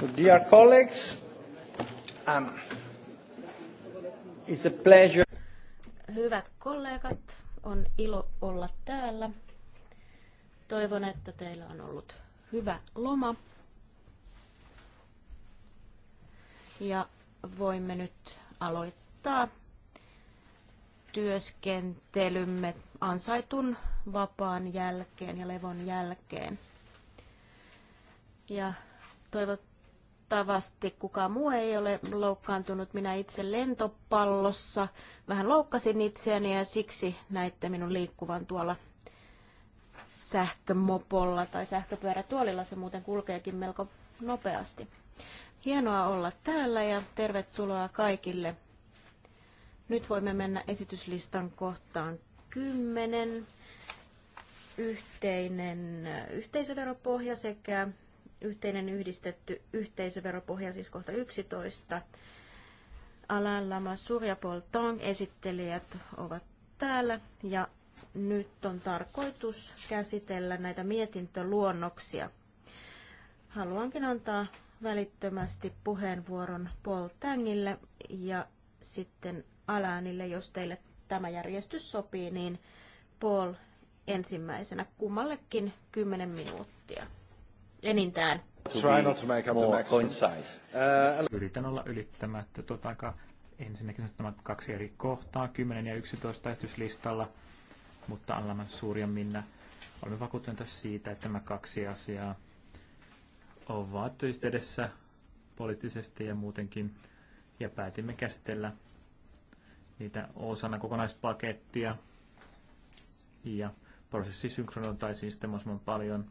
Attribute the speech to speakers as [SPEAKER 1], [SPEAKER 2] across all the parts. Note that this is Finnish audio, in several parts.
[SPEAKER 1] So dear colleagues, um, it's a pleasure.
[SPEAKER 2] Hyvät kollegat, on ilo olla täällä. Toivon, että teillä on ollut hyvä loma. Ja voimme nyt aloittaa työskentelymme ansaitun vapaan jälkeen ja levon jälkeen. Ja toivot, toivottavasti kukaan muu ei ole loukkaantunut. Minä itse lentopallossa vähän loukkasin itseäni ja siksi näitte minun liikkuvan tuolla sähkömopolla tai sähköpyörätuolilla. Se muuten kulkeekin melko nopeasti. Hienoa olla täällä ja tervetuloa kaikille. Nyt voimme mennä esityslistan kohtaan 10. Yhteinen yhteisöveropohja sekä yhteinen yhdistetty yhteisöveropohja, siis kohta 11. Alain Lama Surja Paul Tong esittelijät ovat täällä ja nyt on tarkoitus käsitellä näitä mietintöluonnoksia. Haluankin antaa välittömästi puheenvuoron Paul Tangille ja sitten Alainille, jos teille tämä järjestys sopii, niin Paul ensimmäisenä kummallekin 10 minuuttia enintään.
[SPEAKER 3] Try not to make up the Uh, Yritän olla ylittämättä tuota aika ensinnäkin nämä kaksi eri kohtaa, 10 ja 11 esityslistalla, mutta Allaman Suuri ja Minna olemme vakuuttuneita siitä, että nämä kaksi asiaa ovat yhteydessä poliittisesti ja muutenkin, ja päätimme käsitellä niitä osana kokonaispakettia, ja prosessi synkronoitaisiin sitten mahdollisimman paljon,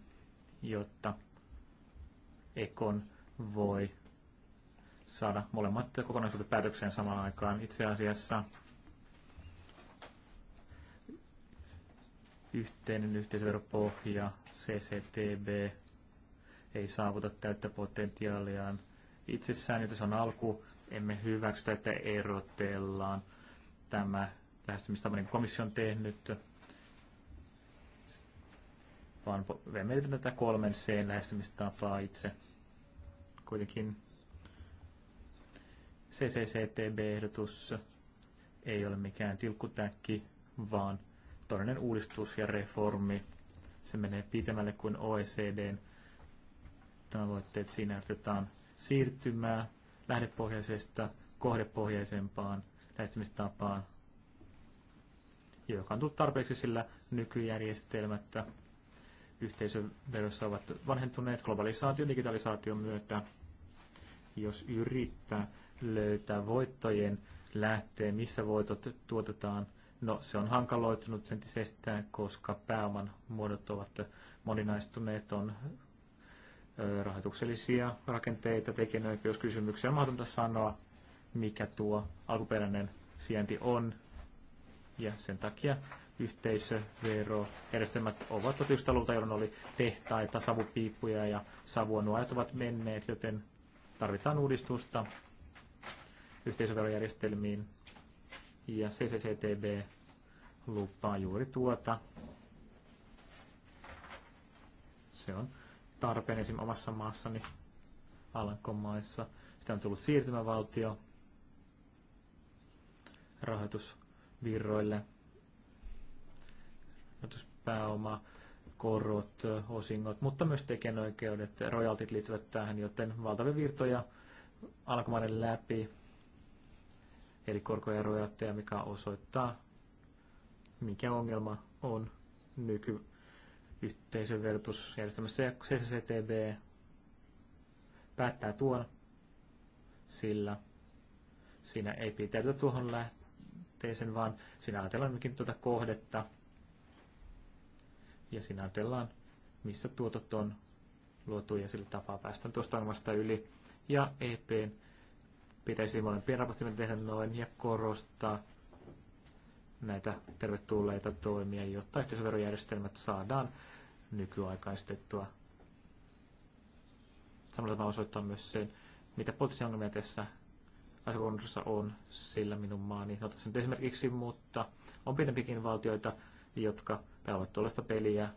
[SPEAKER 3] jotta Ekon voi saada molemmat kokonaisuudet päätökseen samaan aikaan. Itse asiassa yhteinen yhteisöveropohja, CCTB, ei saavuta täyttä potentiaaliaan itsessään, joten se on alku. Emme hyväksytä, että erotellaan tämä lähestymistapa, niin komissio on tehnyt, vaan me tätä kolmen C lähestymistapaa itse kuitenkin CCCTB-ehdotus ei ole mikään tilkkutäkki, vaan todellinen uudistus ja reformi. Se menee pitemmälle kuin OECDn tavoitteet. Siinä ehdotetaan siirtymää lähdepohjaisesta kohdepohjaisempaan lähestymistapaan, joka on tullut tarpeeksi sillä nykyjärjestelmättä yhteisöverossa ovat vanhentuneet globalisaation digitalisaation myötä. Jos yrittää löytää voittojen lähteen, missä voitot tuotetaan, no se on hankaloitunut entisestään, koska pääoman muodot ovat moninaistuneet, on rahoituksellisia rakenteita, tekijänoikeuskysymyksiä. On mahdotonta sanoa, mikä tuo alkuperäinen sijainti on, ja sen takia yhteisöverojärjestelmät ovat 1900-luvulta, jolloin oli tehtaita, savupiippuja ja savuonuajat ovat menneet, joten tarvitaan uudistusta yhteisöverojärjestelmiin. Ja CCCTB lupaa juuri tuota. Se on tarpeen esim. omassa maassani Alankomaissa. Sitä on tullut siirtymävaltio rahoitusvirroille – pääoma, korot, osingot, mutta myös tekijänoikeudet, rojaltit liittyvät tähän, joten valtavia virtoja alkumainen läpi, eli korkoja ja mikä osoittaa, mikä ongelma on nykyyhteisön verotusjärjestelmässä. Ja CCCTB päättää tuon, sillä siinä ei pitäydytä tuohon lähteeseen, vaan siinä ajatellaan tuota kohdetta, ja siinä ajatellaan, missä tuotot on luotu ja sillä tapaa päästään tuosta ongelmasta yli. Ja EP pitäisi molempien raporttien tehdä noin ja korostaa näitä tervetulleita toimia, jotta yhteisöverojärjestelmät saadaan nykyaikaistettua. Samalla tämä osoittaa myös sen, mitä poliittisia ongelmia tässä asiakunnassa on, sillä minun maani, no tässä nyt esimerkiksi, mutta on pienempikin valtioita, jotka pelaavat tuollaista peliä,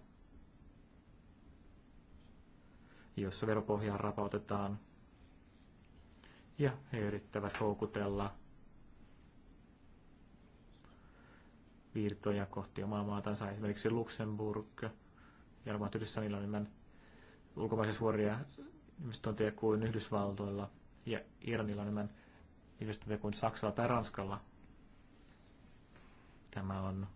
[SPEAKER 3] jossa veropohjaa rapautetaan ja he yrittävät houkutella virtoja kohti omaa maatansa, esimerkiksi Luxemburg, ja ovat yhdessä niillä on enemmän ulkomaisia suoria investointeja kuin Yhdysvaltoilla, ja Iranilla on enemmän investointeja kuin Saksalla tai Ranskalla. Tämä on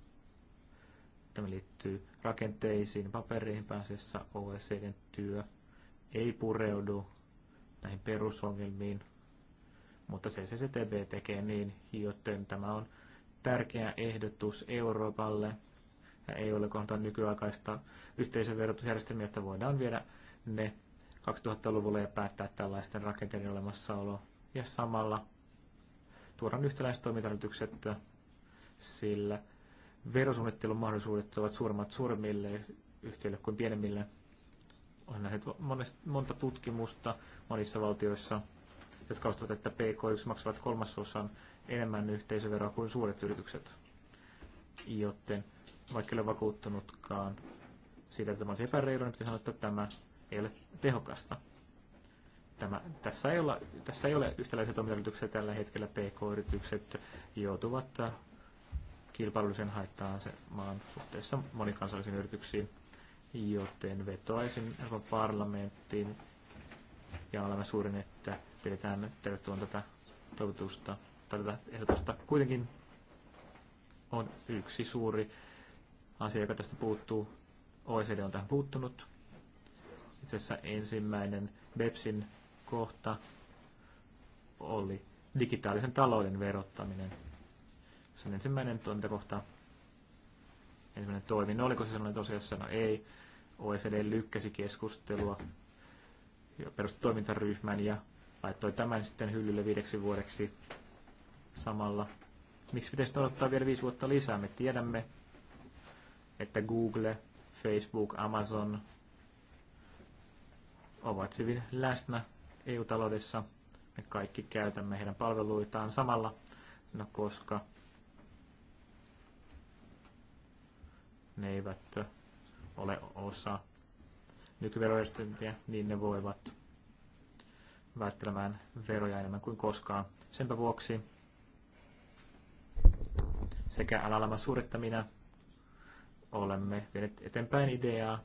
[SPEAKER 3] Tämä liittyy rakenteisiin, paperiin pääasiassa OECDn työ ei pureudu näihin perusongelmiin, mutta CCCTB tekee niin, joten tämä on tärkeä ehdotus Euroopalle ja ole kohta nykyaikaista yhteisöverotusjärjestelmiä, että voidaan viedä ne 2000-luvulle ja päättää tällaisten rakenteiden olemassaolo. Ja samalla tuodaan yhtäläiset toimintaedellytykset, sillä verosuunnittelun mahdollisuudet ovat suuremmat suuremmille yhtiöille kuin pienemmille. On nähnyt monta tutkimusta monissa valtioissa, jotka ostavat, että PK1 maksavat kolmasosan enemmän yhteisöveroa kuin suuret yritykset. Joten vaikka ole vakuuttunutkaan siitä, että tämä olisi epäreilu, niin sanoa, että tämä ei ole tehokasta. Tämä, tässä, ei olla, tässä ei ole yhtäläisiä toimintayrityksiä tällä hetkellä. PK-yritykset joutuvat kilpailullisen haittaan se maan suhteessa monikansallisiin yrityksiin, joten vetoaisin Euroopan parlamenttiin ja olemme suurin, että pidetään tervetuloa tätä toivotusta tätä ehdotusta. Kuitenkin on yksi suuri asia, joka tästä puuttuu. OECD on tähän puuttunut. Itse asiassa ensimmäinen BEPSin kohta oli digitaalisen talouden verottaminen sen ensimmäinen toimintakohta, ensimmäinen toimi. No oliko se sellainen tosiasiassa? No ei. OECD lykkäsi keskustelua ja perusti toimintaryhmän ja laittoi tämän sitten hyllylle viideksi vuodeksi samalla. Miksi pitäisi odottaa vielä viisi vuotta lisää? Me tiedämme, että Google, Facebook, Amazon ovat hyvin läsnä EU-taloudessa. Me kaikki käytämme heidän palveluitaan samalla, no koska ne eivät ole osa nykyverojärjestelmiä, niin ne voivat välttelemään veroja enemmän kuin koskaan. Senpä vuoksi sekä alalaman suorittamina olemme vieneet eteenpäin ideaa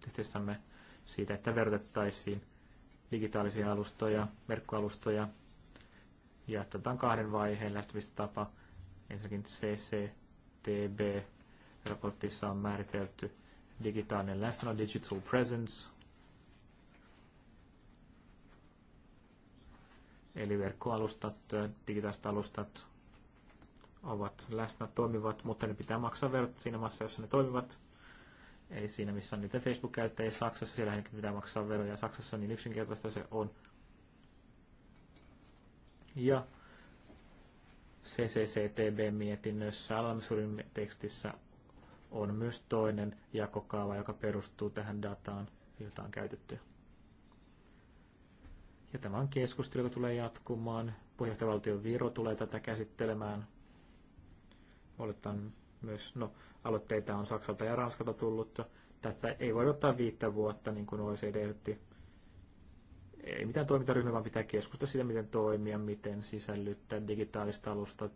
[SPEAKER 3] testissämme siitä, että verotettaisiin digitaalisia alustoja, verkkoalustoja ja otetaan kahden vaiheen tapa Ensinnäkin CCTB Raportissa on määritelty digitaalinen läsnäolo, digital presence, eli verkkoalustat, digitaaliset alustat ovat läsnä, toimivat, mutta ne pitää maksaa verot siinä maassa, jossa ne toimivat. ei siinä, missä on niitä Facebook-käyttäjiä Saksassa, siellä pitää maksaa veroja Saksassa, niin yksinkertaista se on. Ja CCCTB-mietinnössä, alamisurin tekstissä on myös toinen jakokaava, joka perustuu tähän dataan, jota on käytetty. Ja tämä on keskustelu, joka tulee jatkumaan. Puheenjohtajavaltion Viro tulee tätä käsittelemään. Oletan myös, no aloitteita on Saksalta ja Ranskalta tullut. Tässä ei voi ottaa viittä vuotta, niin kuin OECD ehdotti. Ei mitään toimintaryhmää, vaan pitää keskustella siitä, miten toimia, miten sisällyttää digitaaliset alustat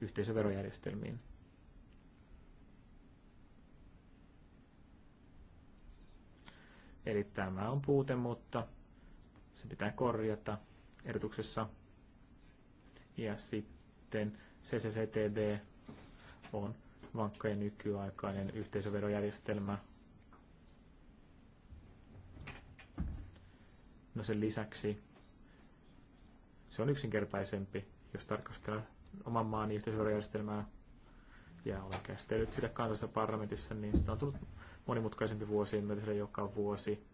[SPEAKER 3] yhteisöverojärjestelmiin. Eli tämä on puute, mutta se pitää korjata ehdotuksessa. Ja sitten CCCTB on vankka ja nykyaikainen yhteisöverojärjestelmä. No sen lisäksi se on yksinkertaisempi, jos tarkastellaan oman maan yhteisöverojärjestelmää ja olen käsitellyt sitä kansallisessa parlamentissa, niin sitä on tullut monimutkaisempi vuosien myötä joka vuosi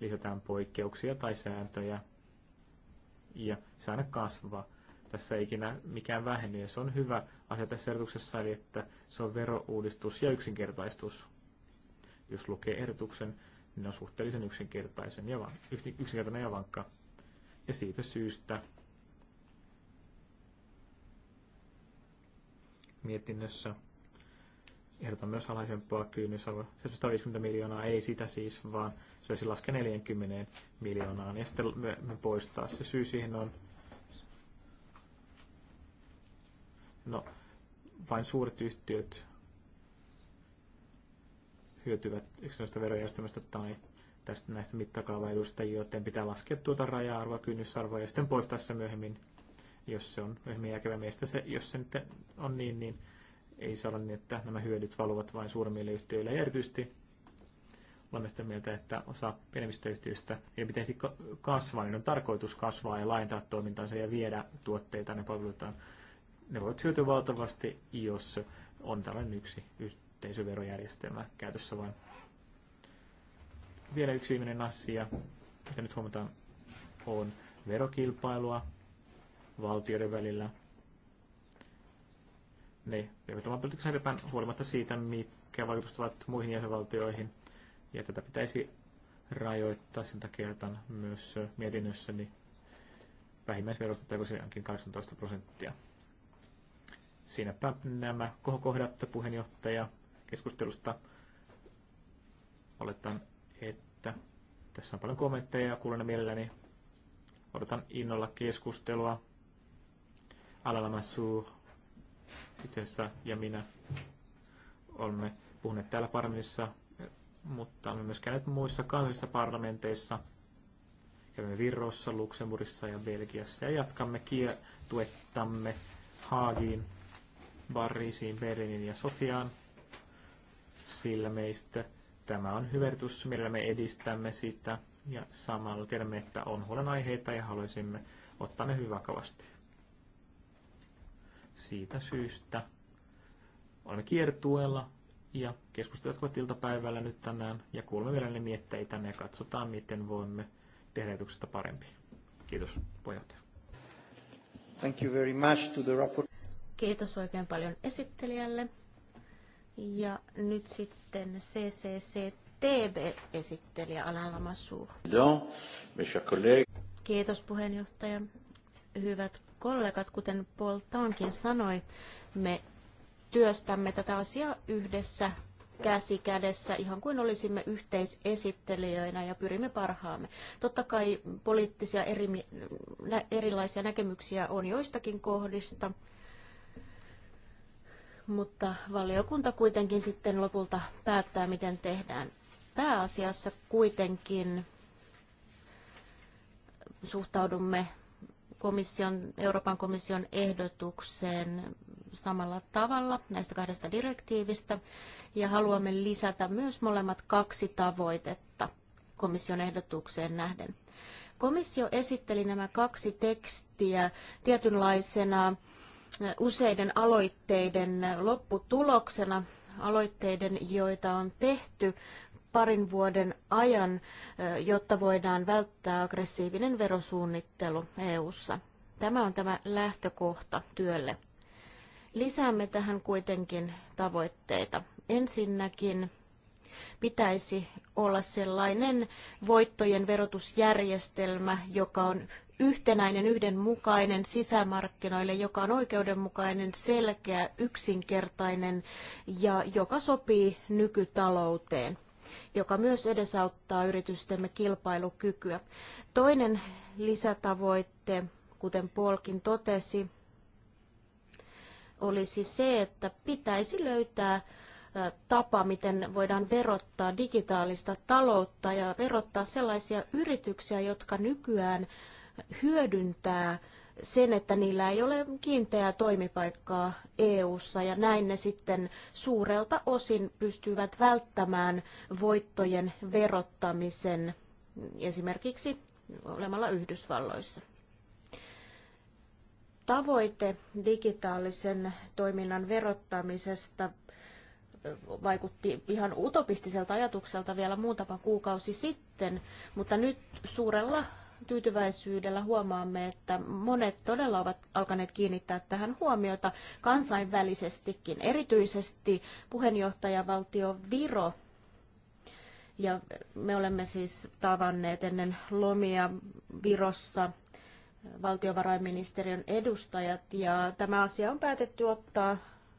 [SPEAKER 3] lisätään poikkeuksia tai sääntöjä ja se aina kasvaa. Tässä ei ikinä mikään väheny ja se on hyvä asia tässä ehdotuksessa, eli että se on verouudistus ja yksinkertaistus. Jos lukee ehdotuksen, niin on suhteellisen yksinkertaisen ja yksinkertainen ja vankka. Ja siitä syystä mietinnössä. Ehdotan myös alaisempaa kynnysarvoa. 750 miljoonaa, ei sitä siis, vaan se olisi laske 40 miljoonaan. Ja sitten me, me poistaa se syy siihen on, no vain suuret yhtiöt hyötyvät yksilöistä verojärjestelmästä tai tästä näistä mittakaavaedusta, joten pitää laskea tuota raja-arvoa, kynnysarvoa ja sitten poistaa se myöhemmin jos se on myöhemmin järkevä meistä, se, jos se nyt on niin, niin ei saa olla niin, että nämä hyödyt valuvat vain suuremmille yhtiöille. Ja erityisesti olemme sitä mieltä, että osa pienemmistä yhtiöistä ei pitäisi kasvaa, niin on tarkoitus kasvaa ja laajentaa toimintaansa ja viedä tuotteita ne palveluitaan. Ne voivat hyötyä valtavasti, jos on tällainen yksi yhteisöverojärjestelmä käytössä vain. Vielä yksi viimeinen asia, mitä nyt huomataan, on verokilpailua valtioiden välillä. Niin, eivät oman politiikassa eteenpäin huolimatta siitä, mitkä vaikutukset ovat muihin jäsenvaltioihin. Ja tätä pitäisi rajoittaa. Sen takia on myös mietinnössä, niin vähimmäisverosta se 18 prosenttia. Siinäpä nämä kohokohdat puheenjohtaja keskustelusta. Oletan, että tässä on paljon kommentteja ja kuulen mielelläni. Odotan innolla keskustelua Alala itse asiassa ja minä olemme puhuneet täällä parlamentissa, mutta olemme myös käyneet muissa kansallisissa parlamenteissa. Kävimme Virrossa, Luxemburgissa ja Belgiassa ja jatkamme kiertuettamme Haagiin, Barrisiin, Berliniin ja Sofiaan, sillä meistä tämä on hyvertus, millä me edistämme sitä ja samalla tiedämme, että on huolenaiheita ja haluaisimme ottaa ne hyvin vakavasti. Siitä syystä olemme kiertueella ja keskustelut ovat iltapäivällä nyt tänään ja kuulemme vielä ne mietteitä ja katsotaan, miten voimme tehdä etuksesta parempi. Kiitos puheenjohtaja.
[SPEAKER 1] Thank you very much to the rapport.
[SPEAKER 2] Kiitos oikein paljon esittelijälle. Ja nyt sitten CCCTB-esittelijä Alain Lamassu. Kiitos puheenjohtaja. Hyvät kollegat, kuten Paul Tankin sanoi, me työstämme tätä asiaa yhdessä käsi kädessä, ihan kuin olisimme yhteisesittelijöinä ja pyrimme parhaamme. Totta kai poliittisia eri, erilaisia näkemyksiä on joistakin kohdista, mutta valiokunta kuitenkin sitten lopulta päättää, miten tehdään. Pääasiassa kuitenkin suhtaudumme komission, Euroopan komission ehdotuksen samalla tavalla näistä kahdesta direktiivistä ja haluamme lisätä myös molemmat kaksi tavoitetta komission ehdotukseen nähden. Komissio esitteli nämä kaksi tekstiä tietynlaisena eh, useiden aloitteiden lopputuloksena, aloitteiden, joita on tehty parin vuoden ajan, jotta voidaan välttää aggressiivinen verosuunnittelu EU:ssa. Tämä on tämä lähtökohta työlle. Lisäämme tähän kuitenkin tavoitteita. Ensinnäkin pitäisi olla sellainen voittojen verotusjärjestelmä, joka on yhtenäinen, yhdenmukainen sisämarkkinoille, joka on oikeudenmukainen, selkeä, yksinkertainen ja joka sopii nykytalouteen joka myös edesauttaa yritystemme kilpailukykyä. Toinen lisätavoitte, kuten Polkin totesi, olisi se, että pitäisi löytää tapa, miten voidaan verottaa digitaalista taloutta ja verottaa sellaisia yrityksiä, jotka nykyään hyödyntää sen, että niillä ei ole kiinteää toimipaikkaa EU:ssa ja näin ne sitten suurelta osin pystyvät välttämään voittojen verottamisen esimerkiksi olemalla Yhdysvalloissa. Tavoite digitaalisen toiminnan verottamisesta vaikutti ihan utopistiselta ajatukselta vielä muutama kuukausi sitten, mutta nyt suurella tyytyväisyydellä huomaamme, että monet todella ovat alkaneet kiinnittää tähän huomiota kansainvälisestikin. Erityisesti puheenjohtajavaltio Viro ja me olemme siis tavanneet ennen lomia Virossa valtiovarainministeriön edustajat ja tämä asia on päätetty ottaa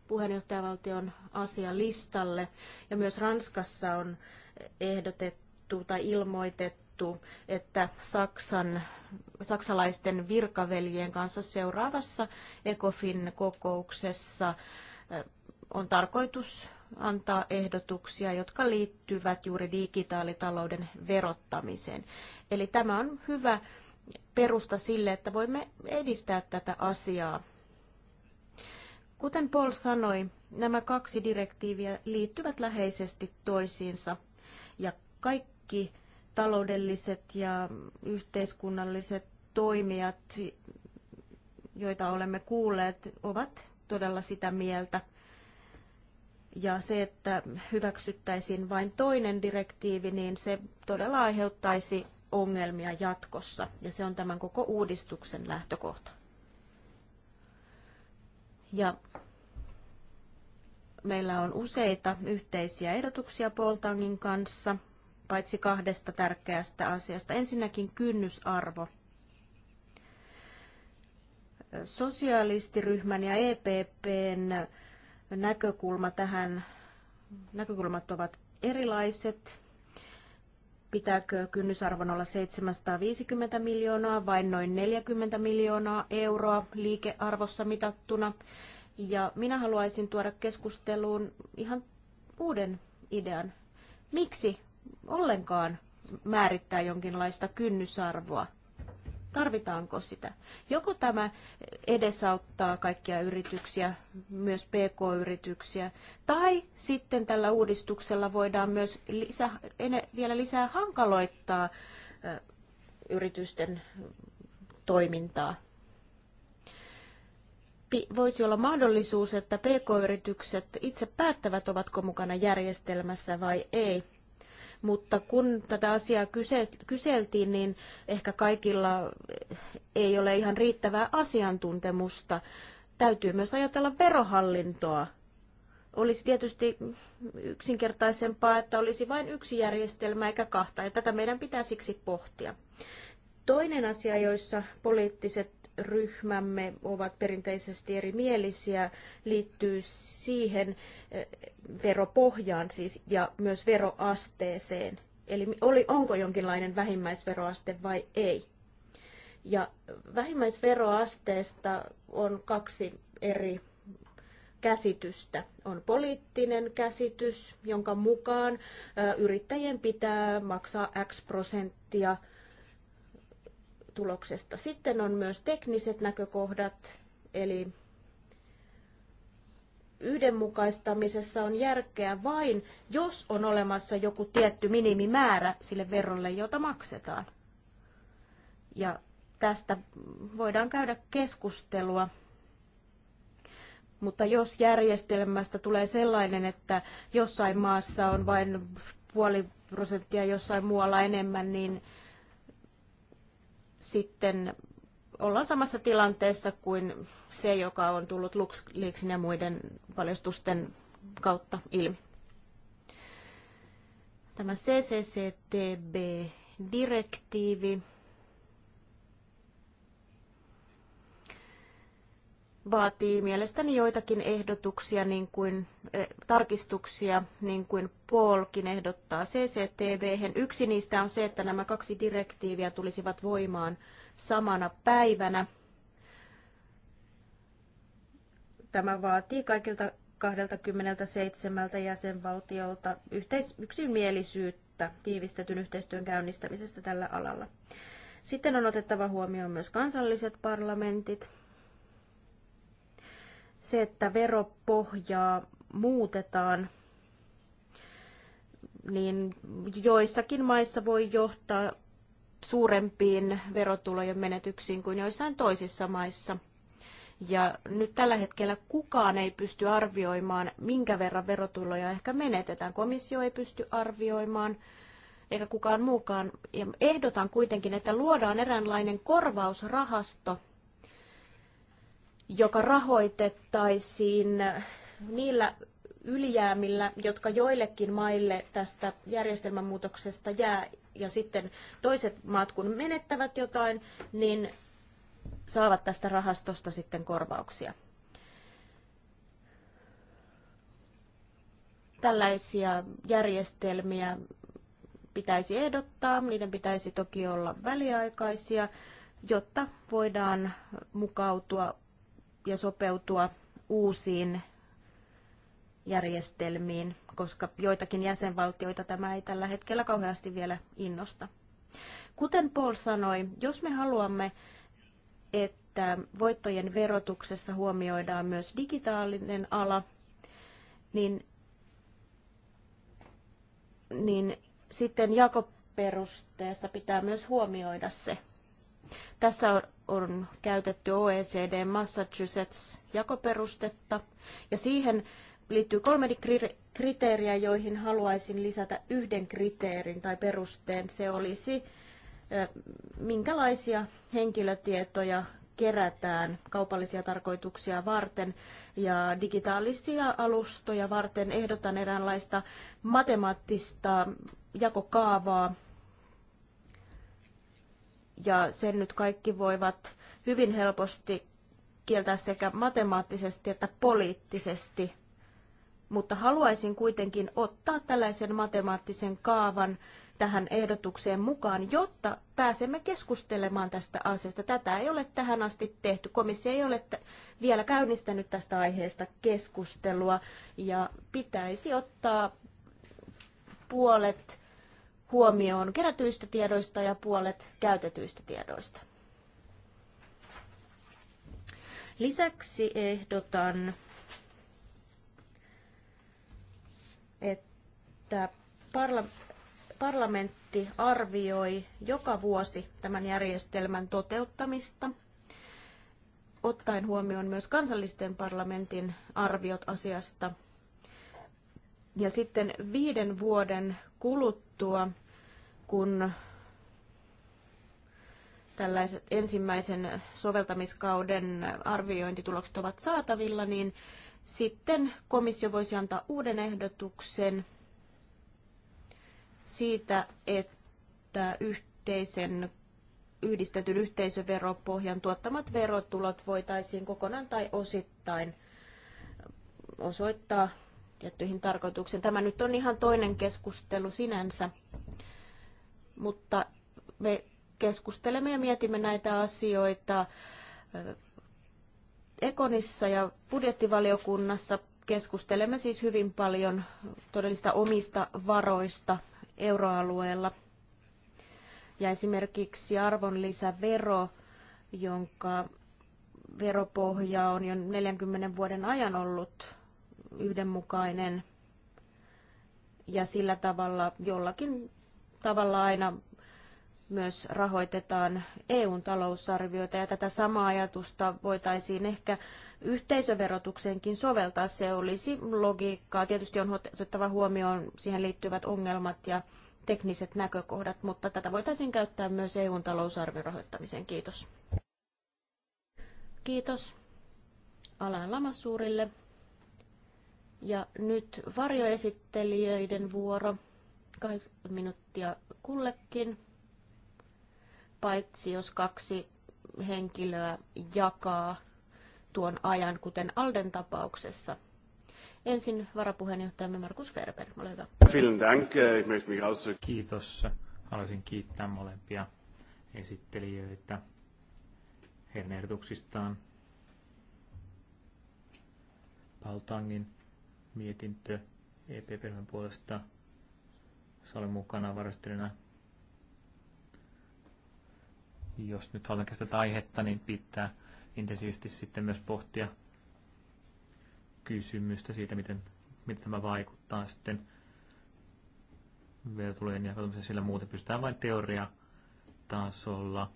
[SPEAKER 2] puheenjohtajavaltion asia listalle ja myös Ranskassa on ehdotettu tai ilmoitettu sovittu, että Saksan, saksalaisten virkaveljien kanssa seuraavassa ECOFIN-kokouksessa on tarkoitus antaa ehdotuksia, jotka liittyvät juuri digitaalitalouden verottamiseen. Eli tämä on hyvä perusta sille, että voimme edistää tätä asiaa. Kuten Paul sanoi, nämä kaksi direktiiviä liittyvät läheisesti toisiinsa ja kaikki taloudelliset ja yhteiskunnalliset toimijat, joita olemme kuulleet, ovat todella sitä mieltä. Ja se, että hyväksyttäisiin vain toinen direktiivi, niin se todella aiheuttaisi ongelmia jatkossa. Ja se on tämän koko uudistuksen lähtökohta. Ja meillä on useita yhteisiä ehdotuksia Poltangin kanssa – paitsi kahdesta tärkeästä asiasta. Ensinnäkin kynnysarvo. Sosialistiryhmän ja EPPn näkökulma tähän, näkökulmat ovat erilaiset. Pitääkö kynnysarvon olla 750 miljoonaa vai noin 40 miljoonaa euroa liikearvossa mitattuna? Ja minä haluaisin tuoda keskusteluun ihan uuden idean. Miksi ollenkaan määrittää jonkinlaista kynnysarvoa? Tarvitaanko sitä? Joko tämä edesauttaa kaikkia yrityksiä, myös PK-yrityksiä, tai sitten tällä uudistuksella voidaan myös lisä, vielä lisää hankaloittaa yritysten toimintaa. Voisi olla mahdollisuus, että pk-yritykset itse päättävät, ovatko mukana järjestelmässä vai ei. Mutta kun tätä asiaa kyseltiin, niin ehkä kaikilla ei ole ihan riittävää asiantuntemusta. Täytyy myös ajatella verohallintoa. Olisi tietysti yksinkertaisempaa, että olisi vain yksi järjestelmä eikä kahta, ja tätä meidän pitää siksi pohtia. Toinen asia, joissa poliittiset ryhmämme ovat perinteisesti erimielisiä, liittyy siihen eh, veropohjaan siis, ja myös veroasteeseen. Eli oli, onko jonkinlainen vähimmäisveroaste vai ei. Ja vähimmäisveroasteesta on kaksi eri käsitystä. On poliittinen käsitys, jonka mukaan eh, yrittäjien pitää maksaa X prosenttia – tuloksesta. Sitten on myös tekniset näkökohdat, eli yhdenmukaistamisessa on järkeä vain, jos on olemassa joku tietty minimimäärä sille verolle, jota maksetaan. Ja tästä voidaan käydä keskustelua. Mutta jos järjestelmästä tulee sellainen, että jossain maassa on vain puoli prosenttia, jossain muualla enemmän, niin sitten ollaan samassa tilanteessa kuin se, joka on tullut LuxLeaksin ja muiden paljastusten kautta ilmi. Tämä CCCTB-direktiivi vaatii mielestäni joitakin ehdotuksia, niin kuin, eh, tarkistuksia, niin kuin Paulkin ehdottaa CCTV. -hän. Yksi niistä on se, että nämä kaksi direktiiviä tulisivat voimaan samana päivänä. Tämä vaatii kaikilta 27 jäsenvaltiolta yhteis- yksimielisyyttä tiivistetyn yhteistyön käynnistämisestä tällä alalla. Sitten on otettava huomioon myös kansalliset parlamentit, se, että veropohjaa muutetaan, niin joissakin maissa voi johtaa suurempiin verotulojen menetyksiin kuin joissain toisissa maissa. Ja nyt tällä hetkellä kukaan ei pysty arvioimaan, minkä verran verotuloja ehkä menetetään. Komissio ei pysty arvioimaan, eikä kukaan muukaan. Ja ehdotan kuitenkin, että luodaan eräänlainen korvausrahasto, joka rahoitettaisiin niillä ylijäämillä, jotka joillekin maille tästä järjestelmämuutoksesta jää, ja sitten toiset maat kun menettävät jotain, niin saavat tästä rahastosta sitten korvauksia. Tällaisia järjestelmiä pitäisi ehdottaa, niiden pitäisi toki olla väliaikaisia, jotta voidaan mukautua ja sopeutua uusiin järjestelmiin, koska joitakin jäsenvaltioita tämä ei tällä hetkellä kauheasti vielä innosta. Kuten Paul sanoi, jos me haluamme, että voittojen verotuksessa huomioidaan myös digitaalinen ala, niin, niin sitten jakoperusteessa pitää myös huomioida se. Tässä on käytetty OECD Massachusetts-jakoperustetta ja siihen liittyy kolme kriteeriä, joihin haluaisin lisätä yhden kriteerin tai perusteen. Se olisi, minkälaisia henkilötietoja kerätään kaupallisia tarkoituksia varten ja digitaalisia alustoja varten ehdotan eräänlaista matemaattista jakokaavaa, ja sen nyt kaikki voivat hyvin helposti kieltää sekä matemaattisesti että poliittisesti. Mutta haluaisin kuitenkin ottaa tällaisen matemaattisen kaavan tähän ehdotukseen mukaan, jotta pääsemme keskustelemaan tästä asiasta. Tätä ei ole tähän asti tehty. Komissio ei ole vielä käynnistänyt tästä aiheesta keskustelua ja pitäisi ottaa puolet huomioon kerätyistä tiedoista ja puolet käytetyistä tiedoista. Lisäksi ehdotan, että parla- parlamentti arvioi joka vuosi tämän järjestelmän toteuttamista, ottaen huomioon myös kansallisten parlamentin arviot asiasta. Ja sitten viiden vuoden kuluttua kun tällaiset ensimmäisen soveltamiskauden arviointitulokset ovat saatavilla, niin sitten komissio voisi antaa uuden ehdotuksen siitä, että yhteisen yhdistetyn yhteisöveropohjan tuottamat verotulot voitaisiin kokonaan tai osittain osoittaa tiettyihin tarkoituksiin. Tämä nyt on ihan toinen keskustelu sinänsä, mutta me keskustelemme ja mietimme näitä asioita Ekonissa ja budjettivaliokunnassa. Keskustelemme siis hyvin paljon todellista omista varoista euroalueella. Ja esimerkiksi arvonlisävero, jonka veropohja on jo 40 vuoden ajan ollut yhdenmukainen ja sillä tavalla jollakin tavalla aina myös rahoitetaan EUn talousarvioita ja tätä samaa ajatusta voitaisiin ehkä yhteisöverotukseenkin soveltaa. Se olisi logiikkaa. Tietysti on otettava huomioon siihen liittyvät ongelmat ja tekniset näkökohdat, mutta tätä voitaisiin käyttää myös EUn talousarvion rahoittamiseen. Kiitos. Kiitos Alan Lamassuurille. Ja nyt varjoesittelijöiden vuoro kahdeksan minuuttia kullekin, paitsi jos kaksi henkilöä jakaa tuon ajan, kuten Alden tapauksessa. Ensin varapuheenjohtajamme Markus Ferber, ole hyvä.
[SPEAKER 3] Kiitos. Haluaisin kiittää molempia esittelijöitä heidän ehdotuksistaan. Paul Tangin mietintö epp puolesta se oli mukana varastelijana. Jos nyt halutaan sitä aihetta, niin pitää intensiivisesti sitten myös pohtia kysymystä siitä, miten, miten tämä vaikuttaa sitten verotulojen jakautumiseen, sillä muuten pystytään vain teoriatasolla,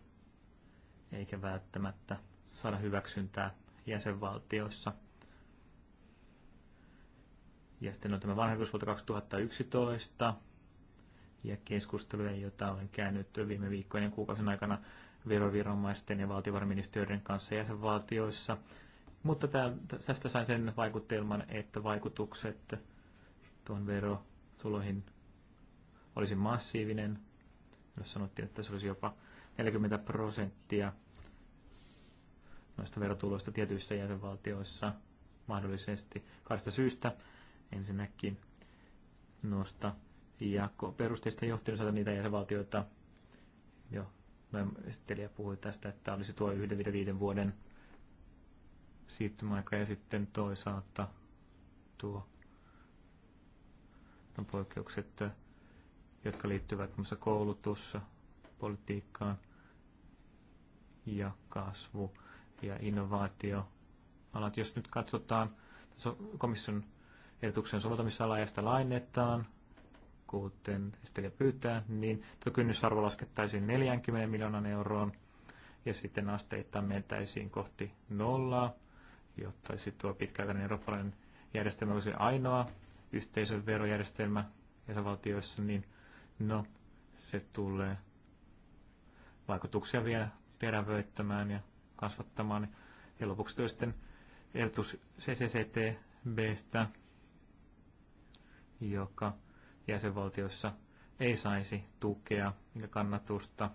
[SPEAKER 3] eikä välttämättä saada hyväksyntää jäsenvaltioissa. Ja sitten on tämä vanhemmuus 2011, ja keskusteluja, joita olen käynyt viime viikkojen kuukausien aikana veroviranomaisten ja valtiovarainministeriöiden kanssa jäsenvaltioissa. Mutta tästä sain sen vaikutelman, että vaikutukset tuon verotuloihin olisi massiivinen. Jos sanottiin, että se olisi jopa 40 prosenttia noista verotuloista tietyissä jäsenvaltioissa mahdollisesti kahdesta syystä. Ensinnäkin noista jako perusteista johtuen saada niitä jäsenvaltioita. Jo noin esittelijä puhui tästä, että olisi tuo 1-5 vuoden siirtymäaika ja sitten toisaalta tuo no, poikkeukset, jotka liittyvät muun muassa koulutus, politiikkaan ja kasvu ja innovaatio alat. Jos nyt katsotaan komission ehdotuksen soveltamisalaa ja sitä lainetaan, kuten esittelijä pyytää, niin tuo kynnysarvo laskettaisiin 40 miljoonan euroon ja sitten asteittain mentäisiin kohti nollaa, jotta tuo pitkäaikainen eurooppalainen järjestelmä olisi ainoa yhteisön verojärjestelmä jäsenvaltioissa, niin no, se tulee vaikutuksia vielä terävöittämään ja kasvattamaan. Ja lopuksi tuo sitten ehdotus CCCTBstä, joka jäsenvaltioissa ei saisi tukea ja kannatusta,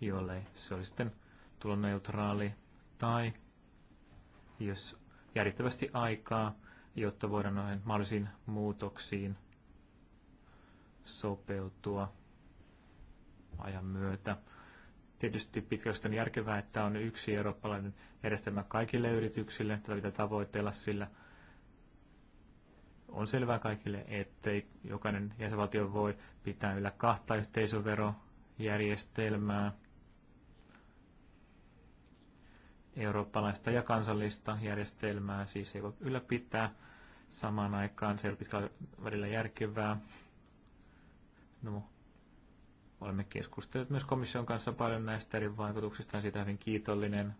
[SPEAKER 3] jollei se olisi sitten tuloneutraali tai jos järjettävästi aikaa, jotta voidaan noihin mahdollisiin muutoksiin sopeutua ajan myötä. Tietysti pitkästä on järkevää, että on yksi eurooppalainen järjestelmä kaikille yrityksille. Tätä pitää tavoitella, sillä on selvää kaikille, että jokainen jäsenvaltio voi pitää yllä kahta yhteisöverojärjestelmää, eurooppalaista ja kansallista järjestelmää, siis ei voi ylläpitää samaan aikaan, se ei ole pitkällä välillä järkevää. No, olemme keskustelleet myös komission kanssa paljon näistä eri vaikutuksista ja siitä hyvin kiitollinen.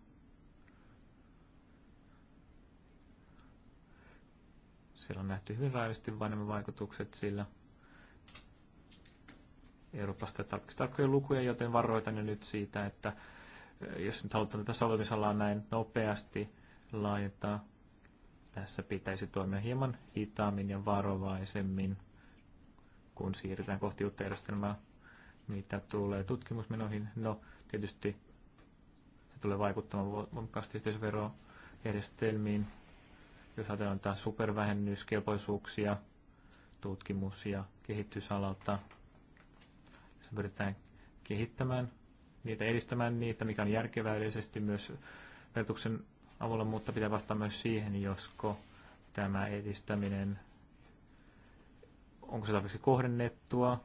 [SPEAKER 3] Siellä on nähty hyvin raivasti vain nämä vaikutukset sillä. Euroopasta tarkkoja lukuja, joten varoitan jo nyt siitä, että eh, jos nyt halutaan tätä soveltamisalaa näin nopeasti laajentaa, tässä pitäisi toimia hieman hitaammin ja varovaisemmin, kun siirrytään kohti uutta järjestelmää, mitä tulee tutkimusmenoihin. No, tietysti se tulee vaikuttamaan voimakkaasti yhteisöverojärjestelmiin, jos ajatellaan tämä supervähennyskelpoisuuksia tutkimus- ja kehitysalalta, jos pyritään kehittämään niitä, edistämään niitä, mikä on järkevää yleisesti myös verotuksen avulla, mutta pitää vastata myös siihen, josko tämä edistäminen, onko se tarpeeksi kohdennettua,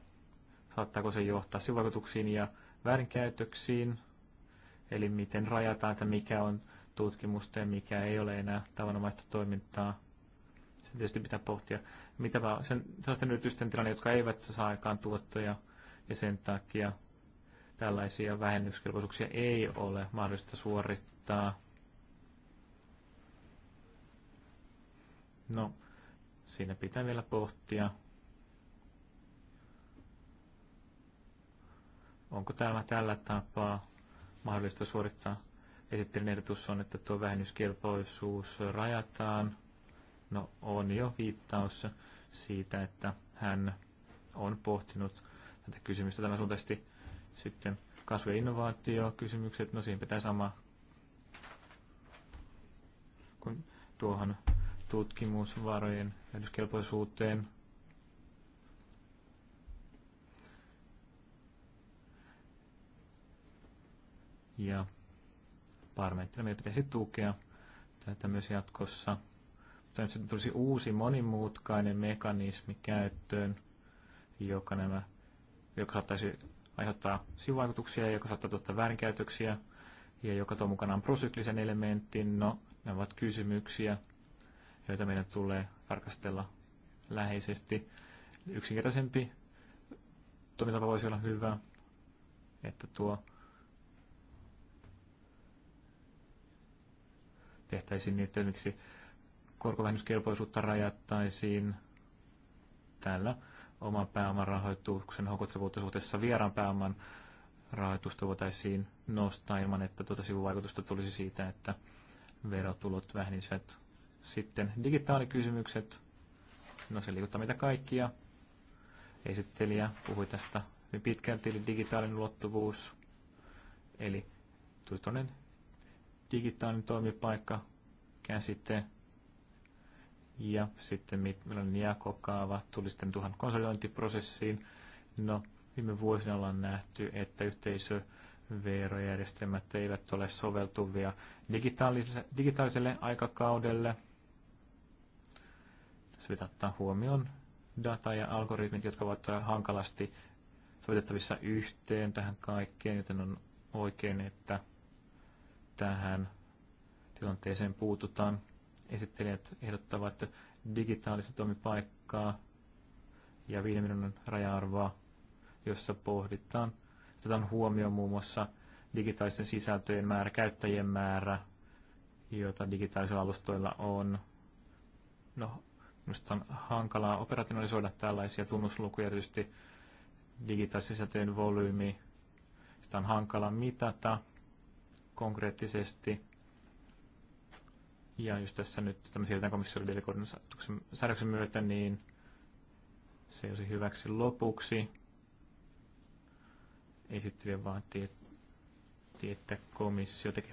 [SPEAKER 3] saattaako se johtaa sivuvaikutuksiin ja väärinkäytöksiin, eli miten rajataan, että mikä on tutkimusten mikä ei ole enää tavanomaista toimintaa. Sitten tietysti pitää pohtia, mitä vaan sen, sellaisten yritysten tilanne, jotka eivät saa aikaan tuottoja ja sen takia tällaisia vähennyskelpoisuuksia ei ole mahdollista suorittaa. No, siinä pitää vielä pohtia. Onko tämä tällä tapaa mahdollista suorittaa Esittelyn ehdotus on, että tuo vähennyskelpoisuus rajataan. No on jo viittaus siitä, että hän on pohtinut tätä kysymystä Tämä suuntaisesti sitten kasvu- ja innovaatiokysymykset, no siinä pitää sama kuin tuohon tutkimusvarojen vähennyskelpoisuuteen. Ja parlamenttina meidän pitäisi tukea tätä myös jatkossa. Mutta nyt sitten tulisi uusi monimutkainen mekanismi käyttöön, joka, nämä, joka saattaisi aiheuttaa sivuvaikutuksia, joka saattaa tuottaa väärinkäytöksiä ja joka tuo mukanaan prosyklisen elementin. No, nämä ovat kysymyksiä, joita meidän tulee tarkastella läheisesti. Yksinkertaisempi toimintapa voisi olla hyvä, että tuo tehtäisiin niin, että esimerkiksi korkovähennyskelpoisuutta rajattaisiin tällä oman pääoman rahoituksen houkuttelevuutta suhteessa vieraan pääoman rahoitusta voitaisiin nostaa ilman, että tuota sivuvaikutusta tulisi siitä, että verotulot vähenisivät. Sitten digitaalikysymykset. No se liikuttaa mitä kaikkia. Esittelijä puhui tästä hyvin pitkälti, eli digitaalinen ulottuvuus. Eli tuollainen digitaalinen toimipaikka, käsite ja sitten millainen jakokaava tuli sitten tuohon konsolidointiprosessiin. No, viime vuosina ollaan nähty, että yhteisöverojärjestelmät eivät ole soveltuvia digitaaliselle, digitaaliselle aikakaudelle. Tässä pitää ottaa huomioon data ja algoritmit, jotka ovat hankalasti sovitettavissa yhteen tähän kaikkeen, joten on oikein, että tähän tilanteeseen puututaan. Esittelijät ehdottavat digitaalista toimipaikkaa ja viiden minuutin raja-arvoa, jossa pohditaan. Otetaan huomioon muun muassa digitaalisten sisältöjen määrä, käyttäjien määrä, jota digitaalisilla alustoilla on. No, minusta on hankalaa operationalisoida tällaisia tunnuslukuja, erityisesti digitaalisten sisältöjen volyymi. Sitä on hankala mitata konkreettisesti. Ja just tässä nyt tämä siirretään komissiolle delegoidun säädöksen myötä, niin se olisi hyväksi lopuksi. Esittelijä vaan että komissio tekee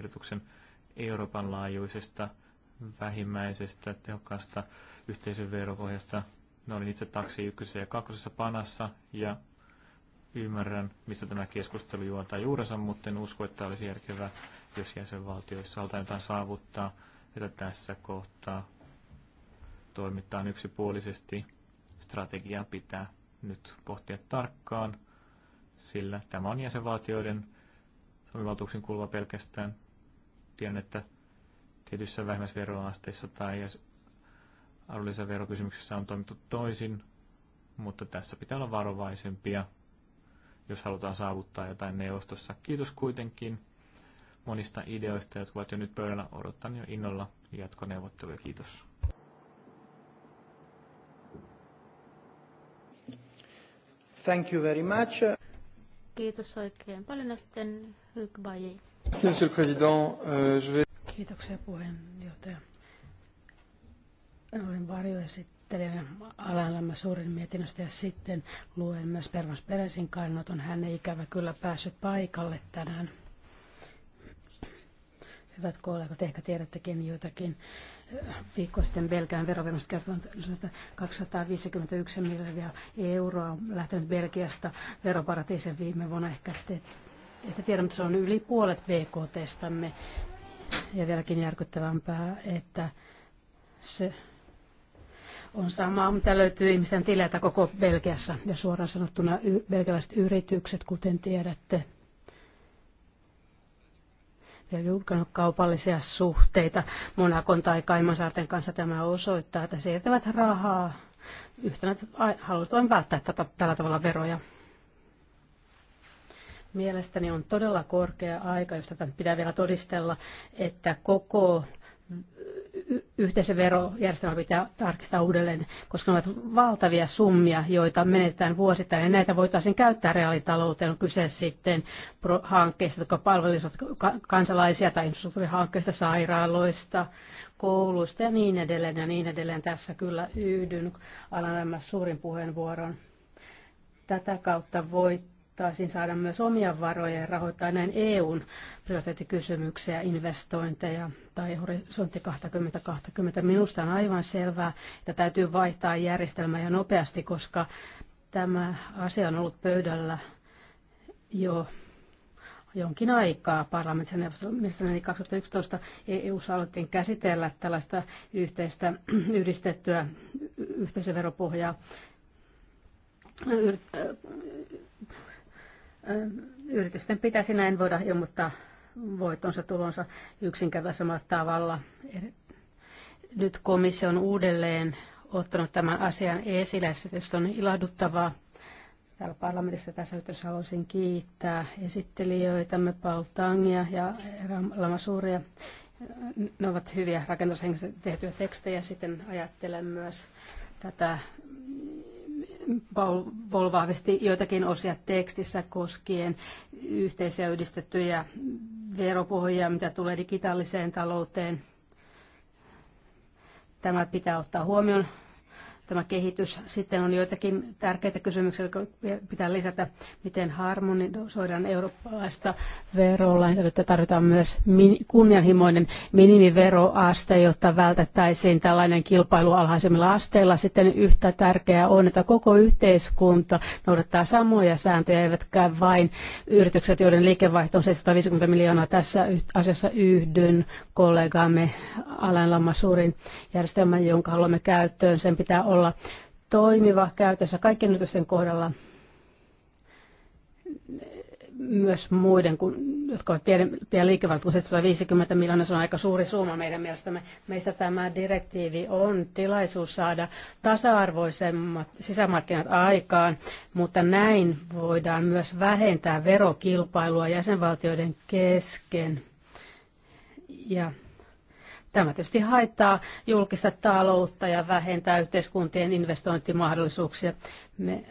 [SPEAKER 3] Euroopan laajuisesta vähimmäisestä tehokkaasta yhteisön veropohjasta. Ne no, olivat itse taksi ykkösessä ja kakkosessa panassa ja Ymmärrän, mistä tämä keskustelu juontaa juurensa, mutta en usko, että olisi järkevää, jos jäsenvaltioissa halutaan jotain saavuttaa, että tässä kohtaa toimitaan yksipuolisesti. Strategiaa pitää nyt pohtia tarkkaan, sillä tämä on jäsenvaltioiden toimivaltuuksiin kuuluva pelkästään. Tiedän, että tietyissä vähimmäisveroasteissa tai arvonlisäverokysymyksissä on toimittu toisin, mutta tässä pitää olla varovaisempia jos halutaan saavuttaa jotain neuvostossa. Kiitos kuitenkin monista ideoista, jotka ovat jo nyt pöydällä. Odotan jo innolla jatkoneuvotteluja. Kiitos.
[SPEAKER 1] Thank you very much.
[SPEAKER 2] Kiitos oikein paljon. sitten
[SPEAKER 1] Monsieur le Président,
[SPEAKER 2] euh,
[SPEAKER 4] je vais... Kiitoksia puheenjohtaja. Olen varjoesittelijä esittelijän alaelämä suurin mietinnöstä ja sitten luen myös Pervas Peresin kannaton. Hän ei ikävä kyllä päässyt paikalle tänään. Hyvät kollegat, ehkä tiedättekin joitakin eh, viikko sitten Belgian veroviranomaista kertoo, että 251 miljardia euroa on lähtenyt Belgiasta veroparatiisen viime vuonna. Ehkä te että tiedä, että se on yli puolet BKTstämme. Ja vieläkin järkyttävämpää, että se on sama, mitä löytyy ihmisten tileiltä koko Belgiassa. Ja suoraan sanottuna y- belgialaiset yritykset, kuten tiedätte, ja julkanut kaupallisia suhteita Monakon tai Kaimansaarten kanssa. Tämä osoittaa, että siirtävät rahaa yhtenä, halutaan välttää tätä, tällä tavalla veroja. Mielestäni on todella korkea aika, jos tätä pitää vielä todistella, että koko yhteisöverojärjestelmä pitää tarkistaa uudelleen, koska ne ovat valtavia summia, joita menetetään vuosittain, ja näitä voitaisiin käyttää reaalitalouteen, on kyse sitten hankkeista, jotka palvelisivat kansalaisia tai infrastruktuurihankkeista, sairaaloista, kouluista ja niin edelleen, ja niin edelleen. Tässä kyllä yhdyn Alan suurin puheenvuoron. Tätä kautta voit saattaisiin saada myös omia varoja ja rahoittaa näin EUn prioriteettikysymyksiä, investointeja tai horisontti 2020. Minusta on aivan selvää, että täytyy vaihtaa järjestelmää ja nopeasti, koska tämä asia on ollut pöydällä jo jonkin aikaa parlamentissa neuvostossa, niin 2011 eu alettiin käsitellä tällaista yhteistä yhdistettyä yhteisöveropohjaa Yritysten pitäisi näin voida ilmoittaa voitonsa tulonsa yksinkertaisemmalla tavalla. Nyt komissio on uudelleen ottanut tämän asian esille. Se on ilahduttavaa. Täällä parlamentissa tässä yhteydessä haluaisin kiittää esittelijöitämme Paul Tangia ja Lama Suuria. Ne ovat hyviä rakennushenkisesti tehtyjä tekstejä. Sitten ajattelen myös tätä Paul vahvisti joitakin osia tekstissä koskien yhteisiä yhdistettyjä veropohjia, mitä tulee digitaaliseen talouteen. Tämä pitää ottaa huomioon tämä kehitys. Sitten on joitakin tärkeitä kysymyksiä, jotka pitää lisätä, miten harmonisoidaan eurooppalaista verolainsäädäntöä. Tarvitaan myös kunnianhimoinen minimiveroaste, jotta vältettäisiin tällainen kilpailu alhaisemmilla asteilla. Sitten yhtä tärkeää on, että koko yhteiskunta noudattaa samoja sääntöjä, eivätkä vain yritykset, joiden liikevaihto on 750 miljoonaa. Tässä asiassa yhdyn kollegaamme Alain Lammasuurin järjestelmän, jonka haluamme käyttöön. Sen pitää olla olla toimiva käytössä kaikkien yritysten kohdalla myös muiden, kun, jotka ovat pienempiä liikevaltuuksia, kuin 750 miljoonaa, se on aika suuri summa meidän mielestämme. Meistä tämä direktiivi on tilaisuus saada tasa-arvoisemmat sisämarkkinat aikaan, mutta näin voidaan myös vähentää verokilpailua jäsenvaltioiden kesken ja Tämä tietysti haittaa julkista taloutta ja vähentää yhteiskuntien investointimahdollisuuksia. Me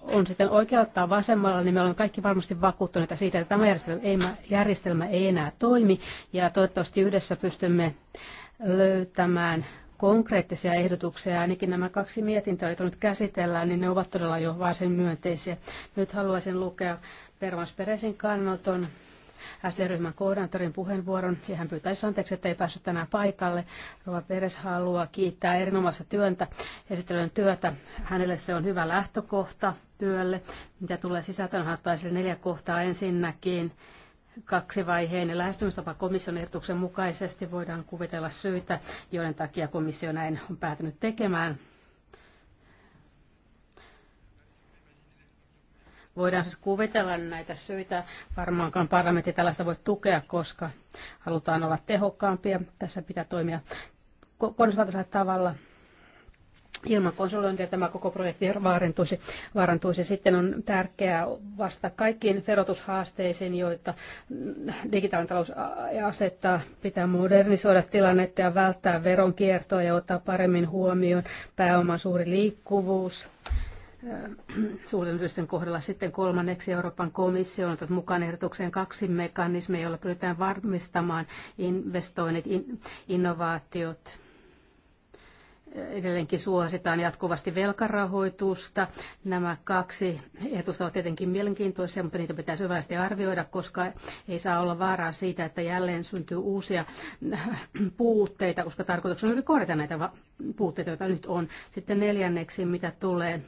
[SPEAKER 4] on sitten oikealla tai vasemmalla, niin me olemme kaikki varmasti vakuuttuneita siitä, että tämä järjestelmä ei, järjestelmä ei enää toimi. Ja toivottavasti yhdessä pystymme löytämään konkreettisia ehdotuksia, ainakin nämä kaksi mietintöä, joita nyt käsitellään, niin ne ovat todella jo varsin myönteisiä. Nyt haluaisin lukea Pervans Peresin kannanoton SE-ryhmän koordinaattorin puheenvuoron ja hän pyytäisi anteeksi, että ei päässyt tänään paikalle. Rova Peres haluaa kiittää erinomaista työntä, esittelyn työtä. Hänelle se on hyvä lähtökohta työlle. Mitä tulee sisältöön, hän neljä kohtaa ensinnäkin Kaksi vaiheen lähestymistapa komission ehdotuksen mukaisesti voidaan kuvitella syitä, joiden takia komissio näin on päätynyt tekemään. Voidaan siis kuvitella näitä syitä. Varmaankaan parlamentti tällaista voi tukea, koska halutaan olla tehokkaampia. Tässä pitää toimia konservatiivisella tavalla. Ilman konsolointia tämä koko projekti vaarantuisi. vaarantuisi. Sitten on tärkeää vastata kaikkiin verotushaasteisiin, joita digitaalinen talous asettaa. Pitää modernisoida tilannetta ja välttää veronkiertoa ja ottaa paremmin huomioon pääoman suuri liikkuvuus Äh, suurten kohdalla. Sitten kolmanneksi Euroopan komissio on ottanut mukaan ehdotukseen kaksi mekanismia, joilla pyritään varmistamaan investoinnit, in, innovaatiot. Äh, edelleenkin suositaan jatkuvasti velkarahoitusta. Nämä kaksi ehdotusta ovat tietenkin mielenkiintoisia, mutta niitä pitää syvällisesti arvioida, koska ei saa olla vaaraa siitä, että jälleen syntyy uusia puutteita, koska tarkoituksena on korjata näitä puutteita, joita nyt on. Sitten neljänneksi, mitä tulee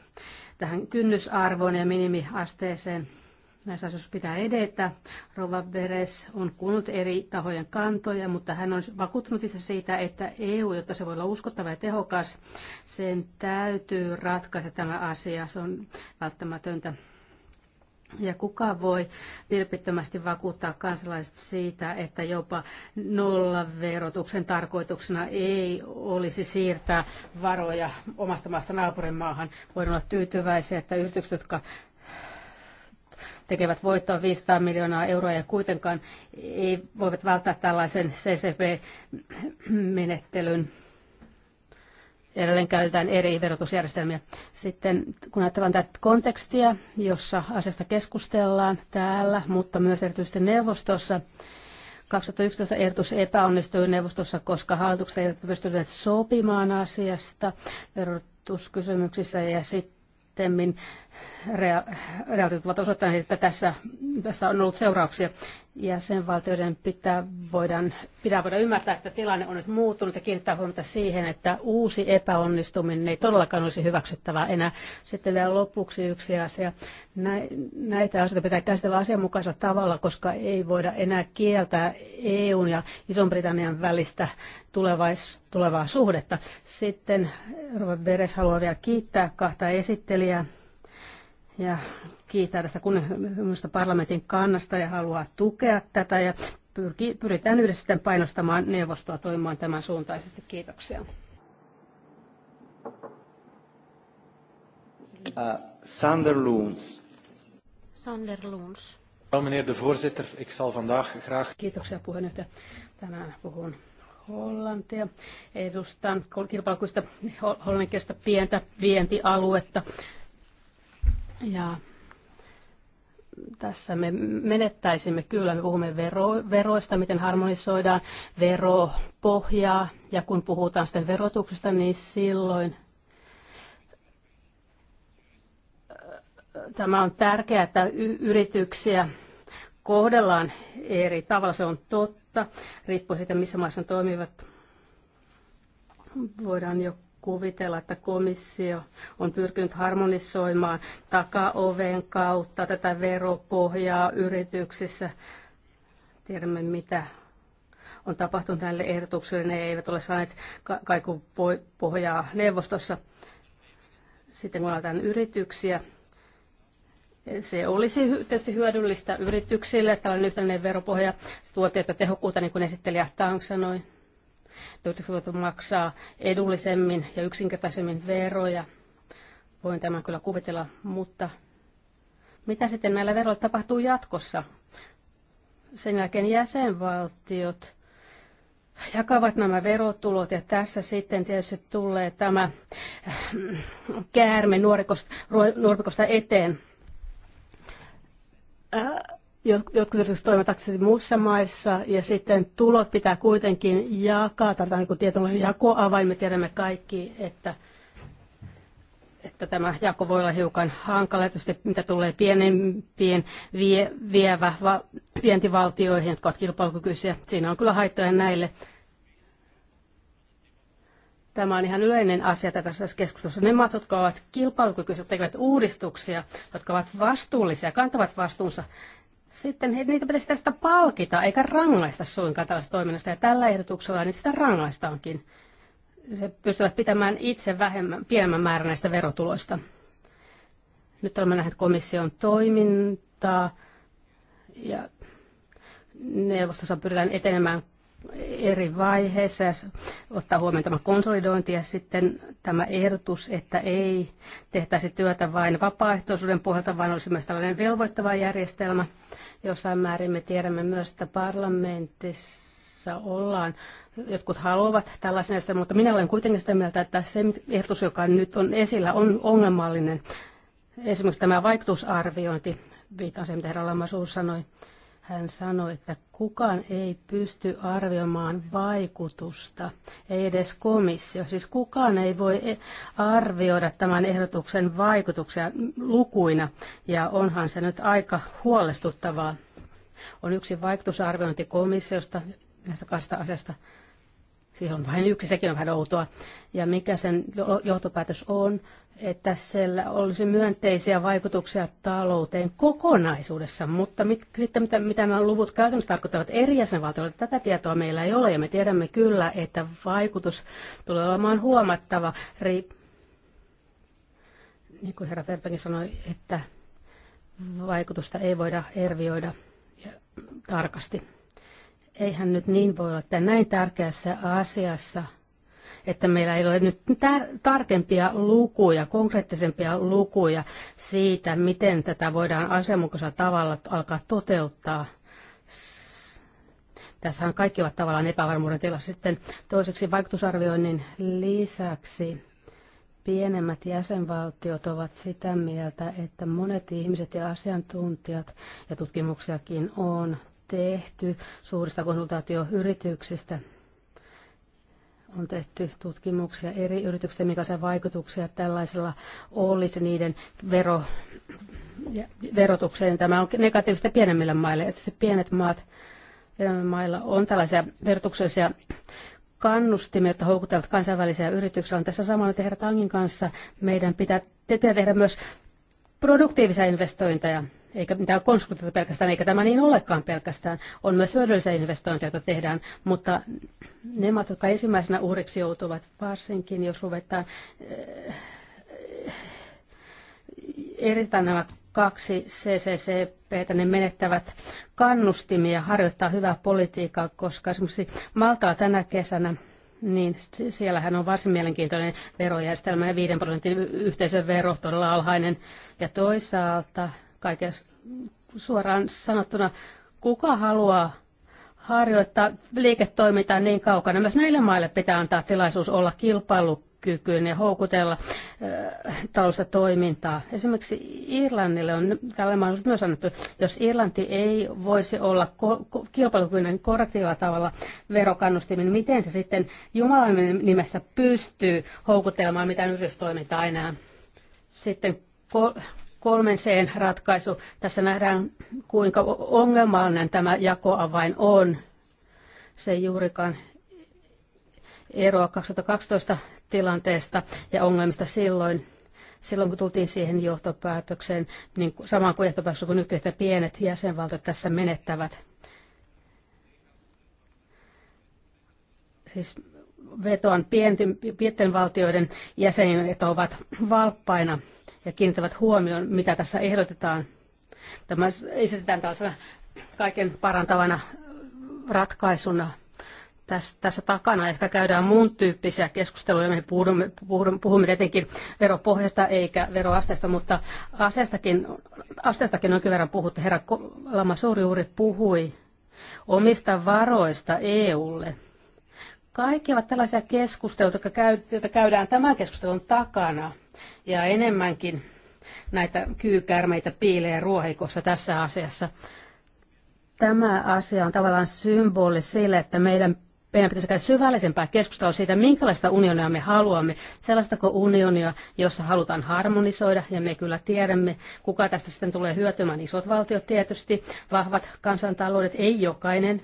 [SPEAKER 4] tähän kynnysarvoon ja minimiasteeseen. Näissä asioissa pitää edetä. Rova Beres on kuullut eri tahojen kantoja, mutta hän on vakuuttunut itse siitä, että EU, jotta se voi olla uskottava ja tehokas, sen täytyy ratkaista tämä asia. Se on välttämätöntä. Ja kuka voi vilpittömästi vakuuttaa kansalaiset siitä, että jopa nollaverotuksen tarkoituksena ei olisi siirtää varoja omasta maasta naapurin maahan. Voin olla tyytyväisiä, että yritykset, jotka tekevät voittoa 500 miljoonaa euroa ja kuitenkaan ei voivat välttää tällaisen CCP-menettelyn edelleen käytetään eri verotusjärjestelmiä. Sitten kun ajatellaan tätä kontekstia, jossa asiasta keskustellaan täällä, mutta myös erityisesti neuvostossa, 2011 ehdotus epäonnistui neuvostossa, koska hallitukset eivät pystyneet sopimaan asiasta verotuskysymyksissä ja sitten reaalitit ovat osoittaneet, että tässä, tässä on ollut seurauksia jäsenvaltioiden pitää, voidaan, pitää voida ymmärtää, että tilanne on nyt muuttunut ja kiinnittää huomiota siihen, että uusi epäonnistuminen ei todellakaan olisi hyväksyttävää enää. Sitten vielä lopuksi yksi asia. Näitä asioita pitää käsitellä asianmukaisella tavalla, koska ei voida enää kieltää EUn ja iso britannian välistä tulevais, tulevaa suhdetta. Sitten Robert Beres haluaa vielä kiittää kahta esittelijää ja kiittää tästä kunnioittamasta parlamentin kannasta ja haluaa tukea tätä ja pyrki, pyritään yhdessä sitten painostamaan neuvostoa toimimaan tämän suuntaisesti. Kiitoksia.
[SPEAKER 1] Uh, Sander Loons.
[SPEAKER 4] Sander Loons.
[SPEAKER 5] Meneer de voorzitter, ik zal vandaag graag...
[SPEAKER 4] Kiitoksia puheenjohtaja. Tänään puhun Hollantia. Edustan kilpailukuista hollanninkielistä pientä vientialuetta. Ja tässä me menettäisimme, kyllä me puhumme vero, veroista, miten harmonisoidaan veropohjaa, ja kun puhutaan sitten verotuksesta, niin silloin äh, tämä on tärkeää, että yrityksiä kohdellaan eri tavalla, se on totta, riippuu siitä, missä maissa toimivat. Voidaan jo kuvitella, että komissio on pyrkinyt harmonisoimaan takaoven kautta tätä veropohjaa yrityksissä. Tiedämme, mitä on tapahtunut näille ehdotuksille. Ne eivät ole saaneet kaiku pohjaa neuvostossa. Sitten kun aletaan yrityksiä, se olisi tietysti hyödyllistä yrityksille, tällainen yhtenäinen veropohja, tuotteita tehokkuutta, niin kuin esittelijä Tang sanoi. Yritykset voivat maksaa edullisemmin ja yksinkertaisemmin veroja. Voin tämän kyllä kuvitella, mutta mitä sitten näillä veroilla tapahtuu jatkossa? Sen jälkeen jäsenvaltiot jakavat nämä verotulot ja tässä sitten tietysti tulee tämä äh, käärme nuorikosta, nuorikosta eteen. Äh, jotkut yritykset toimivat aktiivisesti muissa maissa ja sitten tulot pitää kuitenkin jakaa, tarvitaan niin tietynlainen jakoavain. Me tiedämme kaikki, että, että tämä jako voi olla hiukan hankala, että mitä tulee pienempiin vie, vievä, va, vientivaltioihin, jotka ovat kilpailukykyisiä. Siinä on kyllä haittoja näille. Tämä on ihan yleinen asia tässä keskustelussa. Ne maat, jotka ovat kilpailukykyiset, tekevät uudistuksia, jotka ovat vastuullisia, kantavat vastuunsa, sitten he, niitä pitäisi tästä palkita, eikä rangaista suinkaan tällaista toiminnasta. Ja tällä ehdotuksella niitä sitä rangaistaankin. Se pystyvät pitämään itse vähemmän, pienemmän määrän näistä verotuloista. Nyt olemme nähneet komission toimintaa ja neuvostossa pyritään etenemään eri vaiheissa ja ottaa huomioon tämä konsolidointi ja sitten tämä ehdotus, että ei tehtäisi työtä vain vapaaehtoisuuden pohjalta, vaan olisi myös tällainen velvoittava järjestelmä. Jossain määrin me tiedämme myös, että parlamentissa ollaan, jotkut haluavat tällaisen järjestelmän, mutta minä olen kuitenkin sitä mieltä, että se ehdotus, joka nyt on esillä, on ongelmallinen. Esimerkiksi tämä vaikutusarviointi, viitaan se, mitä herra Lamasuus sanoi, hän sanoi, että kukaan ei pysty arvioimaan vaikutusta, ei edes komissio. Siis kukaan ei voi e- arvioida tämän ehdotuksen vaikutuksia lukuina, ja onhan se nyt aika huolestuttavaa. On yksi vaikutusarviointikomissiosta näistä kahdesta asiasta Siihen on vain yksi, sekin on vähän outoa. Ja mikä sen johtopäätös on, että siellä olisi myönteisiä vaikutuksia talouteen kokonaisuudessa, mutta mit, mitä, mitä nämä luvut käytännössä tarkoittavat eri jäsenvaltioille, tätä tietoa meillä ei ole, ja me tiedämme kyllä, että vaikutus tulee olemaan huomattava. Ri, niin kuin herra Ferpenkin sanoi, että vaikutusta ei voida ervioida tarkasti eihän nyt niin voi olla, että näin tärkeässä asiassa, että meillä ei ole nyt tar- tarkempia lukuja, konkreettisempia lukuja siitä, miten tätä voidaan asianmukaisella tavalla alkaa toteuttaa. Tässähän kaikki ovat tavallaan epävarmuuden tilassa. Sitten toiseksi vaikutusarvioinnin lisäksi pienemmät jäsenvaltiot ovat sitä mieltä, että monet ihmiset ja asiantuntijat ja tutkimuksiakin on tehty suurista konsultaatioyrityksistä. On tehty tutkimuksia eri yrityksistä, millaisia vaikutuksia tällaisella olisi niiden vero, verotukseen. Tämä on negatiivista pienemmille maille. se pienet maat, pienemmillä mailla on tällaisia verotuksellisia kannustimia, että houkutellaan kansainvälisiä yrityksiä. On tässä samalla tehdä Tangin kanssa. Meidän pitää, pitää tehdä myös produktiivisia investointeja eikä mitään konsultteja pelkästään, eikä tämä niin olekaan pelkästään. On myös hyödyllisiä investointeja, joita tehdään, mutta ne maat, jotka ensimmäisenä uhriksi joutuvat, varsinkin jos ruvetaan eh, erittäin nämä kaksi CCCP, ne menettävät kannustimia harjoittaa hyvää politiikkaa, koska esimerkiksi Maltaa tänä kesänä niin, siellähän on varsin mielenkiintoinen verojärjestelmä ja 5 prosentin yhteisön vero todella alhainen. Ja toisaalta kaiken suoraan sanottuna, kuka haluaa harjoittaa liiketoimintaa niin kaukana. Myös näille maille pitää antaa tilaisuus olla kilpailukykyinen ja houkutella äh, talousta toimintaa. Esimerkiksi Irlannille on tällainen mahdollisuus myös annettu, jos Irlanti ei voisi olla ko- kilpailukykyinen korrektiivalla tavalla verokannustimin, niin miten se sitten Jumalan nimessä pystyy houkuttelemaan mitään yritystoimintaa enää? Sitten kolmen C ratkaisu. Tässä nähdään, kuinka ongelmallinen tämä jakoavain on. Se ei juurikaan eroa 2012 tilanteesta ja ongelmista silloin. Silloin kun tultiin siihen johtopäätökseen, niin samaan kuin johtopäätökseen kuin nyt, että pienet jäsenvaltiot tässä menettävät. Siis vetoan pienten, pienten valtioiden jäseniin, että ovat valppaina ja kiinnittävät huomioon, mitä tässä ehdotetaan. Tämä esitetään tällaisena kaiken parantavana ratkaisuna. Tässä, tässä takana ehkä käydään muun tyyppisiä keskusteluja. Me puhumme, puhumme, puhumme tietenkin veropohjasta eikä veroasteesta, mutta asteestakin, asteestakin jonkin verran puhuttu. Herra Lama Suuri juuri puhui omista varoista EUlle – kaikki ovat tällaisia keskusteluita, joita käydään tämän keskustelun takana ja enemmänkin näitä kyykäärmeitä piilee ruohikossa tässä asiassa. Tämä asia on tavallaan symboli sille, että meidän meidän pitäisi käydä syvällisempää keskustelua siitä, minkälaista unionia me haluamme. Sellaistako unionia, jossa halutaan harmonisoida, ja me kyllä tiedämme, kuka tästä sitten tulee hyötymään. Isot valtiot tietysti, vahvat kansantaloudet, ei jokainen.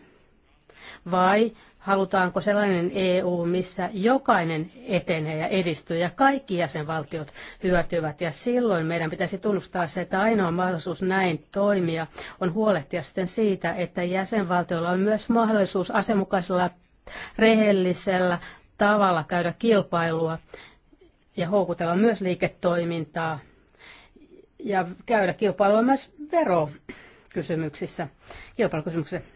[SPEAKER 4] Vai Halutaanko sellainen EU, missä jokainen etenee ja edistyy ja kaikki jäsenvaltiot hyötyvät. Ja silloin meidän pitäisi tunnustaa se, että ainoa mahdollisuus näin toimia on huolehtia sitten siitä, että jäsenvaltioilla on myös mahdollisuus asemukaisella rehellisellä tavalla käydä kilpailua ja houkutella myös liiketoimintaa ja käydä kilpailua myös verokysymyksissä, kilpailukysymyksissä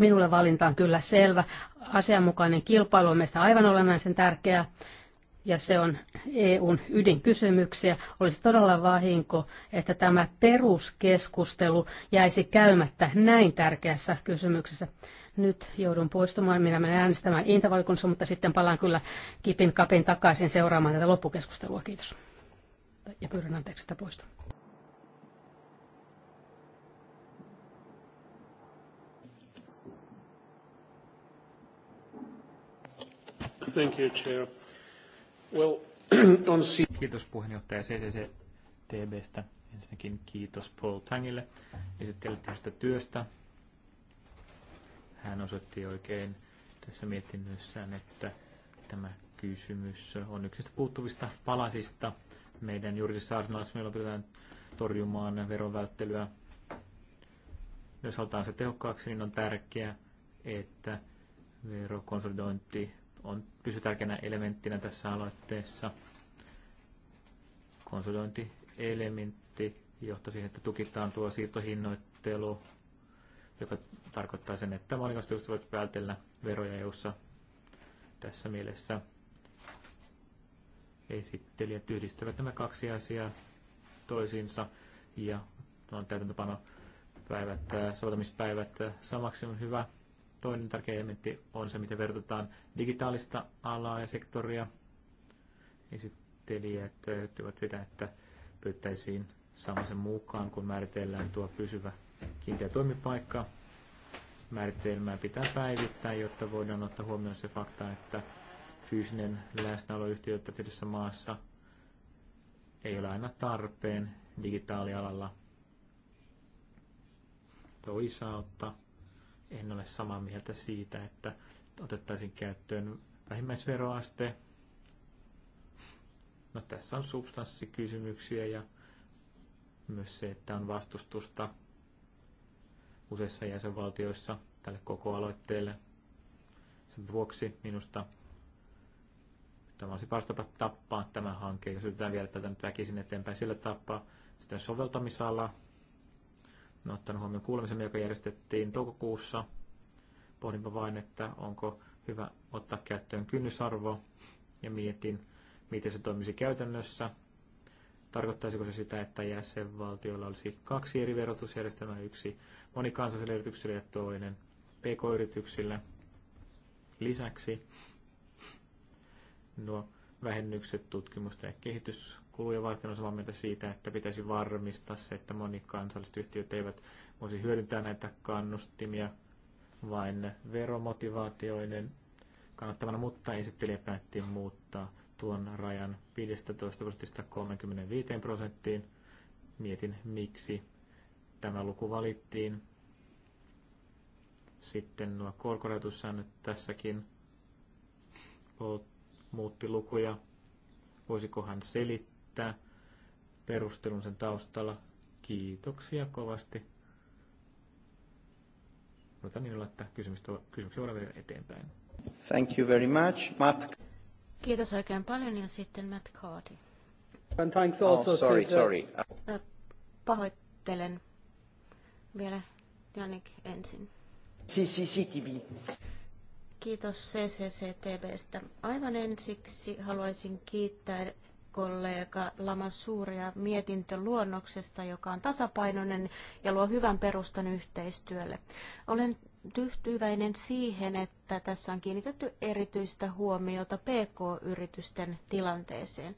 [SPEAKER 4] Minulle valinta on kyllä selvä. Asianmukainen kilpailu on meistä aivan olennaisen tärkeää ja se on EUn ydinkysymyksiä. Olisi todella vahinko, että tämä peruskeskustelu jäisi käymättä näin tärkeässä kysymyksessä. Nyt joudun poistumaan, minä menen äänestämään Intavalikunnassa, mutta sitten palaan kyllä kipin kapin takaisin seuraamaan tätä loppukeskustelua. Kiitos. Ja pyydän anteeksi, että poistun.
[SPEAKER 5] Thank you, Chair. Well,
[SPEAKER 3] on C- Kiitos puheenjohtaja CCCTBstä. Ensinnäkin kiitos Paul Tangille esittelystä työstä. Hän osoitti oikein tässä mietinnössään, että tämä kysymys on yksi puuttuvista palasista meidän juridisessa arsenaalissa, meillä pyritään torjumaan verovälttelyä. Jos halutaan se tehokkaaksi, niin on tärkeää, että verokonsolidointi on pysy tärkeänä elementtinä tässä aloitteessa. Konsolidointielementti johtaa siihen, että tukitaan tuo siirtohinnoittelu, joka tarkoittaa sen, että maailmastuksessa voit päätellä veroja EUssa tässä mielessä. Esittelijät yhdistävät nämä kaksi asiaa toisiinsa ja on täytäntöpano päivät, äh, soveltamispäivät äh, samaksi on hyvä Toinen tärkeä elementti on se, miten vertataan digitaalista alaa ja sektoria. Esittelijät työttivät sitä, että pyyttäisiin sen mukaan, kun määritellään tuo pysyvä kiinteä toimipaikka. Määritelmää pitää päivittää, jotta voidaan ottaa huomioon se fakta, että fyysinen läsnäolo yhtiötä tietyssä maassa ei ole aina tarpeen digitaalialalla. Toisaalta en ole samaa mieltä siitä, että otettaisiin käyttöön vähimmäisveroaste. No tässä on substanssikysymyksiä ja myös se, että on vastustusta useissa jäsenvaltioissa tälle koko aloitteelle. Sen vuoksi minusta tämä olisi paras tapa tappaa tämä hanke, jos yritetään vielä tätä nyt väkisin eteenpäin sillä tapaa. Sitten soveltamisala, on no, ottanut huomioon kuulemisen, joka järjestettiin toukokuussa. Pohdinpa vain, että onko hyvä ottaa käyttöön kynnysarvo ja mietin, miten se toimisi käytännössä. Tarkoittaisiko se sitä, että jäsenvaltioilla olisi kaksi eri verotusjärjestelmää, yksi monikansallisille yrityksille ja toinen pk-yrityksille. Lisäksi nuo vähennykset tutkimusta ja kehitys kuluja varten on samaa mieltä siitä, että pitäisi varmistaa se, että monikansalliset yhtiöt eivät voisi hyödyntää näitä kannustimia vain veromotivaatioiden kannattavana, mutta esittelijä päätti muuttaa tuon rajan 15 prosentista 35 prosenttiin. Mietin, miksi tämä luku valittiin. Sitten nuo korkorajoitussäännöt tässäkin muutti lukuja. Voisiko hän selittää? selittää perustelun sen taustalla. Kiitoksia kovasti. Mutta niin, että kysymyksiä voidaan viedä eteenpäin.
[SPEAKER 1] Thank you very much, Matt.
[SPEAKER 2] Kiitos oikein paljon ja sitten Matt Cardi.
[SPEAKER 1] And thanks oh, also oh, sorry, to the... sorry.
[SPEAKER 2] Pahoittelen vielä Janik ensin.
[SPEAKER 1] CCCTV.
[SPEAKER 2] Kiitos CCCTVstä. Aivan ensiksi haluaisin kiittää kollega Lamassuuria mietintöluonnoksesta, joka on tasapainoinen ja luo hyvän perustan yhteistyölle. Olen tyytyväinen siihen, että tässä on kiinnitetty erityistä huomiota PK-yritysten tilanteeseen.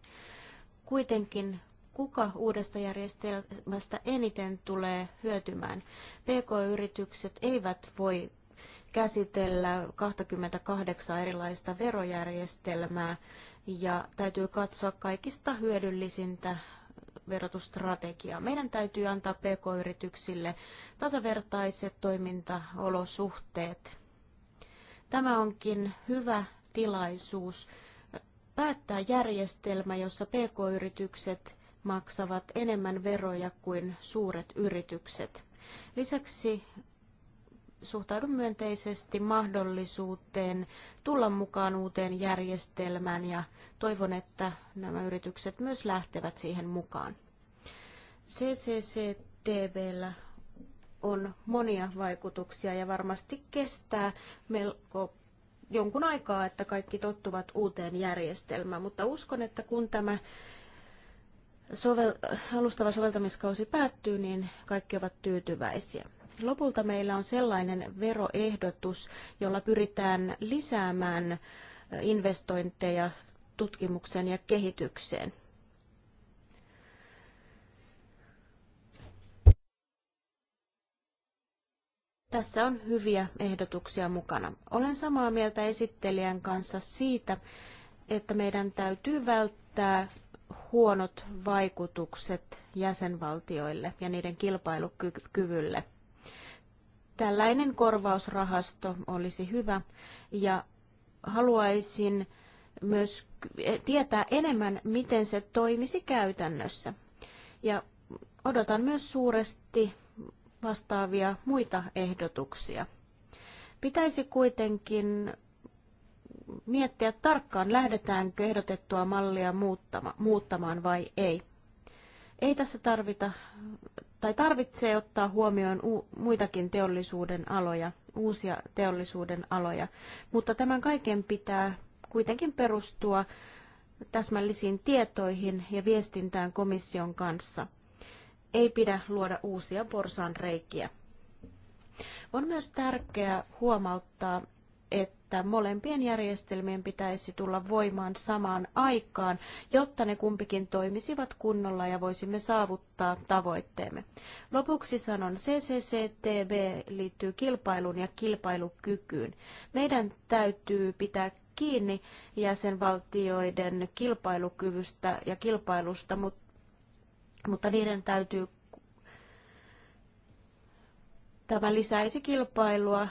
[SPEAKER 2] Kuitenkin kuka uudesta järjestelmästä eniten tulee hyötymään? PK-yritykset eivät voi käsitellä 28 erilaista verojärjestelmää ja täytyy katsoa kaikista hyödyllisintä verotusstrategiaa. Meidän täytyy antaa pk-yrityksille tasavertaiset toimintaolosuhteet. Tämä onkin hyvä tilaisuus päättää järjestelmä, jossa pk-yritykset maksavat enemmän veroja kuin suuret yritykset. Lisäksi suhtaudun myönteisesti mahdollisuuteen tulla mukaan uuteen järjestelmään ja toivon, että nämä yritykset myös lähtevät siihen mukaan. CCCTVllä on monia vaikutuksia ja varmasti kestää melko jonkun aikaa, että kaikki tottuvat uuteen järjestelmään, mutta uskon, että kun tämä sovel- alustava soveltamiskausi päättyy, niin kaikki ovat tyytyväisiä. Lopulta meillä on sellainen veroehdotus, jolla pyritään lisäämään investointeja tutkimukseen ja kehitykseen. Tässä on hyviä ehdotuksia mukana. Olen samaa mieltä esittelijän kanssa siitä, että meidän täytyy välttää huonot vaikutukset jäsenvaltioille ja niiden kilpailukyvylle. Tällainen korvausrahasto olisi hyvä ja haluaisin myös tietää enemmän, miten se toimisi käytännössä. Ja odotan myös suuresti vastaavia muita ehdotuksia. Pitäisi kuitenkin miettiä tarkkaan, lähdetäänkö ehdotettua mallia muuttama, muuttamaan vai ei. Ei tässä tarvita tai tarvitsee ottaa huomioon muitakin teollisuuden aloja, uusia teollisuuden aloja. Mutta tämän kaiken pitää kuitenkin perustua täsmällisiin tietoihin ja viestintään komission kanssa. Ei pidä luoda uusia porsaanreikiä. On myös tärkeää huomauttaa, että molempien järjestelmien pitäisi tulla voimaan samaan aikaan, jotta ne kumpikin toimisivat kunnolla ja voisimme saavuttaa tavoitteemme. Lopuksi sanon, CCCTV liittyy kilpailuun ja kilpailukykyyn. Meidän täytyy pitää kiinni jäsenvaltioiden kilpailukyvystä ja kilpailusta, mutta niiden täytyy Tämä lisäisi kilpailua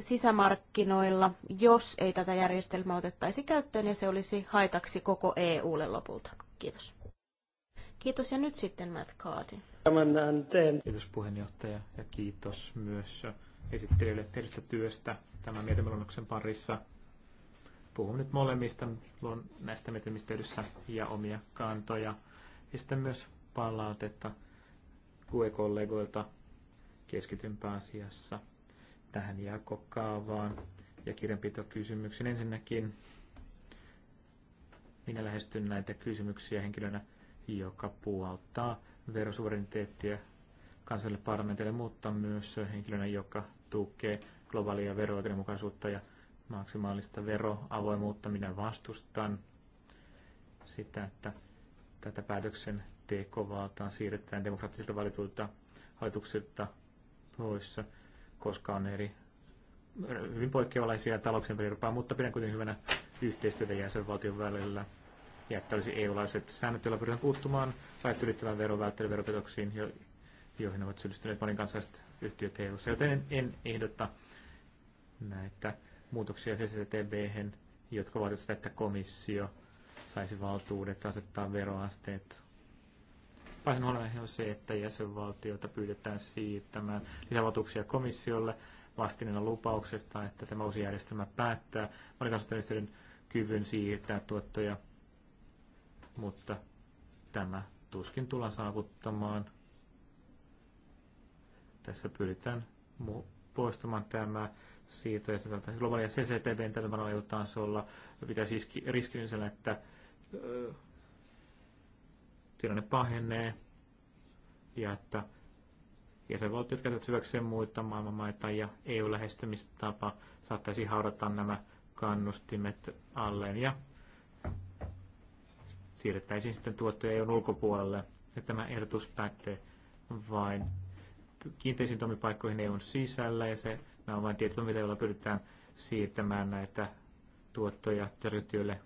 [SPEAKER 2] sisämarkkinoilla, jos ei tätä järjestelmää otettaisi käyttöön ja se olisi haitaksi koko EUlle lopulta. Kiitos. Kiitos ja nyt sitten Matt Carty.
[SPEAKER 3] Kiitos puheenjohtaja ja kiitos myös esittelijöille tehdystä työstä tämän mietintöluonnoksen parissa. Puhun nyt molemmista luon näistä mietintöistä ja omia kantoja ja sitten myös palautetta QE-kollegoilta keskitympää asiassa tähän jakokaavaan ja kirjanpitokysymyksiin. Ensinnäkin minä lähestyn näitä kysymyksiä henkilönä, joka puoltaa verosuvereniteettia kansalle parlamentille, mutta myös henkilönä, joka tukee globaalia vero ja maksimaalista veroavoimuutta. Minä vastustan sitä, että tätä päätöksen tekovaltaa siirretään demokraattisilta valituilta hallituksilta pois koska on eri hyvin poikkeavalaisia talouksien välirupaa, mutta pidän kuitenkin hyvänä yhteistyötä jäsenvaltion välillä. Ja että olisi EU-laiset säännöt, joilla pyritään puuttumaan rajat ylittävän veron veropetoksiin, jo, joihin ovat syyllistyneet monin kansalliset yhtiöt eu Joten en, en ehdota näitä muutoksia ccctb jotka vaativat sitä, että komissio saisi valtuudet asettaa veroasteet Varsin huolenaihe on se, että jäsenvaltiota pyydetään siirtämään lisävaltuuksia komissiolle vastineena lupauksesta, että tämä uusi järjestelmä päättää monikansallisten yhteyden kyvyn siirtää tuottoja, mutta tämä tuskin tullaan saavuttamaan. Tässä pyritään poistamaan tämä siirto ja sitä globaalia CCTVn tällä tasolla pitäisi riskillisellä, että tilanne pahenee ja että jäsenvaltiot käyttävät hyväkseen muita maailmanmaita ja EU-lähestymistapa saattaisi haudata nämä kannustimet alleen ja siirrettäisiin sitten tuottoja EUn ulkopuolelle. Ja tämä ehdotus pätee vain kiinteisiin toimipaikkoihin EUn sisällä ja se, nämä on vain tietyllä mitä joilla pyritään siirtämään näitä tuottoja terveystyölle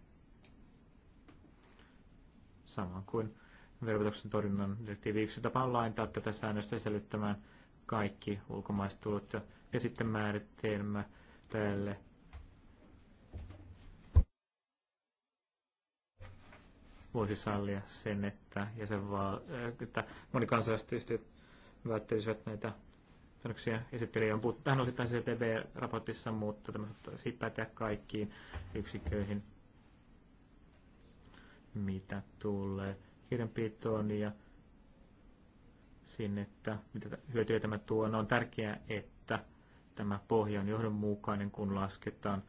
[SPEAKER 3] samoin kuin verotuksen torjunnan direktiivi yksi tapa on laajentaa tätä säännöstä sisällyttämään kaikki ulkomaiset tulot ja sitten määritelmä tälle voisi sallia sen, että, jäsenval- että monikansalliset yhtiöt välttelisivät näitä sanoksia esittelijä on puhuttu tähän osittain CTB-raportissa, mutta tämä saattaisi päteä kaikkiin yksiköihin, mitä tulee kirjanpitoon ja sinne, että mitä hyötyjä tämä tuo. No on tärkeää, että tämä pohja on johdonmukainen, kun lasketaan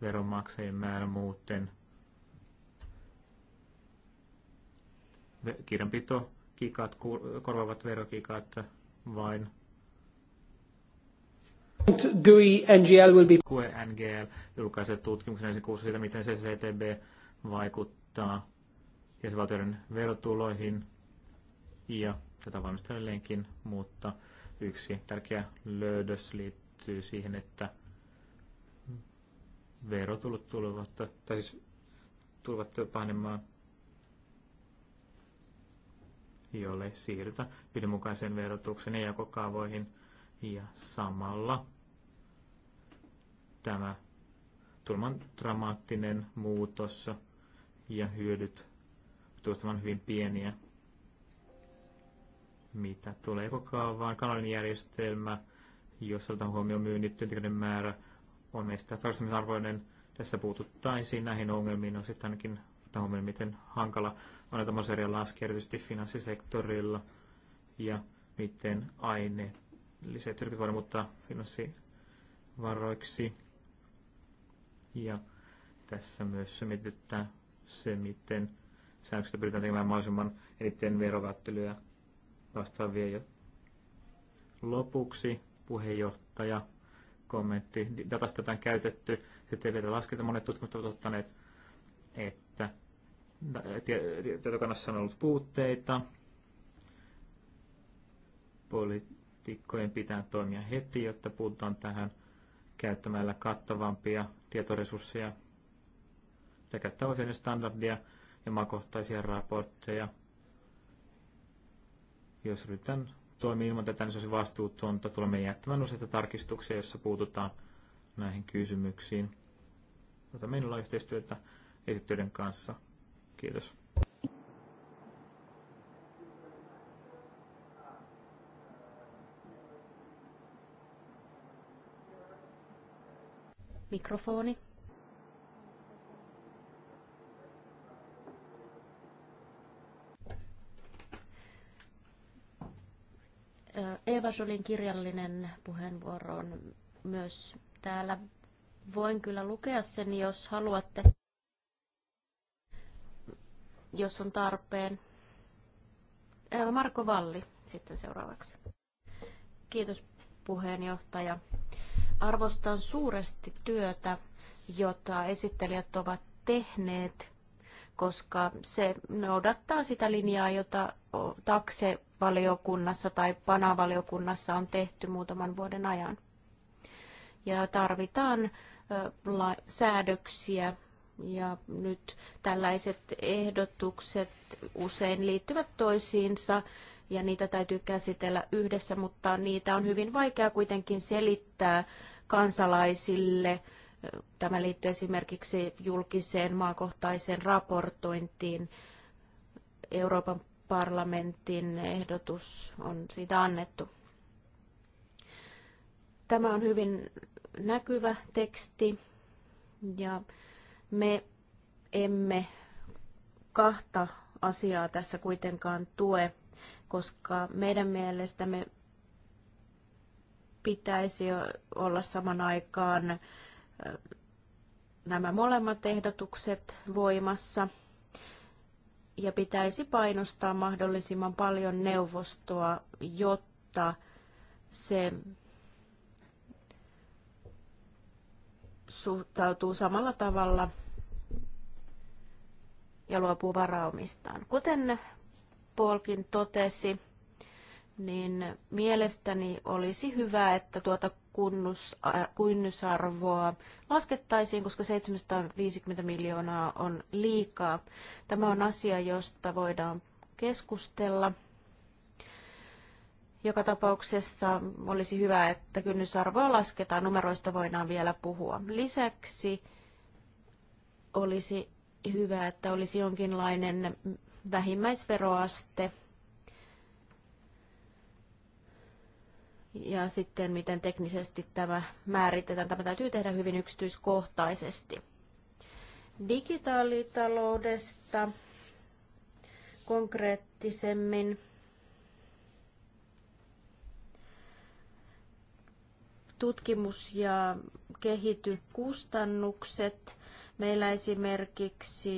[SPEAKER 3] veronmaksajien määrä muuten. Kirjanpito kikat, korvaavat verokikat vain. GUI NGL will be... NGL julkaisee tutkimuksen ensin kuussa siitä, miten CCTB vaikuttaa jäsenvaltioiden verotuloihin ja tätä valmistelleenkin, mutta yksi tärkeä löydös liittyy siihen, että verotulot tulevat, tai siis tulevat pahenemaan, jolle siirrytä yhdenmukaiseen verotuksen ja jakokaavoihin. Ja samalla tämä tulman dramaattinen muutos ja hyödyt tuossa on hyvin pieniä. Mitä tulee vaan kanalin järjestelmä, jos otetaan huomioon myynnit, työntekijöiden määrä, on meistä tarkastamisarvoinen. Tässä puututtaisiin näihin ongelmiin, on sitten ainakin ottaa huomioon, miten hankala on tämmöisiä laskea erityisesti finanssisektorilla ja miten lisää yritykset voidaan muuttaa finanssivaroiksi. Ja tässä myös se se, miten säännöksistä pyritään tekemään mahdollisimman eniten verovälttelyä vastaavia. Ja lopuksi puheenjohtaja kommentti. Datasta tätä on käytetty, sitten ei vielä lasketa. Monet tutkimukset ovat ottaneet, että tietokannassa on ollut puutteita. Poliitikkojen pitää toimia heti, jotta puututaan tähän käyttämällä kattavampia tietoresursseja ja käyttää standardia ja makohtaisia raportteja. Jos ryhdytään toimia ilman tätä, niin se olisi vastuutonta. Tulemme jättämään useita tarkistuksia, joissa puututaan näihin kysymyksiin. Mutta meillä on yhteistyötä esittelyiden kanssa. Kiitos.
[SPEAKER 2] Mikrofoni. Kasulin kirjallinen puheenvuoro on myös täällä. Voin kyllä lukea sen, jos haluatte, jos on tarpeen. Marko Valli sitten seuraavaksi. Kiitos puheenjohtaja. Arvostan suuresti työtä, jota esittelijät ovat tehneet koska se noudattaa sitä linjaa, jota taksevaliokunnassa tai panavaliokunnassa on tehty muutaman vuoden ajan. Ja tarvitaan säädöksiä ja nyt tällaiset ehdotukset usein liittyvät toisiinsa ja niitä täytyy käsitellä yhdessä, mutta niitä on hyvin vaikea kuitenkin selittää kansalaisille – Tämä liittyy esimerkiksi julkiseen maakohtaiseen raportointiin. Euroopan parlamentin ehdotus on siitä annettu. Tämä on hyvin näkyvä teksti ja me emme kahta asiaa tässä kuitenkaan tue, koska meidän mielestämme pitäisi olla saman aikaan nämä molemmat ehdotukset voimassa ja pitäisi painostaa mahdollisimman paljon neuvostoa, jotta se suhtautuu samalla tavalla ja luopuu varaumistaan. Kuten Polkin totesi, niin mielestäni olisi hyvä, että tuota Äh, kynnysarvoa laskettaisiin, koska 750 miljoonaa on liikaa. Tämä on asia, josta voidaan keskustella. Joka tapauksessa olisi hyvä, että kynnysarvoa lasketaan. Numeroista voidaan vielä puhua. Lisäksi olisi hyvä, että olisi jonkinlainen vähimmäisveroaste ja sitten miten teknisesti tämä määritetään. Tämä täytyy tehdä hyvin yksityiskohtaisesti. Digitaalitaloudesta konkreettisemmin. Tutkimus- ja kehityskustannukset. Meillä esimerkiksi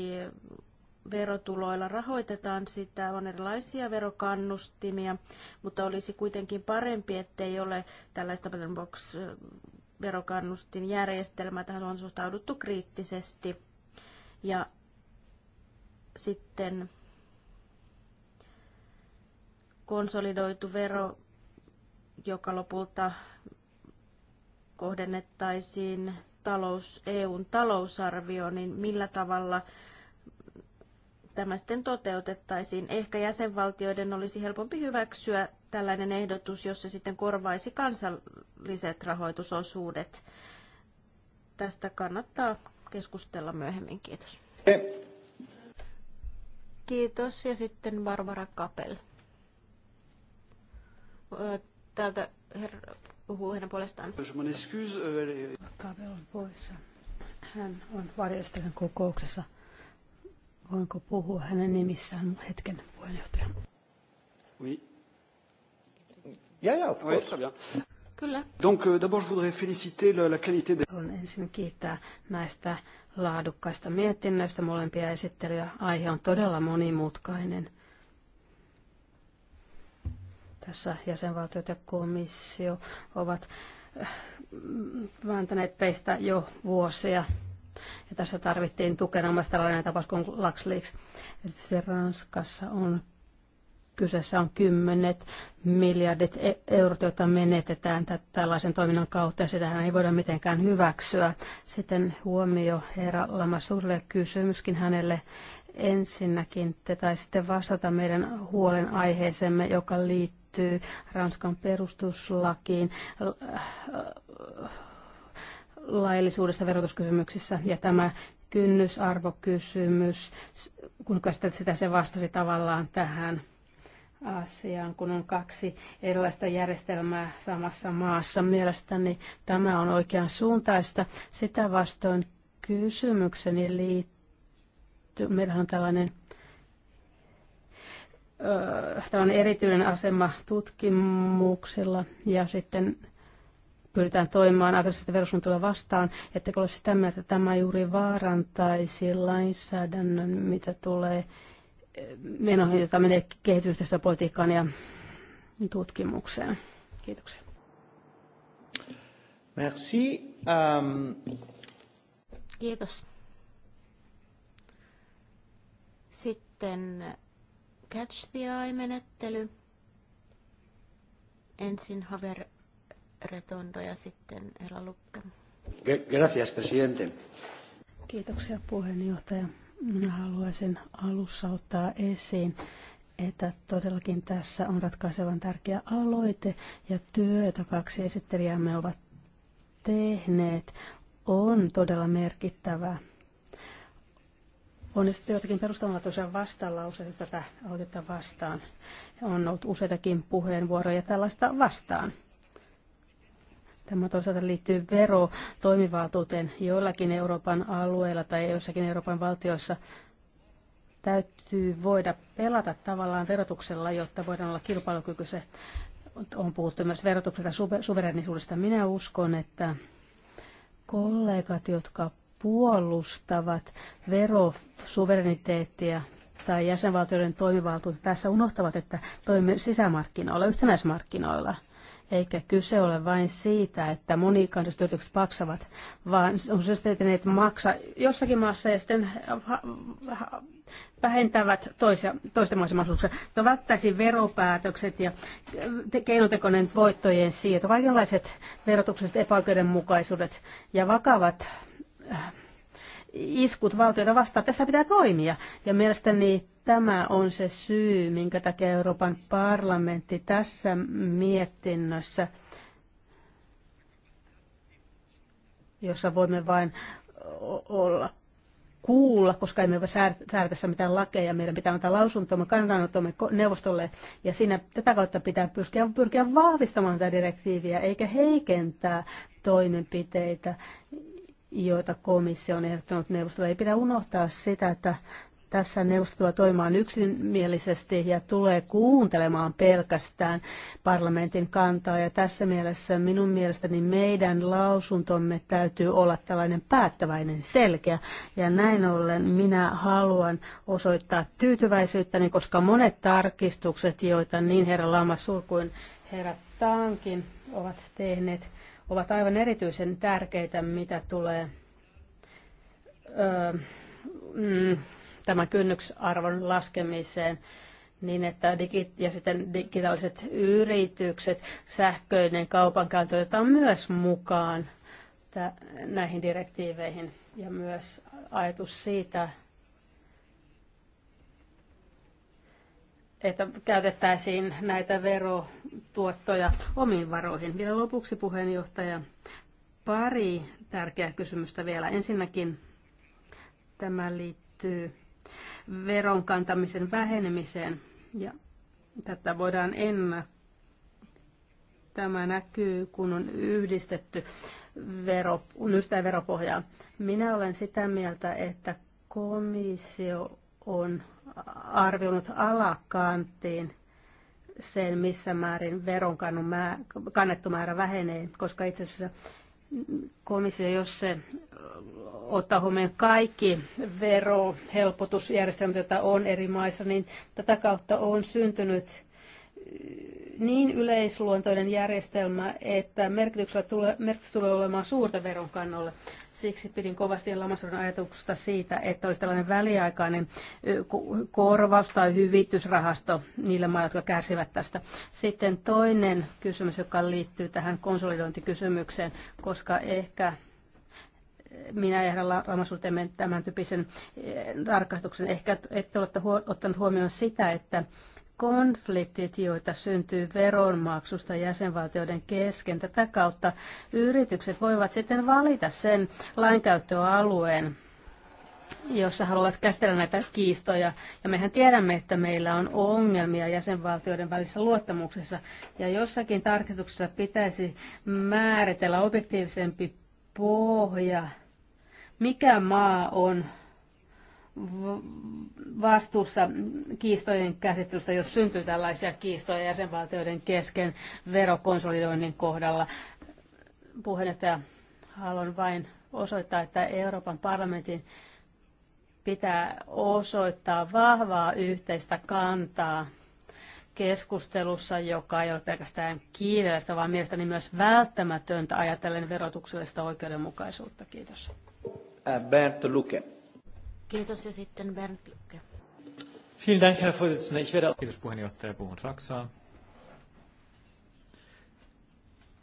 [SPEAKER 2] verotuloilla rahoitetaan sitä, on erilaisia verokannustimia, mutta olisi kuitenkin parempi, ettei ole tällaista box eh, verokannustin järjestelmää. Tähän on suhtauduttu kriittisesti. Ja sitten konsolidoitu vero, joka lopulta kohdennettaisiin talous, EUn talousarvioon, niin millä tavalla tämä sitten toteutettaisiin. Ehkä jäsenvaltioiden olisi helpompi hyväksyä tällainen ehdotus, jossa sitten korvaisi kansalliset rahoitusosuudet. Tästä kannattaa keskustella myöhemmin. Kiitos. Kiitos. Ja sitten Barbara Kapel. Täältä herra puhuu hänen puolestaan. Kapel on poissa. Hän on varjostelun kokouksessa. Voinko
[SPEAKER 4] puhua hänen nimissään hetken puheenjohtaja?
[SPEAKER 3] Oui.
[SPEAKER 5] Yeah, yeah, of course. Oui, Kyllä. Donc, euh, d'abord, je voudrais féliciter la, la qualité de... Haluan
[SPEAKER 4] ensin kiittää näistä laadukkaista mietinnöistä molempia esittelyjä. Aihe on todella monimutkainen. Tässä jäsenvaltiot ja komissio ovat äh, vääntäneet peistä jo vuosia. Ja tässä tarvittiin tukena myös tällainen tapaus kuin LuxLeaks. Se Ranskassa on kyseessä on kymmenet miljardit e eurot, joita menetetään tällaisen toiminnan kautta, ja sitähän ei voida mitenkään hyväksyä. Sitten huomio herra Lamassurille kysymyskin hänelle. Ensinnäkin te taisitte vastata meidän huolenaiheeseemme, joka liittyy Ranskan perustuslakiin laillisuudesta verotuskysymyksissä ja tämä kynnysarvokysymys, kun käsität sitä, se vastasi tavallaan tähän asiaan, kun on kaksi erilaista järjestelmää samassa maassa. Mielestäni tämä on oikean suuntaista. Sitä vastoin kysymykseni liittyy, meillä on tällainen Tämä on erityinen asema tutkimuksilla ja sitten pyritään toimimaan aggressiivista verosuunnittelua vastaan, ettekö ole sitä mieltä, että tämä juuri vaarantaisi lainsäädännön, mitä tulee eh, menoihin, jota menee kehitysyhteistyöpolitiikkaan ja tutkimukseen.
[SPEAKER 1] Kiitoksia. Merci. Um...
[SPEAKER 2] Kiitos. Sitten catch the eye-menettely. Ensin Haver Retondo ja sitten Herra Lukke.
[SPEAKER 5] Gracias, presidente.
[SPEAKER 2] Kiitoksia puheenjohtaja. Minä haluaisin
[SPEAKER 4] alussa ottaa esiin, että todellakin tässä on ratkaisevan tärkeä aloite ja työ, jota kaksi esittelijäämme ovat tehneet, on todella merkittävä. On sitten jotakin perustavanlaatuisia vastalauseita tätä aloitetta vastaan. On ollut useitakin puheenvuoroja tällaista vastaan. Tämä toisaalta liittyy verotoimivaltuuteen joillakin Euroopan alueilla tai joissakin Euroopan valtioissa. Täytyy voida pelata tavallaan verotuksella, jotta voidaan olla kilpailukykyisiä. On puhuttu myös verotuksesta suverenisuudesta. Minä uskon, että kollegat, jotka puolustavat verosuvereniteettia tai jäsenvaltioiden toimivaltuutta, tässä unohtavat, että toimimme sisämarkkinoilla, yhtenäismarkkinoilla – eikä kyse ole vain siitä, että monikansalliset yritykset maksavat, vaan on se, että ne maksa jossakin maassa ja sitten vähentävät toisia, toisten maisen mahdollisuuksia. No, välttäisi veropäätökset ja keinotekoinen voittojen siirto, kaikenlaiset verotukselliset epäoikeudenmukaisuudet ja vakavat äh, iskut valtioita vastaan. Tässä pitää toimia. Ja mielestäni tämä on se syy, minkä takia Euroopan parlamentti tässä mietinnössä, jossa voimme vain olla kuulla, koska emme voi säädä tässä mitään lakeja. Meidän pitää antaa lausuntomme, kannanottomme neuvostolle. Ja siinä tätä kautta pitää pyrkiä, pyrkiä vahvistamaan tätä direktiiviä, eikä heikentää toimenpiteitä, joita komissio on ehdottanut neuvostolle. Ei pidä unohtaa sitä, että tässä neuvosto tulee toimimaan yksimielisesti ja tulee kuuntelemaan pelkästään parlamentin kantaa. Ja tässä mielessä minun mielestäni meidän lausuntomme täytyy olla tällainen päättäväinen selkeä. Ja näin ollen minä haluan osoittaa tyytyväisyyttäni, koska monet tarkistukset, joita niin herra Lamassuur kuin herra Tankin ovat tehneet, ovat aivan erityisen tärkeitä, mitä tulee ö, mm, tämän kynnyksarvon laskemiseen niin, että digi- ja sitten digitaaliset yritykset, sähköinen kaupankäynti otetaan myös mukaan näihin direktiiveihin ja myös ajatus siitä, että käytettäisiin näitä vero tuottoja omiin varoihin. Vielä lopuksi puheenjohtaja, pari tärkeää kysymystä vielä. Ensinnäkin tämä liittyy veron kantamisen vähenemiseen ja tätä voidaan ennakoida. Tämä näkyy, kun on yhdistetty vero, yhdistetään veropohjaa. Minä olen sitä mieltä, että komissio on arvioinut alakanttiin sen, missä määrin veron kannettu määrä vähenee, koska itse asiassa komissio, jos se ottaa huomioon kaikki verohelpotusjärjestelmät, joita on eri maissa, niin tätä kautta on syntynyt niin yleisluontoinen järjestelmä, että merkityksellä tule, merkitys tulee olemaan suurta veron Siksi pidin kovasti Lamassuuden ajatuksesta siitä, että olisi tällainen väliaikainen korvaus- tai hyvitysrahasto niille maille, jotka kärsivät tästä. Sitten toinen kysymys, joka liittyy tähän konsolidointikysymykseen, koska ehkä minä ehdotan Lamassuuteen tämän tyyppisen eh, tarkastuksen. Ehkä ette ole ottanut huomioon sitä, että konfliktit, joita syntyy veronmaksusta jäsenvaltioiden kesken. Tätä kautta yritykset voivat sitten valita sen lainkäyttöalueen, jossa haluavat käsitellä näitä kiistoja. Ja mehän tiedämme, että meillä on ongelmia jäsenvaltioiden välisessä luottamuksessa. Ja jossakin tarkistuksessa pitäisi määritellä objektiivisempi pohja, mikä maa on vastuussa kiistojen käsittelystä, jos syntyy tällaisia kiistoja jäsenvaltioiden kesken verokonsolidoinnin kohdalla. Puheenjohtaja, haluan vain osoittaa, että Euroopan parlamentin pitää osoittaa vahvaa yhteistä kantaa keskustelussa, joka ei ole pelkästään kiireellistä, vaan mielestäni myös välttämätöntä ajatellen verotuksellista oikeudenmukaisuutta.
[SPEAKER 3] Kiitos. Äh, Bert Luke.
[SPEAKER 2] Kiitos ja sitten Bernd Lykke.
[SPEAKER 3] Vielen Dank, Herr Vorsitzender. Ich werde... Kiitos puheenjohtaja, puhun Saksaa.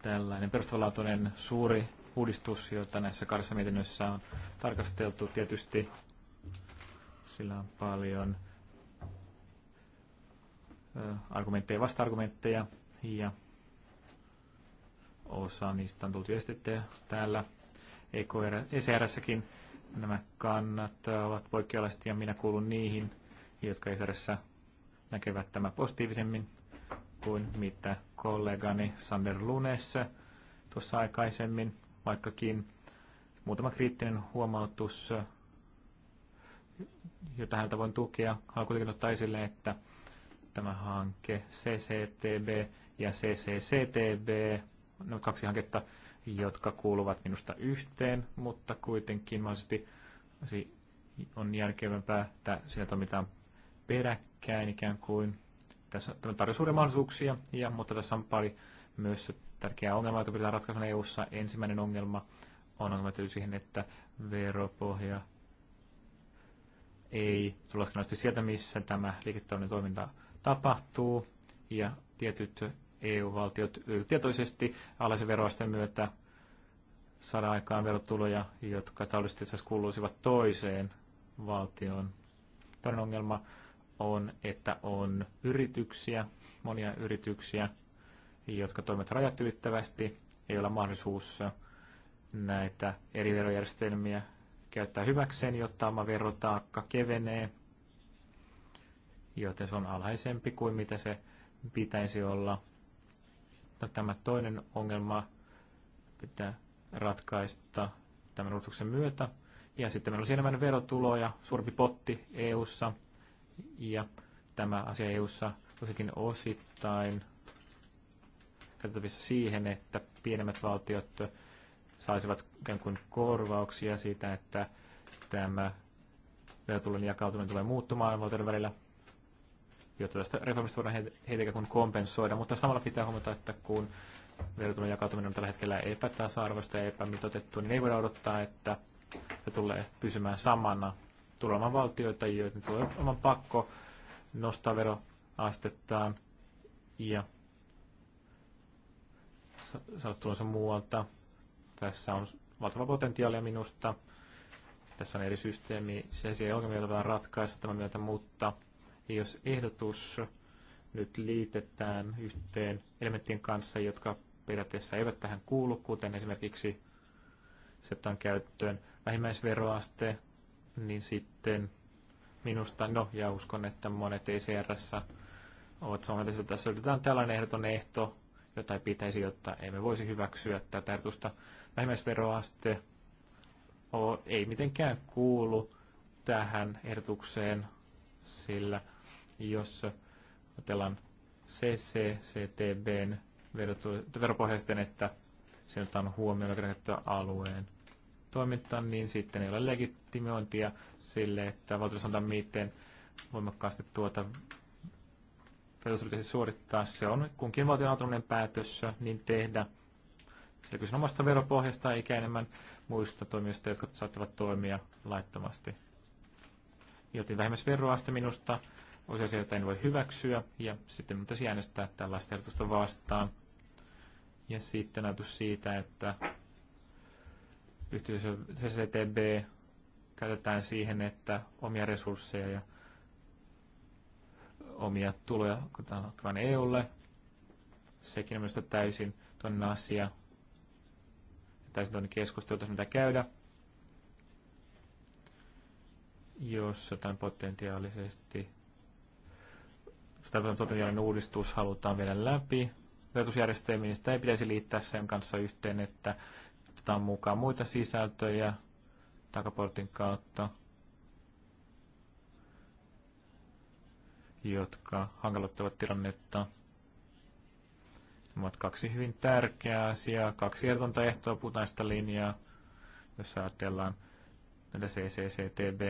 [SPEAKER 3] Tällainen perustavanlaatuinen suuri uudistus, jota näissä kahdessa mietinnössä on tarkasteltu tietysti. Sillä on paljon argumentteja ja vasta-argumentteja ja osa niistä on tullut viestittyä täällä ECR-säkin nämä kannat ovat poikkealaiset ja minä kuulun niihin, jotka Israelissa näkevät tämä positiivisemmin kuin mitä kollegani Sander Lunes tuossa aikaisemmin, vaikkakin muutama kriittinen huomautus, jota häntä voin tukea. Haluan kuitenkin ottaa esille, että tämä hanke CCTB ja CCCTB, no kaksi hanketta jotka kuuluvat minusta yhteen, mutta kuitenkin mahdollisesti on järkevämpää, että siellä toimitaan peräkkäin ikään kuin. Tässä tämä tarjoaa suuria mahdollisuuksia, ja, mutta tässä on pari myös tärkeää ongelmaa, jota pitää ratkaista EU-ssa. Ensimmäinen ongelma on ongelma siihen, että veropohja ei tule sieltä, missä tämä liiketoiminnan toiminta tapahtuu, ja tietyt EU-valtiot tietoisesti alaisen veroasteen myötä saada aikaan verotuloja, jotka taloudellisesti kuuluisivat toiseen valtioon. Toinen ongelma on, että on yrityksiä, monia yrityksiä, jotka toimivat rajat ylittävästi, ei ole mahdollisuus näitä eri verojärjestelmiä käyttää hyväkseen, jotta oma verotaakka kevenee, joten se on alhaisempi kuin mitä se pitäisi olla. No, tämä toinen ongelma pitää ratkaista tämän uudistuksen myötä. Ja sitten meillä olisi enemmän verotuloja, suurempi potti EU-ssa. Ja tämä asia EU-ssa tosikin osittain käytettävissä siihen, että pienemmät valtiot saisivat ikään kuin korvauksia siitä, että tämä verotulon jakautuminen tulee muuttumaan valtioiden välillä jotta tästä reformista voidaan heitä kuin kompensoida. Mutta samalla pitää huomata, että kun verotulon jakautuminen on tällä hetkellä epätasa-arvoista ja epämitotettua, niin ei voida odottaa, että se tulee pysymään samana. tulemaan valtioita, joiden tulee oman pakko nostaa veroastettaan ja saada tulonsa muualta. Tässä on valtava potentiaalia minusta. Tässä on eri systeemi, se ongelmia, joita voidaan ratkaista tämän myötä, mutta ja jos ehdotus nyt liitetään yhteen elementtien kanssa, jotka periaatteessa eivät tähän kuulu, kuten esimerkiksi se on käyttöön vähimmäisveroaste, niin sitten minusta, no ja uskon, että monet ECRssä ovat samaa että tässä otetaan tällainen ehdoton ehto, jota ei pitäisi, jotta emme voisi hyväksyä tätä ehdotusta. Vähimmäisveroaste ei mitenkään kuulu tähän ehdotukseen, sillä jos ajatellaan CCCTBn veropohjaisten, että se on huomioon käytettyä alueen toimintaa, niin sitten ei ole legitimointia sille, että valtio sanotaan, miten voimakkaasti tuota verotus suorittaa. Se on kunkin valtion autonominen päätös niin tehdä. Sillä kyse omasta veropohjasta eikä enemmän muista toimijoista, jotka saattavat toimia laittomasti. Joten vähemmäs veroaste minusta osia asioita en voi hyväksyä, ja sitten minun pitäisi äänestää tällaista ehdotusta vastaan. Ja sitten ajatus siitä, että yhteisö CCTB käytetään siihen, että omia resursseja ja omia tuloja kuten EUlle. Sekin on minusta täysin toinen asia. Täysin toinen keskustelu, mitä käydä. Jos jotain potentiaalisesti sotilaallinen uudistus halutaan vielä läpi verotusjärjestelmiin, niin sitä ei pitäisi liittää sen kanssa yhteen, että otetaan mukaan muita sisältöjä takaportin kautta, jotka hankaloittavat tilannetta. Nämä ovat kaksi hyvin tärkeää asiaa, kaksi ehdotonta ehtoa punaista linjaa, jos ajatellaan näitä CCCTB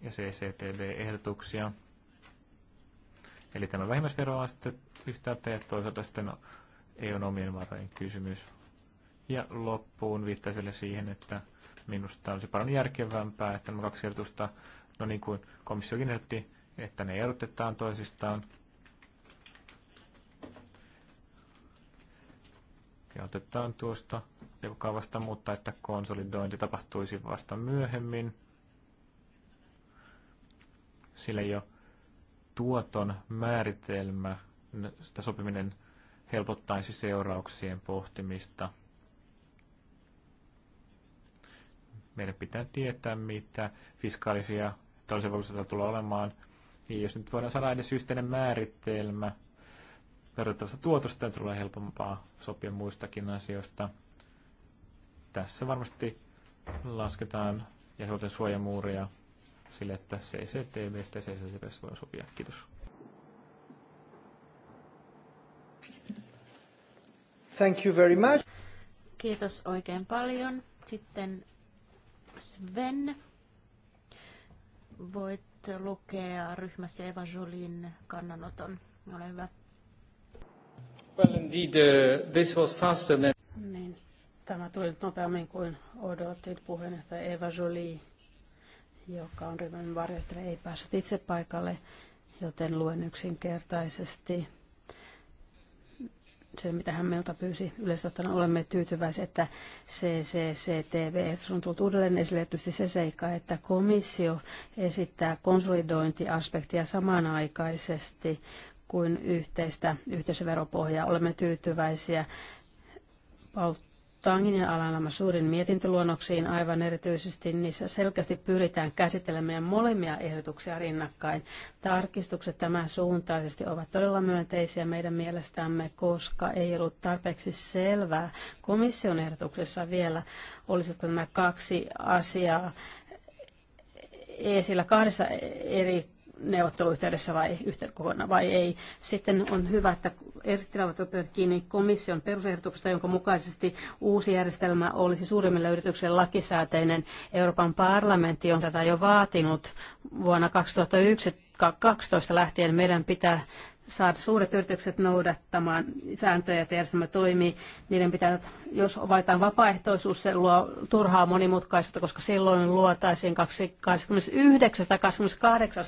[SPEAKER 3] ja cctb ehdotuksia Eli tämä vähimmäisvero on sitten yhtäältä ja toisaalta sitten EUn omien varojen kysymys. Ja loppuun vielä siihen, että minusta olisi paljon järkevämpää, että nämä kaksi ehdotusta, no niin kuin komissiokin ehdotti, että ne erotetaan toisistaan. Ja otetaan tuosta kaavasta, mutta että konsolidointi tapahtuisi vasta myöhemmin. Sillä jo tuoton määritelmä, sitä sopiminen helpottaisi seurauksien pohtimista. Meidän pitää tietää, mitä fiskaalisia taloudellisia tulee olemaan. Ja jos nyt voidaan saada edes yhteinen määritelmä verotettavasta tuotosta, niin tulee helpompaa sopia muistakin asioista. Tässä varmasti lasketaan ja suojamuuria sille, että CCTVstä ja CCTVstä voi sopia. Kiitos.
[SPEAKER 1] Thank you very much.
[SPEAKER 2] Kiitos oikein paljon. Sitten Sven, voit lukea ryhmässä Eva Jolin kannanoton. Ole hyvä.
[SPEAKER 1] Well,
[SPEAKER 5] indeed, uh, this was faster than...
[SPEAKER 4] Niin, tämä tuli nopeammin kuin odotin puheenjohtaja Eva Jolie joka on ryhmän varjostaja, ei päässyt itse paikalle, joten luen yksinkertaisesti sen, mitä hän meiltä pyysi. Yleisesti olemme tyytyväisiä, että CCCTV on tullut uudelleen esille tietysti se seikka, että komissio esittää konsolidointiaspektia samanaikaisesti kuin yhteistä yhteisöveropohjaa. Olemme tyytyväisiä Tangin ja Alanama suurin mietintöluonnoksiin aivan erityisesti, niissä selkeästi pyritään käsittelemään molemmia ehdotuksia rinnakkain. Tarkistukset tämän suuntaisesti ovat todella myönteisiä meidän mielestämme, koska ei ollut tarpeeksi selvää komission ehdotuksessa vielä, olisiko nämä kaksi asiaa esillä kahdessa eri neuvotteluyhteydessä vai, yhteen vai ei. Sitten on hyvä, että esittävät ottavat kiinni komission perusehdotuksesta, jonka mukaisesti uusi järjestelmä olisi suurimmille yrityksille lakisääteinen. Euroopan parlamentti on tätä jo vaatinut vuonna 2012 lähtien. Meidän pitää saada suuret yritykset noudattamaan sääntöjä, että järjestelmä toimii. Niiden pitää, jos valitaan vapaaehtoisuus, se luo turhaa monimutkaisuutta, koska silloin luotaisiin 29 tai 28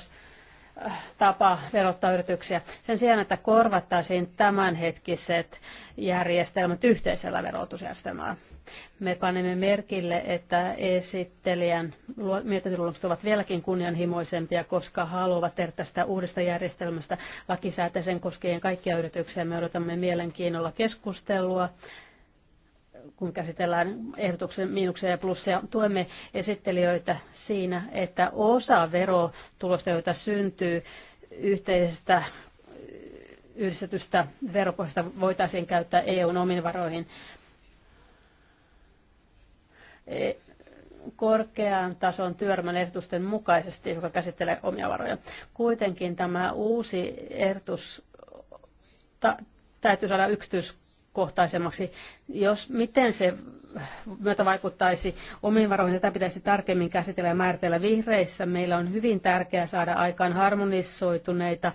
[SPEAKER 4] tapa verottaa yrityksiä sen sijaan, että korvattaisiin tämänhetkiset järjestelmät yhteisellä verotusjärjestelmällä. Me panemme merkille, että esittelijän mietintöluonnokset ovat vieläkin kunnianhimoisempia, koska haluavat tehdä tästä uudesta järjestelmästä lakisääteisen koskien kaikkia yrityksiä. Me odotamme mielenkiinnolla keskustelua kun käsitellään ehdotuksen miinuksia ja plussia, tuemme esittelijöitä siinä, että osa verotulosta, joita syntyy yhteisestä yhdistetystä veropohjasta, voitaisiin käyttää EUn omiin varoihin e, korkean tason työryhmän ehdotusten mukaisesti, joka käsittelee omia varoja. Kuitenkin tämä uusi ehdotus ta- täytyy saada yksityiskohtaisesti kohtaisemmaksi. Jos, miten se myötä vaikuttaisi omiin varoihin, tätä pitäisi tarkemmin käsitellä ja määritellä vihreissä. Meillä on hyvin tärkeää saada aikaan harmonisoituneita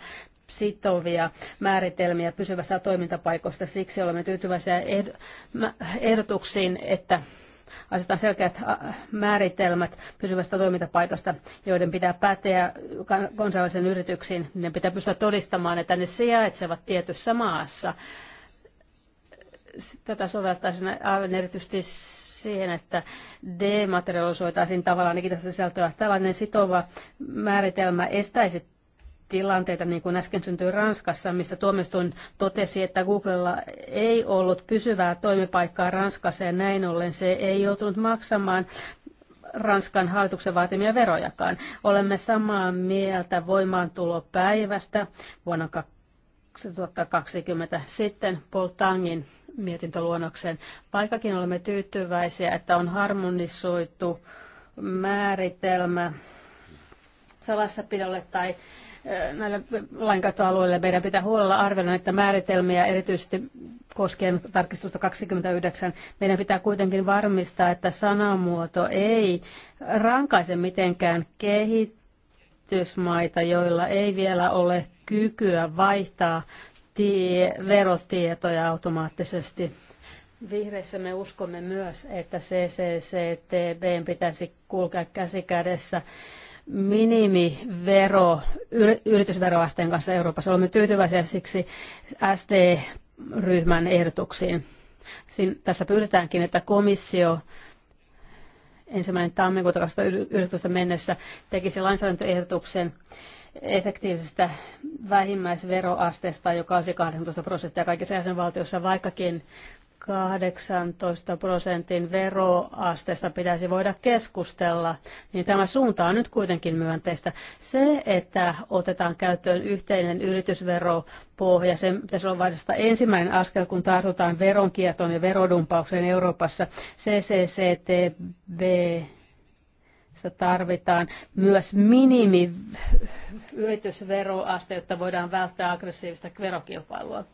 [SPEAKER 4] sitovia määritelmiä pysyvästä toimintapaikoista. Siksi olemme tyytyväisiä ehdotuksiin, että asetetaan selkeät määritelmät pysyvästä toimintapaikasta, joiden pitää päteä kansainvälisen yrityksiin. Ne pitää pystyä todistamaan, että ne sijaitsevat tietyssä maassa tätä soveltaisiin aivan erityisesti siihen, että dematerialisoitaisiin tavallaan digitaalista sisältöä. Tällainen sitova määritelmä estäisi tilanteita, niin kuin äsken syntyi Ranskassa, missä tuomioistuin totesi, että Googlella ei ollut pysyvää toimipaikkaa Ranskassa ja näin ollen se ei joutunut maksamaan Ranskan hallituksen vaatimia verojakaan. Olemme samaa mieltä voimaantulopäivästä vuonna 2020 sitten Poltangin mietintöluonnokseen. Vaikkakin olemme tyytyväisiä, että on harmonisoitu määritelmä salassapidolle tai näille lainkäyttöalueilla meidän pitää huolella arvioida näitä määritelmiä, erityisesti koskien tarkistusta 29. Meidän pitää kuitenkin varmistaa, että sanamuoto ei rankaise mitenkään kehitysmaita, joilla ei vielä ole kykyä vaihtaa tie, verotietoja automaattisesti. Vihreissä me uskomme myös, että CCCTB pitäisi kulkea käsikädessä minimivero yritysveroasteen kanssa Euroopassa. Olemme tyytyväisiä siksi SD-ryhmän ehdotuksiin. Siin, tässä pyydetäänkin, että komissio ensimmäinen tammikuuta 2019 mennessä tekisi lainsäädäntöehdotuksen efektiivisestä vähimmäisveroasteesta, joka olisi 18 prosenttia kaikissa jäsenvaltioissa, vaikkakin 18 prosentin veroasteesta pitäisi voida keskustella, niin tämä suunta on nyt kuitenkin myönteistä. Se, että otetaan käyttöön yhteinen yritysveropohja, se pitäisi olla vasta ensimmäinen askel, kun tartutaan veronkiertoon ja verodumpaukseen Euroopassa. CCCTB se tarvitaan myös minimi yritysveroaste, jotta voidaan välttää aggressiivista verokilpailua.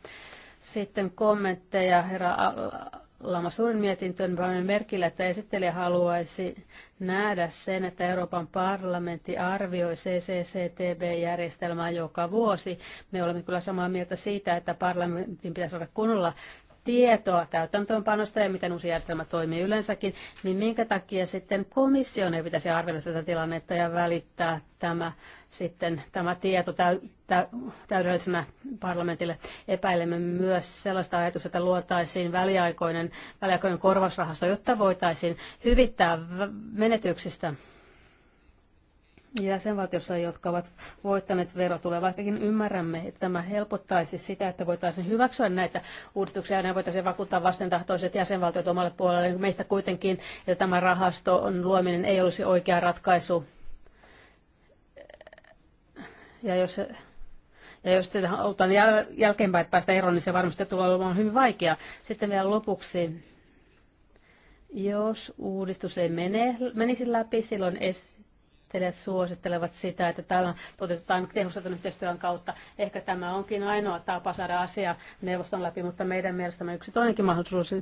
[SPEAKER 4] Sitten kommentteja herra Lamasurin mietintöön vain merkillä, että esittelijä haluaisi nähdä sen, että Euroopan parlamentti arvioi CCCTB-järjestelmää joka vuosi. Me olemme kyllä samaa mieltä siitä, että parlamentin pitäisi olla kunnolla tietoa täytäntöönpanosta ja miten uusi järjestelmä toimii yleensäkin, niin minkä takia sitten komission ei pitäisi arvioida tätä tilannetta ja välittää tämä, sitten, tämä tieto täy, täy, täydellisenä parlamentille. Epäilemme myös sellaista ajatusta, että luotaisiin väliaikoinen, väliaikoinen korvausrahasto, jotta voitaisiin hyvittää menetyksistä jäsenvaltiossa, jotka ovat voittaneet verotuloja, vaikkakin ymmärrämme, että tämä helpottaisi sitä, että voitaisiin hyväksyä näitä uudistuksia ja ne voitaisiin vakuuttaa vastentahtoiset jäsenvaltiot omalle puolelle. Meistä kuitenkin, että tämä rahaston luominen ei olisi oikea ratkaisu. Ja jos, ja jos sitä halutaan jäl- jälkeenpäin päästä eroon, niin se varmasti tulee olemaan hyvin vaikea. Sitten vielä lopuksi jos uudistus ei mene, menisi läpi, silloin es, esittelijät suosittelevat sitä, että tämä toteutetaan tehostetun yhteistyön kautta. Ehkä tämä onkin ainoa tapa saada asia neuvoston läpi, mutta meidän mielestämme yksi toinenkin mahdollisuus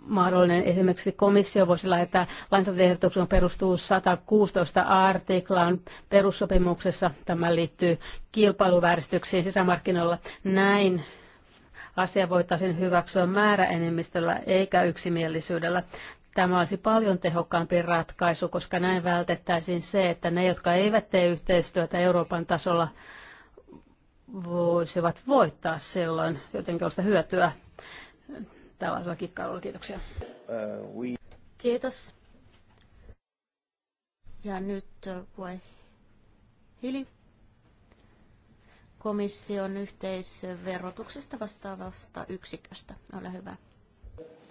[SPEAKER 4] mahdollinen. Esimerkiksi komissio voisi lähettää lainsäädäntöehdotuksen perustuu 116 artiklaan perussopimuksessa. Tämä liittyy kilpailuvääristyksiin sisämarkkinoilla. Näin asia voitaisiin hyväksyä määräenemmistöllä eikä yksimielisyydellä. Tämä olisi paljon tehokkaampi ratkaisu, koska näin vältettäisiin se, että ne, jotka eivät tee yhteistyötä Euroopan tasolla, voisivat voittaa silloin jotenkinlaista hyötyä
[SPEAKER 2] tällaisella kikkailulla. Kiitoksia. Kiitos. Ja nyt voi äh, Hili komission yhteisverotuksesta vastaavasta yksiköstä. Ole hyvä.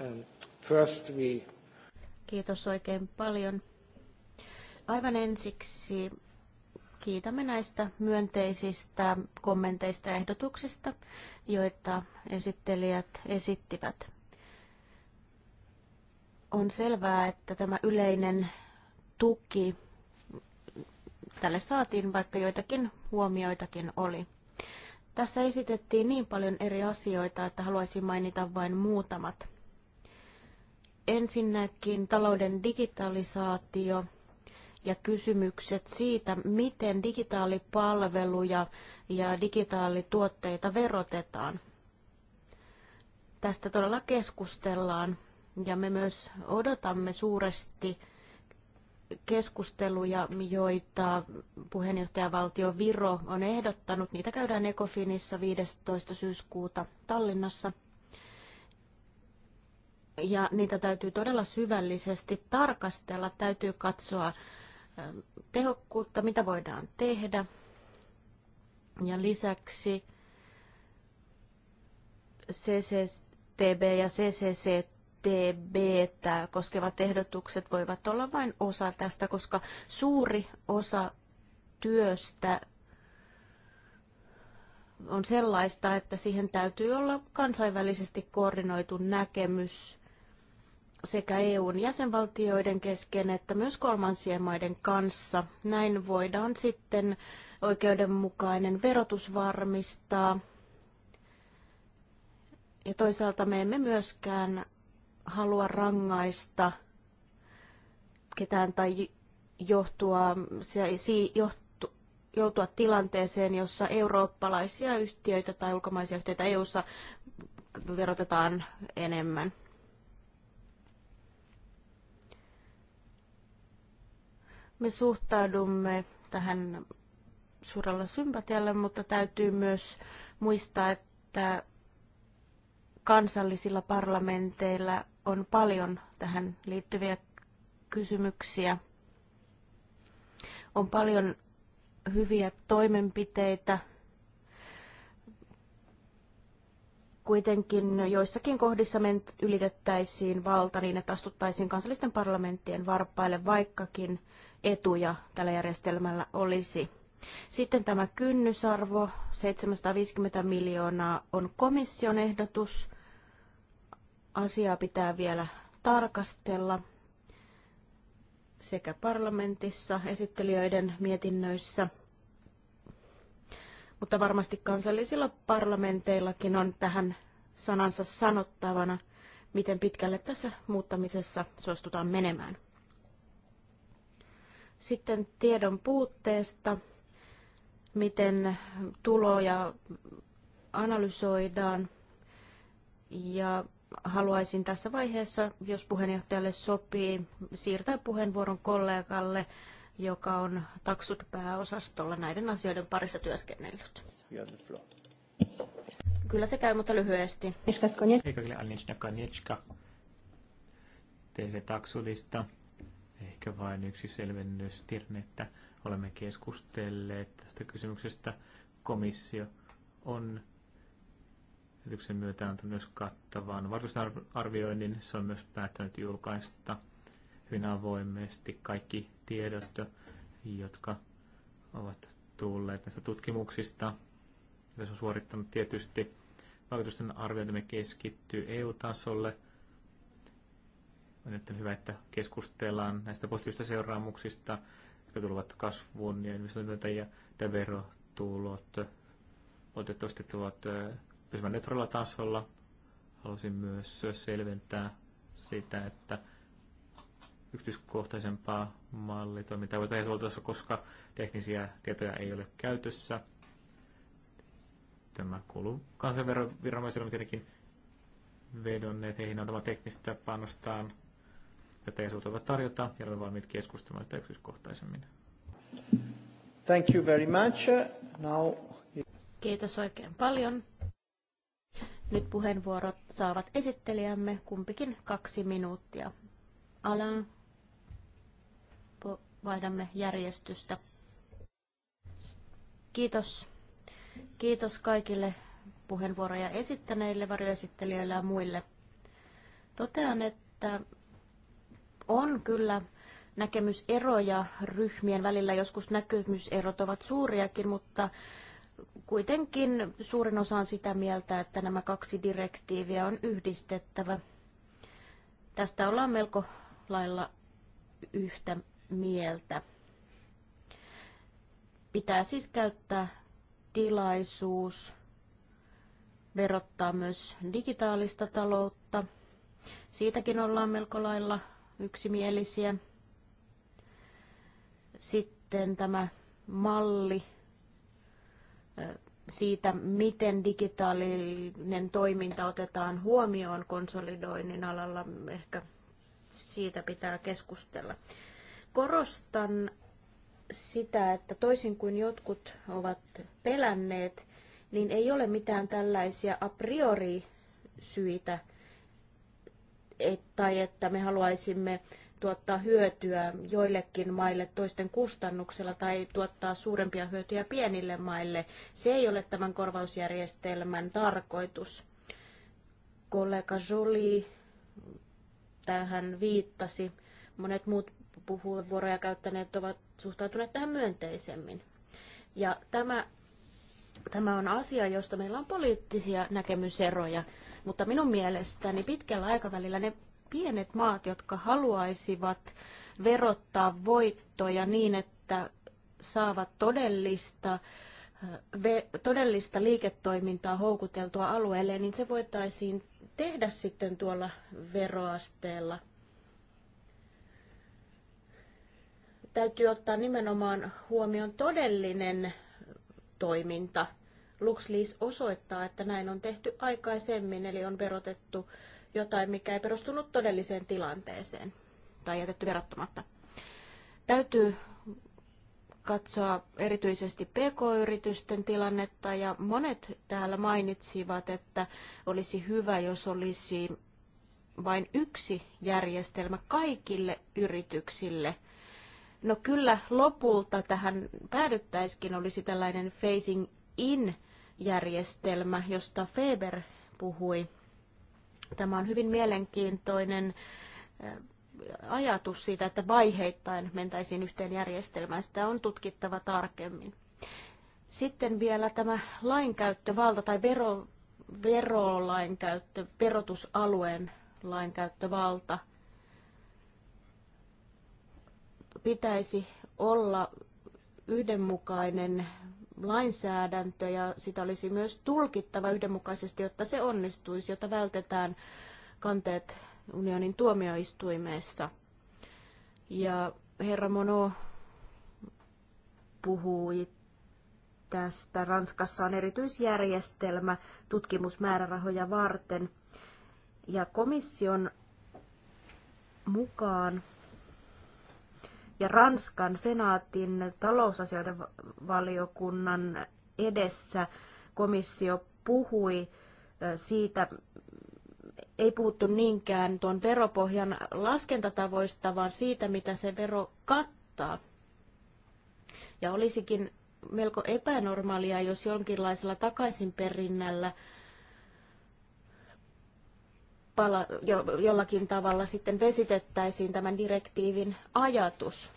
[SPEAKER 1] Um, first we
[SPEAKER 2] Kiitos oikein paljon. Aivan ensiksi kiitämme näistä myönteisistä kommenteista ja ehdotuksista, joita esittelijät esittivät. On selvää, että tämä yleinen tuki tälle saatiin, vaikka joitakin huomioitakin oli. Tässä esitettiin niin paljon eri asioita, että haluaisin mainita vain muutamat. Ensinnäkin talouden digitalisaatio ja kysymykset siitä, miten digitaalipalveluja ja digitaalituotteita verotetaan. Tästä todella keskustellaan ja me myös odotamme suuresti keskusteluja, joita puheenjohtajavaltio Viro on ehdottanut. Niitä käydään Ecofinissa 15. syyskuuta Tallinnassa ja niitä täytyy todella syvällisesti tarkastella, täytyy katsoa tehokkuutta, mitä voidaan tehdä. Ja lisäksi CCTB ja CCCTB koskevat ehdotukset voivat olla vain osa tästä, koska suuri osa työstä on sellaista, että siihen täytyy olla kansainvälisesti koordinoitu näkemys sekä EUn jäsenvaltioiden kesken että myös kolmansien maiden kanssa. Näin voidaan sitten oikeudenmukainen verotus varmistaa. Ja toisaalta me emme myöskään halua rangaista ketään tai johtua, joutua tilanteeseen, jossa eurooppalaisia yhtiöitä tai ulkomaisia yhtiöitä EU:ssa verotetaan enemmän. Me suhtaudumme tähän suurella sympatialla, mutta täytyy myös muistaa, että kansallisilla parlamenteilla on paljon tähän liittyviä kysymyksiä. On paljon hyviä toimenpiteitä. Kuitenkin joissakin kohdissa ylitettäisiin valta niin, että astuttaisiin kansallisten parlamenttien varpaille, vaikkakin etuja tällä järjestelmällä olisi. Sitten tämä kynnysarvo, 750 miljoonaa, on komission ehdotus. Asiaa pitää vielä tarkastella sekä parlamentissa, esittelijöiden mietinnöissä, mutta varmasti kansallisilla parlamenteillakin on tähän sanansa sanottavana, miten pitkälle tässä muuttamisessa suostutaan menemään. Sitten tiedon puutteesta, miten tuloja analysoidaan. Ja haluaisin tässä vaiheessa, jos puheenjohtajalle sopii, siirtää puheenvuoron kollegalle, joka on taksut pääosastolla näiden asioiden parissa työskennellyt.
[SPEAKER 3] Kyllä se käy, mutta lyhyesti. Eikä kyllä Alinska Konieczka. TV Taksudista Ehkä vain yksi selvennys, Tirn, että olemme keskustelleet tästä kysymyksestä. Komissio on esityksen myötä antanut myös kattavan vaikutusarvioinnin. Se on myös päättänyt julkaista hyvin avoimesti kaikki tiedot, jotka ovat tulleet näistä tutkimuksista, Tässä se on suorittanut tietysti. Vaikutusten arviointimme keskittyy EU-tasolle – on että hyvä, että keskustellaan näistä positiivisista seuraamuksista, jotka tulevat kasvuun ja investointeja ja, verotulot. Otettavasti tulevat pysymään neutraalilla tasolla. Haluaisin myös selventää sitä, että yksityiskohtaisempaa mallitoimintaa tehdä soveltaa, koska teknisiä tietoja ei ole käytössä. Tämä kuuluu kansanveroviranomaisille, tietenkin vedonneet heihin antamaan teknistä panostaan joten ei voivat tarjota, ja olen valmiit keskustelemaan sitä yksityiskohtaisemmin.
[SPEAKER 1] Thank you very much. Now...
[SPEAKER 2] Kiitos oikein paljon. Nyt puheenvuorot saavat esittelijämme kumpikin kaksi minuuttia. Alan, vaihdamme järjestystä. Kiitos. Kiitos kaikille puheenvuoroja esittäneille, varjoesittelijöille ja muille. Totean, että on kyllä näkemyseroja ryhmien välillä. Joskus näkemyserot ovat suuriakin, mutta kuitenkin suurin osa on sitä mieltä, että nämä kaksi direktiiviä on yhdistettävä. Tästä ollaan melko lailla yhtä mieltä. Pitää siis käyttää tilaisuus verottaa myös digitaalista taloutta. Siitäkin ollaan melko lailla yksimielisiä. Sitten tämä malli siitä, miten digitaalinen toiminta otetaan huomioon konsolidoinnin alalla, ehkä siitä pitää keskustella. Korostan sitä, että toisin kuin jotkut ovat pelänneet, niin ei ole mitään tällaisia a priori syitä et, tai että me haluaisimme tuottaa hyötyä joillekin maille toisten kustannuksella tai tuottaa suurempia hyötyjä pienille maille. Se ei ole tämän korvausjärjestelmän tarkoitus. Kollega Jolie tähän viittasi. Monet muut puheenvuoroja käyttäneet ovat suhtautuneet tähän myönteisemmin. Ja tämä, tämä on asia, josta meillä on poliittisia näkemyseroja. Mutta minun mielestäni pitkällä aikavälillä ne pienet maat, jotka haluaisivat verottaa voittoja niin, että saavat todellista, eh, todellista liiketoimintaa houkuteltua alueelle, niin se voitaisiin tehdä sitten tuolla veroasteella. Täytyy ottaa nimenomaan huomioon todellinen toiminta – LuxLease osoittaa, että näin on tehty aikaisemmin, eli on verotettu jotain, mikä ei perustunut todelliseen tilanteeseen tai jätetty verottamatta. Täytyy katsoa erityisesti pk-yritysten tilannetta ja monet täällä mainitsivat, että olisi hyvä, jos olisi vain yksi järjestelmä kaikille yrityksille. No kyllä lopulta tähän päädyttäisikin olisi tällainen phasing in järjestelmä, josta Feber puhui. Tämä on hyvin mielenkiintoinen eh, ajatus siitä, että vaiheittain mentäisiin yhteen järjestelmään. Sitä on tutkittava tarkemmin. Sitten vielä tämä lainkäyttövalta tai vero, verolainkäyttö, verotusalueen lainkäyttövalta pitäisi olla yhdenmukainen lainsäädäntö ja sitä olisi myös tulkittava yhdenmukaisesti, jotta se onnistuisi, jotta vältetään kanteet unionin tuomioistuimeessa. Ja herra Mono puhui tästä. Ranskassa on erityisjärjestelmä tutkimusmäärärahoja varten. Ja komission mukaan ja Ranskan senaatin talousasioiden valiokunnan edessä komissio puhui siitä, ei puhuttu niinkään tuon veropohjan laskentatavoista, vaan siitä, mitä se vero kattaa. Ja olisikin melko epänormaalia, jos jonkinlaisella takaisinperinnällä pala, jo, jollakin tavalla sitten vesitettäisiin tämän direktiivin ajatus.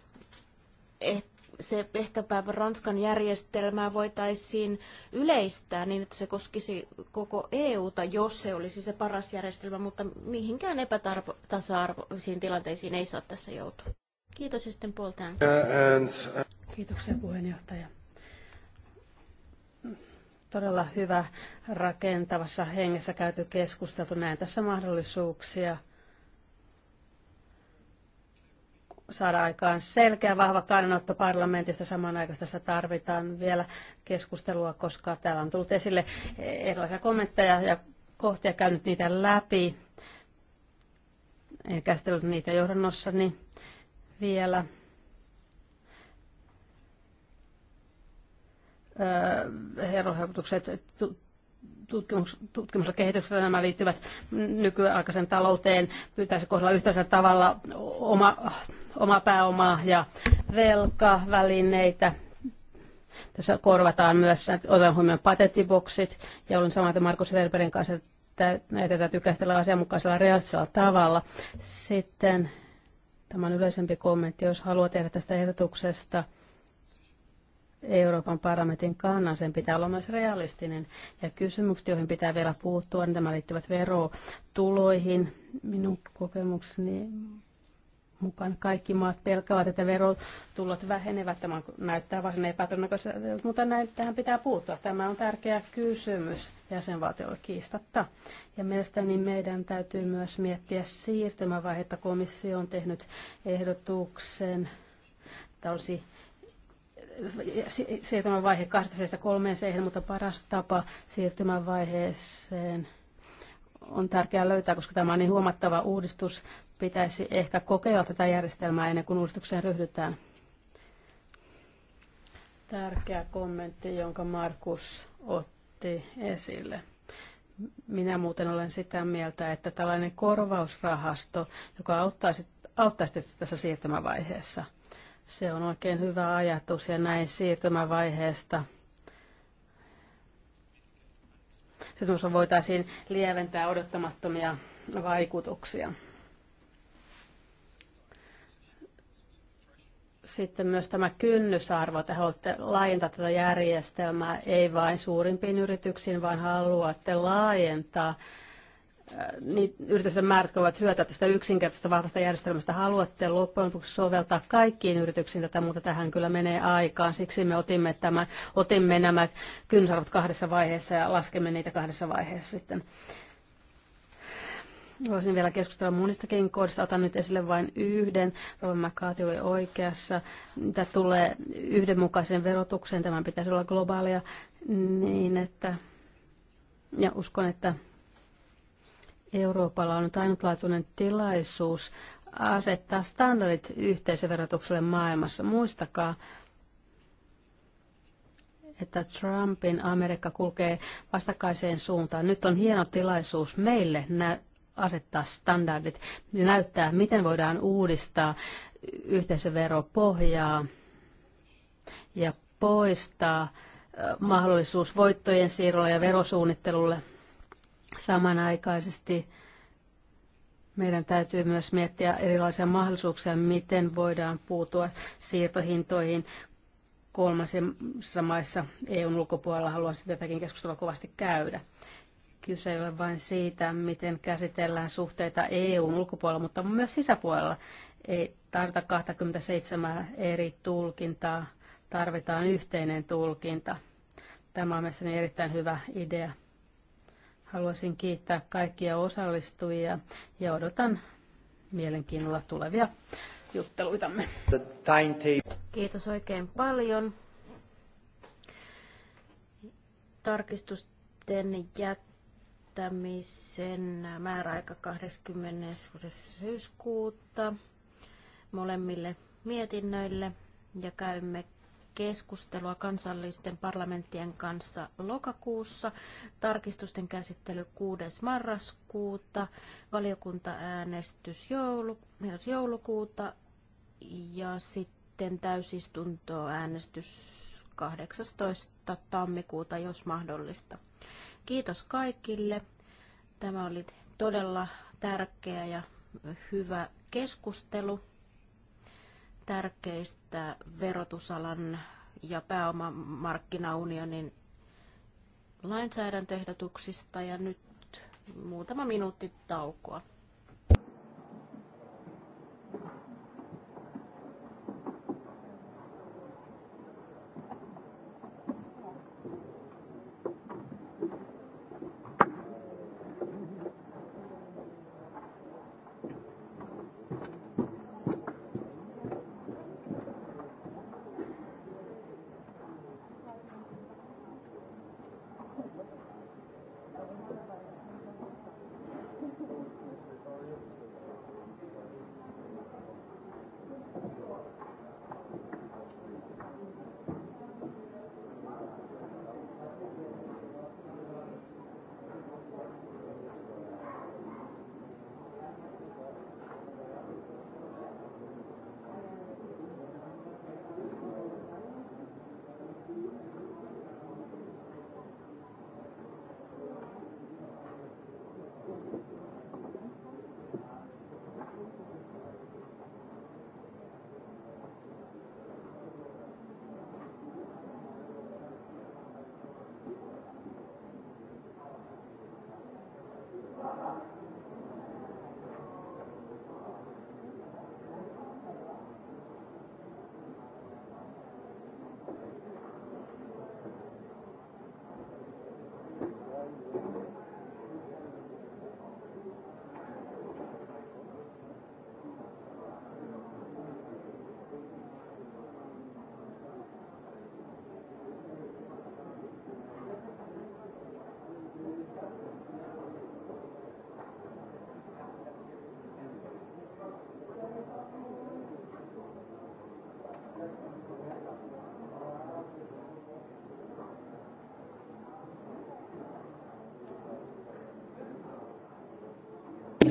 [SPEAKER 2] Et eh, se ehkäpä Ranskan järjestelmää voitaisiin yleistää niin, että se koskisi koko EUta, jos se olisi se paras järjestelmä, mutta mihinkään epätasa-arvoisiin tilanteisiin ei saa tässä joutua. Kiitos ja sitten puoltaan. Kiitoksia
[SPEAKER 4] puheenjohtaja todella hyvä rakentavassa hengessä käyty keskusteltu. Näen tässä mahdollisuuksia saada aikaan selkeä, vahva kannanotto parlamentista. Samanaikaisesti tässä tarvitaan vielä keskustelua, koska täällä on tullut esille erilaisia kommentteja ja kohtia käynyt niitä läpi. En käsitellyt niitä johdannossani vielä. verohelpotukset tutkimus, tutkimus- ja kehityksessä nämä liittyvät nykyaikaisen talouteen. Pitäisi kohdella yhtäisellä tavalla oma, oma pääomaa ja velkavälineitä. Tässä korvataan myös, otetaan huomioon patenttiboksit, ja olen samaa mieltä Markus Verberin kanssa, että näitä täytyy käsitellä asianmukaisella realistisella tavalla. Sitten tämä on yleisempi kommentti, jos haluaa tehdä tästä ehdotuksesta – Euroopan parlamentin kannan, sen pitää olla myös realistinen. Ja kysymykset, joihin pitää vielä puuttua, niin tämä liittyvät verotuloihin. Minun kokemukseni mukaan kaikki maat pelkäävät, että verotulot vähenevät. Tämä näyttää varsin epätodennäköiseltä, mutta näin, tähän pitää puuttua. Tämä on tärkeä kysymys jäsenvaltiolle kiistatta. Ja mielestäni meidän täytyy myös miettiä siirtymävaihetta. Komissio on tehnyt ehdotuksen, että olisi siirtymävaihe 2 kolmeen seihin, mutta paras tapa vaiheeseen on tärkeää löytää, koska tämä on niin huomattava uudistus. Pitäisi ehkä kokeilla tätä järjestelmää ennen kuin uudistukseen ryhdytään. Tärkeä kommentti, jonka Markus otti esille. Minä muuten olen sitä mieltä, että tällainen korvausrahasto, joka auttaisi, auttaisi tässä siirtymävaiheessa – se on oikein hyvä ajatus ja näin siirtymävaiheesta. Sitten voitaisiin lieventää odottamattomia vaikutuksia. sitten myös tämä kynnysarvo, että haluatte laajentaa tätä järjestelmää ei vain suurimpiin yrityksiin, vaan haluatte laajentaa niin, yritysten määrät voivat hyötyä tästä yksinkertaisesta vahvasta järjestelmästä. Haluatte loppujen lopuksi soveltaa kaikkiin yrityksiin tätä, mutta tähän kyllä menee aikaan. Siksi me otimme, tämän, otimme nämä kynsarvot kahdessa vaiheessa ja laskemme niitä kahdessa vaiheessa sitten. Voisin vielä keskustella monistakin kohdista. Otan nyt esille vain yhden. Rova McCarthy oli oikeassa. Mitä tulee yhdenmukaisen verotukseen, tämän pitäisi olla globaalia niin, että ja uskon, että Euroopalla on nyt ainutlaatuinen tilaisuus asettaa standardit yhteisöverotukselle maailmassa. Muistakaa, että Trumpin Amerikka kulkee vastakkaiseen suuntaan. Nyt on hieno tilaisuus meille nä- asettaa standardit ja näyttää, miten voidaan uudistaa yhteisöveropohjaa ja poistaa äh, mahdollisuus voittojen siirrolle ja verosuunnittelulle – Samanaikaisesti meidän täytyy myös miettiä erilaisia mahdollisuuksia, miten voidaan puutua siirtohintoihin kolmasissa maissa EUn ulkopuolella. Haluan sitäkin keskustelua kovasti käydä. Kyse ei ole vain siitä, miten käsitellään suhteita EUn ulkopuolella, mutta myös sisäpuolella. Ei tarvita 27 eri tulkintaa, tarvitaan yhteinen tulkinta. Tämä on mielestäni erittäin hyvä idea. Haluaisin kiittää kaikkia osallistujia ja odotan mielenkiinnolla tulevia
[SPEAKER 1] jutteluitamme.
[SPEAKER 2] Kiitos oikein paljon. Tarkistusten jättämisen määräaika 20. syyskuuta molemmille mietinnöille ja käymme keskustelua kansallisten parlamenttien kanssa lokakuussa, tarkistusten käsittely 6. marraskuuta, valiokuntaäänestys joulu, myös joulukuuta ja sitten täysistuntoäänestys 18. tammikuuta, jos mahdollista. Kiitos kaikille. Tämä oli todella tärkeä ja hyvä keskustelu tärkeistä verotusalan ja pääomamarkkinaunionin lainsäädäntöehdotuksista ja nyt muutama minuutti taukoa.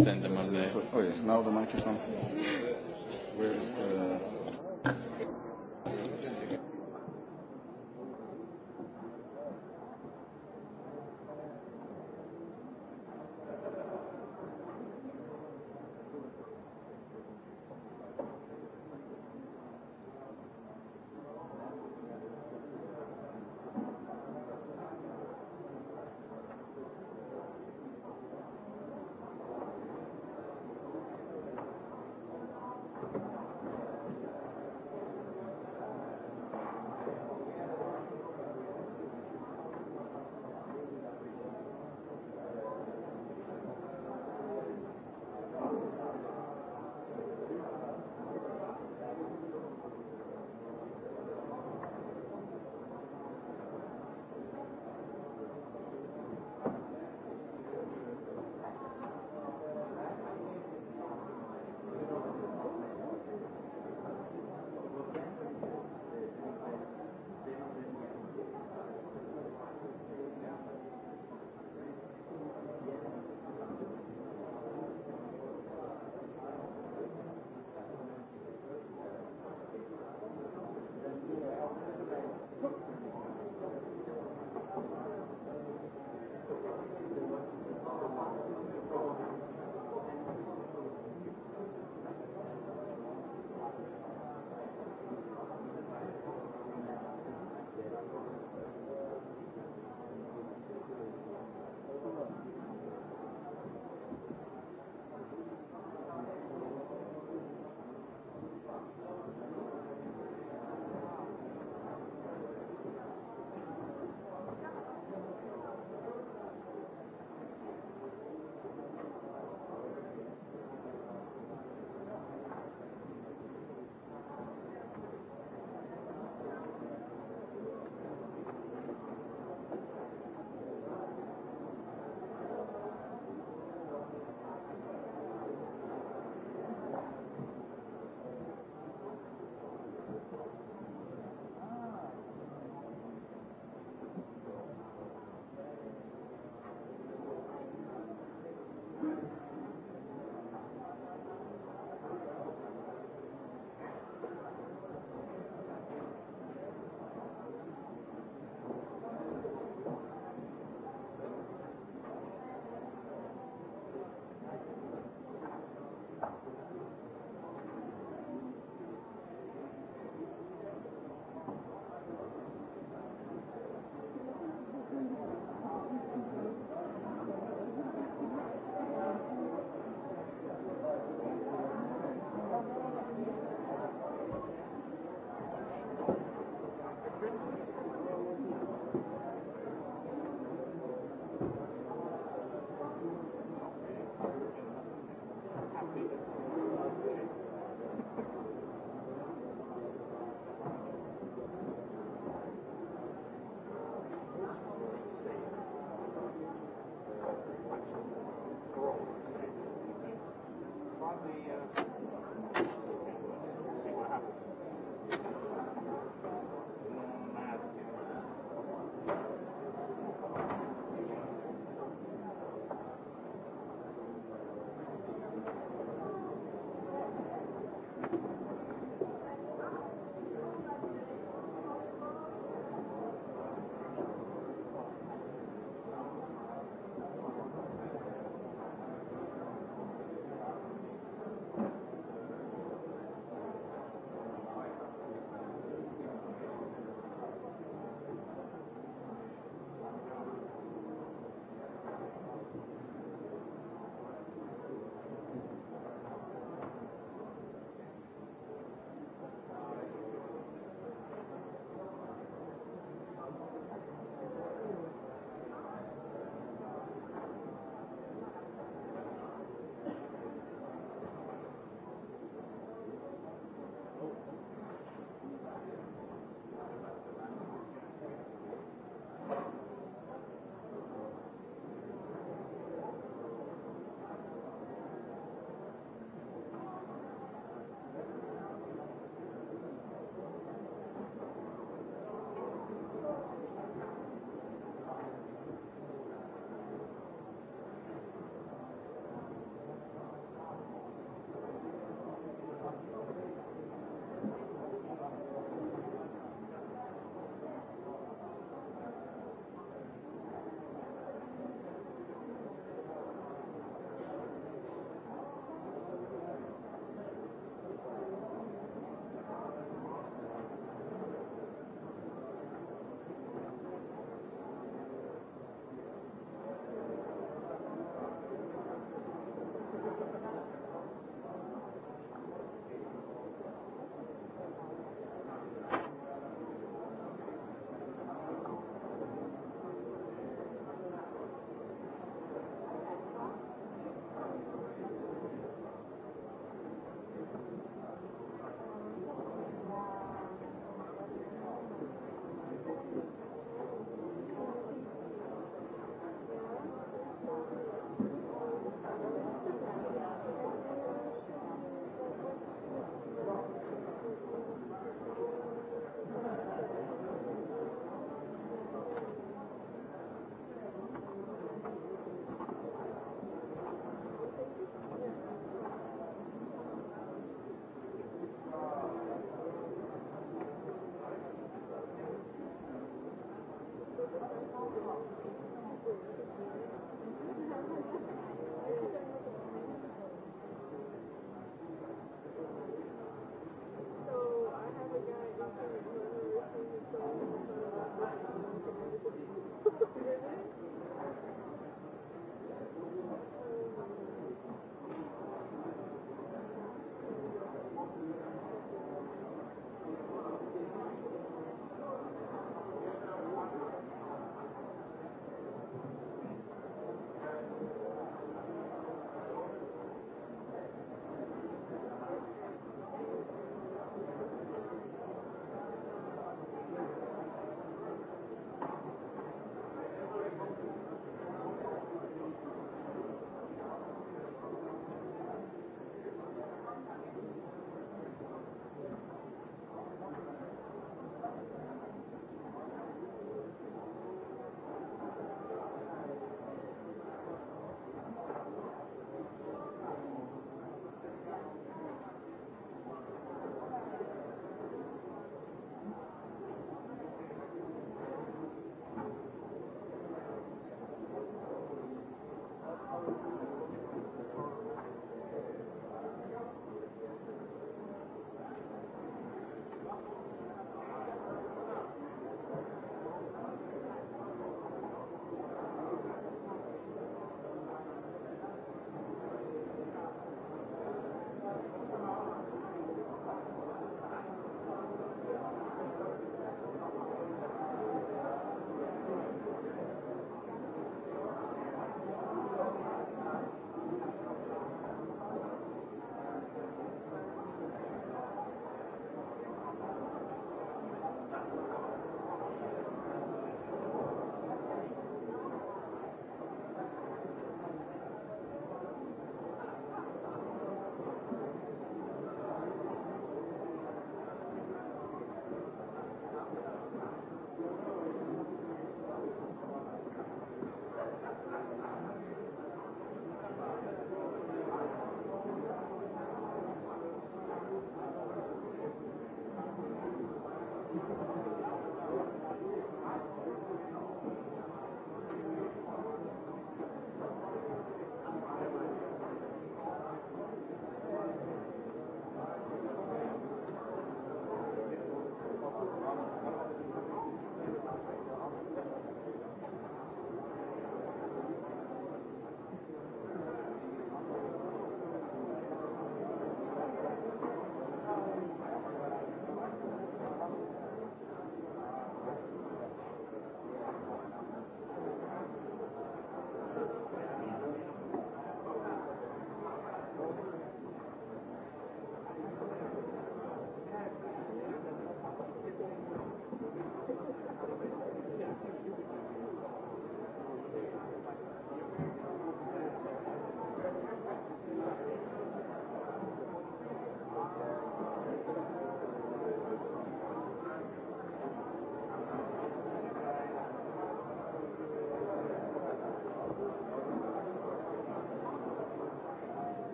[SPEAKER 1] extend Oh yeah, now the mic is on. Where is the...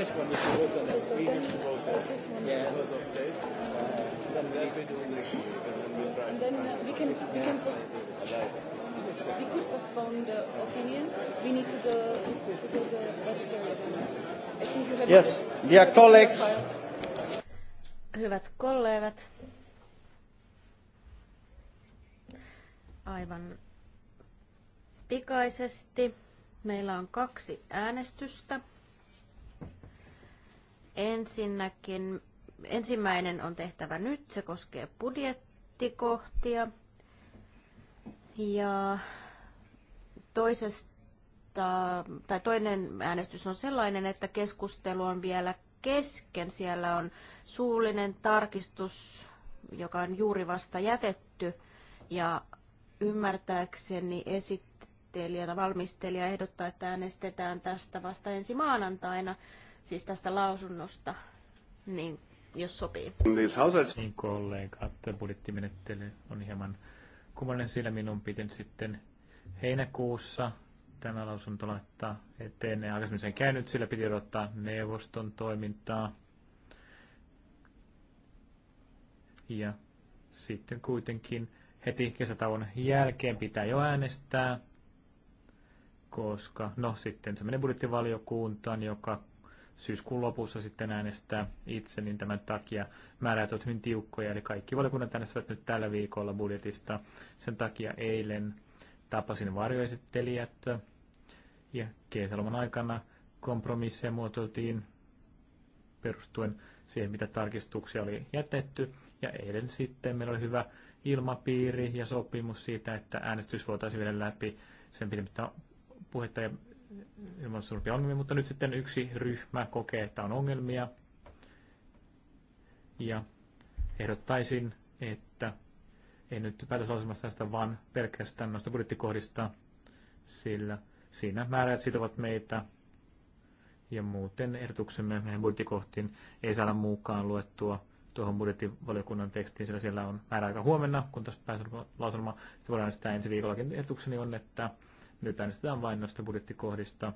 [SPEAKER 1] this one is should vote on that. So we this one. Yeah. Because of Then we need to do And then uh, we can, we can postpone. We could postpone the opinion. We need to do, the budgetary I think you have yes, dear colleagues.
[SPEAKER 2] Hyvät kollegat. Aivan pikaisesti. Meillä on kaksi äänestystä. Ensinnäkin ensimmäinen on tehtävä nyt, se koskee budjettikohtia. Ja toisesta, tai toinen äänestys on sellainen, että keskustelu on vielä kesken. Siellä on suullinen tarkistus, joka on juuri vasta jätetty. Ja ymmärtääkseni esittelijä tai valmistelija ehdottaa, että äänestetään tästä vasta ensi maanantaina – siis tästä lausunnosta, niin jos sopii.
[SPEAKER 3] Niin kollegat, budjettimenettely on hieman kummallinen, sillä minun piti sitten heinäkuussa tämä lausunto laittaa eteen. Ja aikaisemmin sen käynyt, sillä piti odottaa neuvoston toimintaa. Ja sitten kuitenkin heti kesätauon jälkeen pitää jo äänestää, koska no sitten se menee budjettivaliokuntaan, joka syyskuun lopussa sitten äänestää itse, niin tämän takia määrät ovat hyvin tiukkoja, eli kaikki valiokunnat äänestävät nyt tällä viikolla budjetista. Sen takia eilen tapasin varjoesittelijät ja kesäloman aikana kompromisseja muotoiltiin perustuen siihen, mitä tarkistuksia oli jätetty. Ja eilen sitten meillä oli hyvä ilmapiiri ja sopimus siitä, että äänestys voitaisiin viedä läpi sen pidemmittä puhetta ja ilman suurempia ongelmia, mutta nyt sitten yksi ryhmä kokee, että on ongelmia. Ja ehdottaisin, että ei nyt päätöslauselmasta tästä, vaan pelkästään noista budjettikohdista, sillä siinä määrät sitovat meitä ja muuten ehdotuksemme meidän budjettikohtiin ei saada mukaan luettua tuohon budjettivaliokunnan tekstiin, sillä siellä on määräaika huomenna, kun tässä pääsee lausumaan. Sitten voidaan sitä ensi viikollakin ehdotukseni on, että nyt äänestetään vain noista budjettikohdista,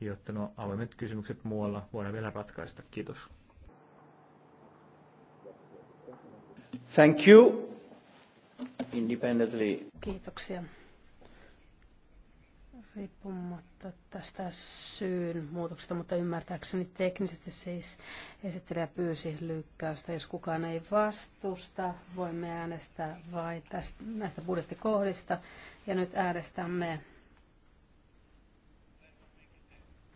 [SPEAKER 3] jotta nuo avoimet kysymykset muualla voidaan vielä ratkaista. Kiitos. Thank you. Independently.
[SPEAKER 4] Kiitoksia. Riippumatta tästä syyn muutoksesta, mutta ymmärtääkseni teknisesti siis esittelijä pyysi lykkäystä. Jos kukaan ei vastusta, voimme äänestää vain tästä, näistä budjettikohdista. Ja nyt äänestämme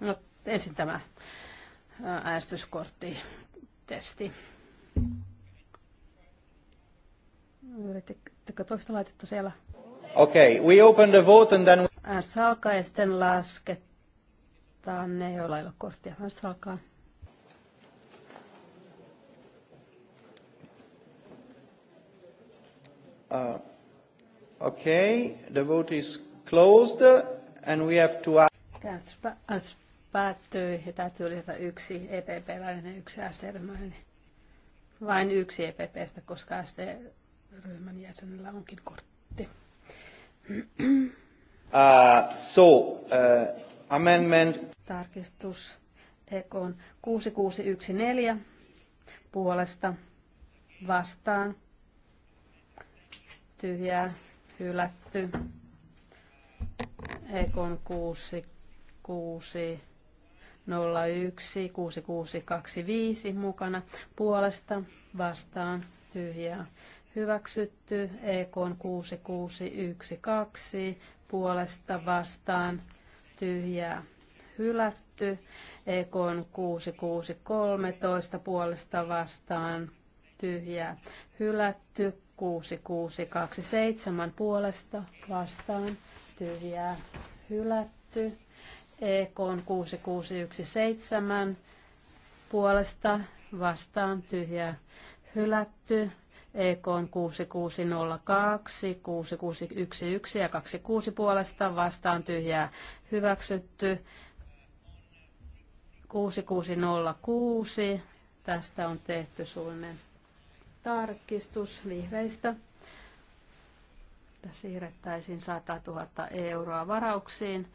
[SPEAKER 4] No ensin tämä äänestyskortti testi. Yritittekö toista laitetta siellä?
[SPEAKER 1] Okei, okay, we open the vote and then...
[SPEAKER 4] Äänestys alkaa ja sitten lasketaan ne, joilla ei ole korttia. Äänestys alkaa.
[SPEAKER 1] Uh, okay, the vote is closed and we have to...
[SPEAKER 4] Äänestys Päättyi, ja täytyy lisätä yksi EPP-läinen, yksi sd Vain yksi EPPstä, koska SD-ryhmän jäsenellä onkin kortti.
[SPEAKER 1] Uh, so, uh, amendment.
[SPEAKER 4] Tarkistus EK on 6614 puolesta vastaan. Tyhjää, hylätty. EK on 6614. 016625 mukana puolesta vastaan tyhjää hyväksytty. EK 6612 puolesta vastaan tyhjää hylätty. EK 6613 puolesta vastaan tyhjää hylätty. 6627 puolesta vastaan tyhjää hylätty. EK 6617 puolesta vastaan tyhjä hylätty. EK 6602, 6611 ja 26 puolesta vastaan tyhjää hyväksytty. 6606, tästä on tehty suunnilleen tarkistus vihreistä. Siirrettäisiin 100 000 euroa varauksiin.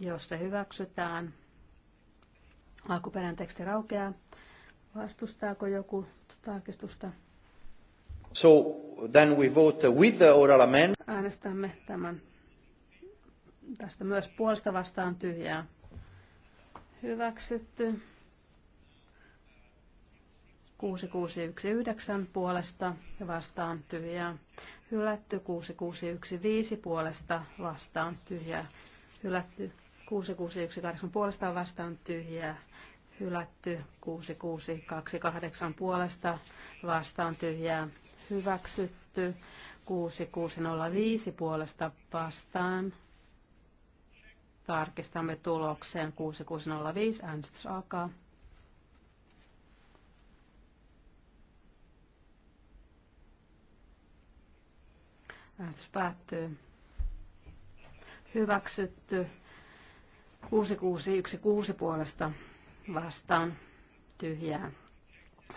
[SPEAKER 4] Josta hyväksytään, Alkuperäinen teksti raukeaa. Vastustaako joku tarkistusta?
[SPEAKER 1] So then we vote with the oral amendment.
[SPEAKER 4] Äänestämme tämän tästä myös puolesta vastaan tyhjää. Hyväksytty. 6619 puolesta vastaan tyhjää. Hylätty 6615 puolesta vastaan tyhjää. Hylätty 6618 puolesta vastaan tyhjää, hylätty 6628 puolesta vastaan tyhjää, hyväksytty 6605 puolesta vastaan. Tarkistamme tuloksen 6605, äänestys alkaa. Äänestys päättyy. Hyväksytty 6616 puolesta vastaan tyhjää.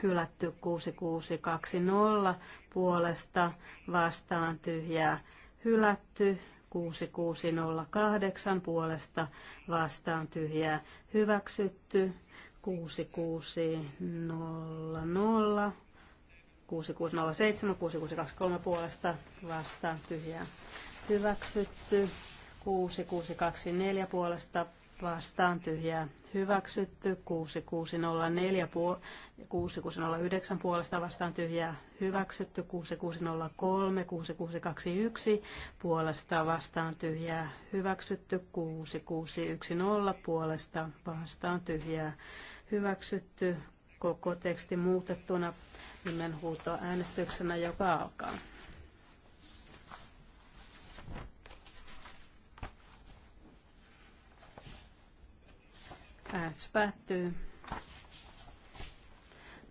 [SPEAKER 4] Hylätty 6620 puolesta vastaan tyhjää. Hylätty 6608 puolesta vastaan tyhjää. Hyväksytty 6600 6607 6623 puolesta vastaan tyhjää. Hyväksytty 6624 puolesta vastaan tyhjää hyväksytty, 6604 6609 puolesta vastaan tyhjää hyväksytty, 6603 6621 puolesta vastaan tyhjää hyväksytty, 6610 puolesta vastaan tyhjää hyväksytty, koko teksti muutettuna nimenhuutoäänestyksenä, joka alkaa. Äänestys päättyy.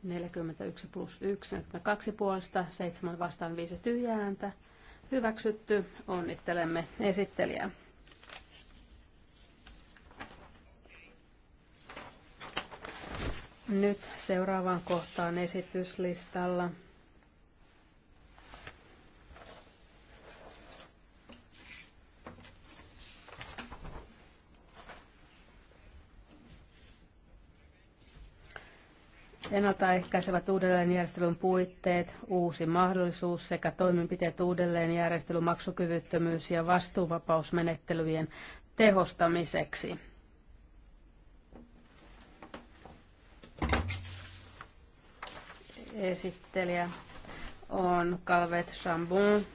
[SPEAKER 4] 41 plus 1, 42 puolesta, 7 vastaan 5 tyhjää ääntä. Hyväksytty. Onnittelemme esittelijää. Nyt seuraavaan kohtaan esityslistalla. ennaltaehkäisevät uudelleenjärjestelyn puitteet, uusi mahdollisuus sekä toimenpiteet uudelleenjärjestelyn maksukyvyttömyys ja vastuuvapausmenettelyjen tehostamiseksi. Esittelijä on Calvet Chambon.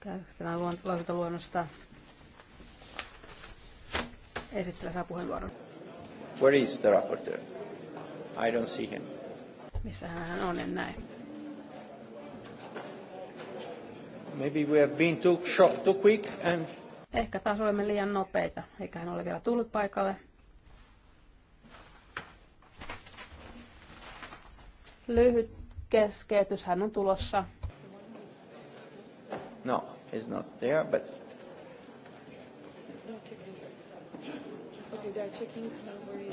[SPEAKER 4] Käytetään lausuntoluonnosta. Esittelijä saa puheenvuoron.
[SPEAKER 1] Where is the rapporteur? I don't see him.
[SPEAKER 4] Missä hän on, en näe.
[SPEAKER 1] Maybe we have been too short, too quick and...
[SPEAKER 4] Ehkä taas olemme liian nopeita, eikä hän ole vielä tullut paikalle. Lyhyt keskeytys, hän on tulossa.
[SPEAKER 1] No, he's not there, but...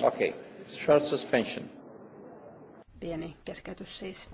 [SPEAKER 1] Okay, short suspension.
[SPEAKER 4] Pieni keskeytys siis.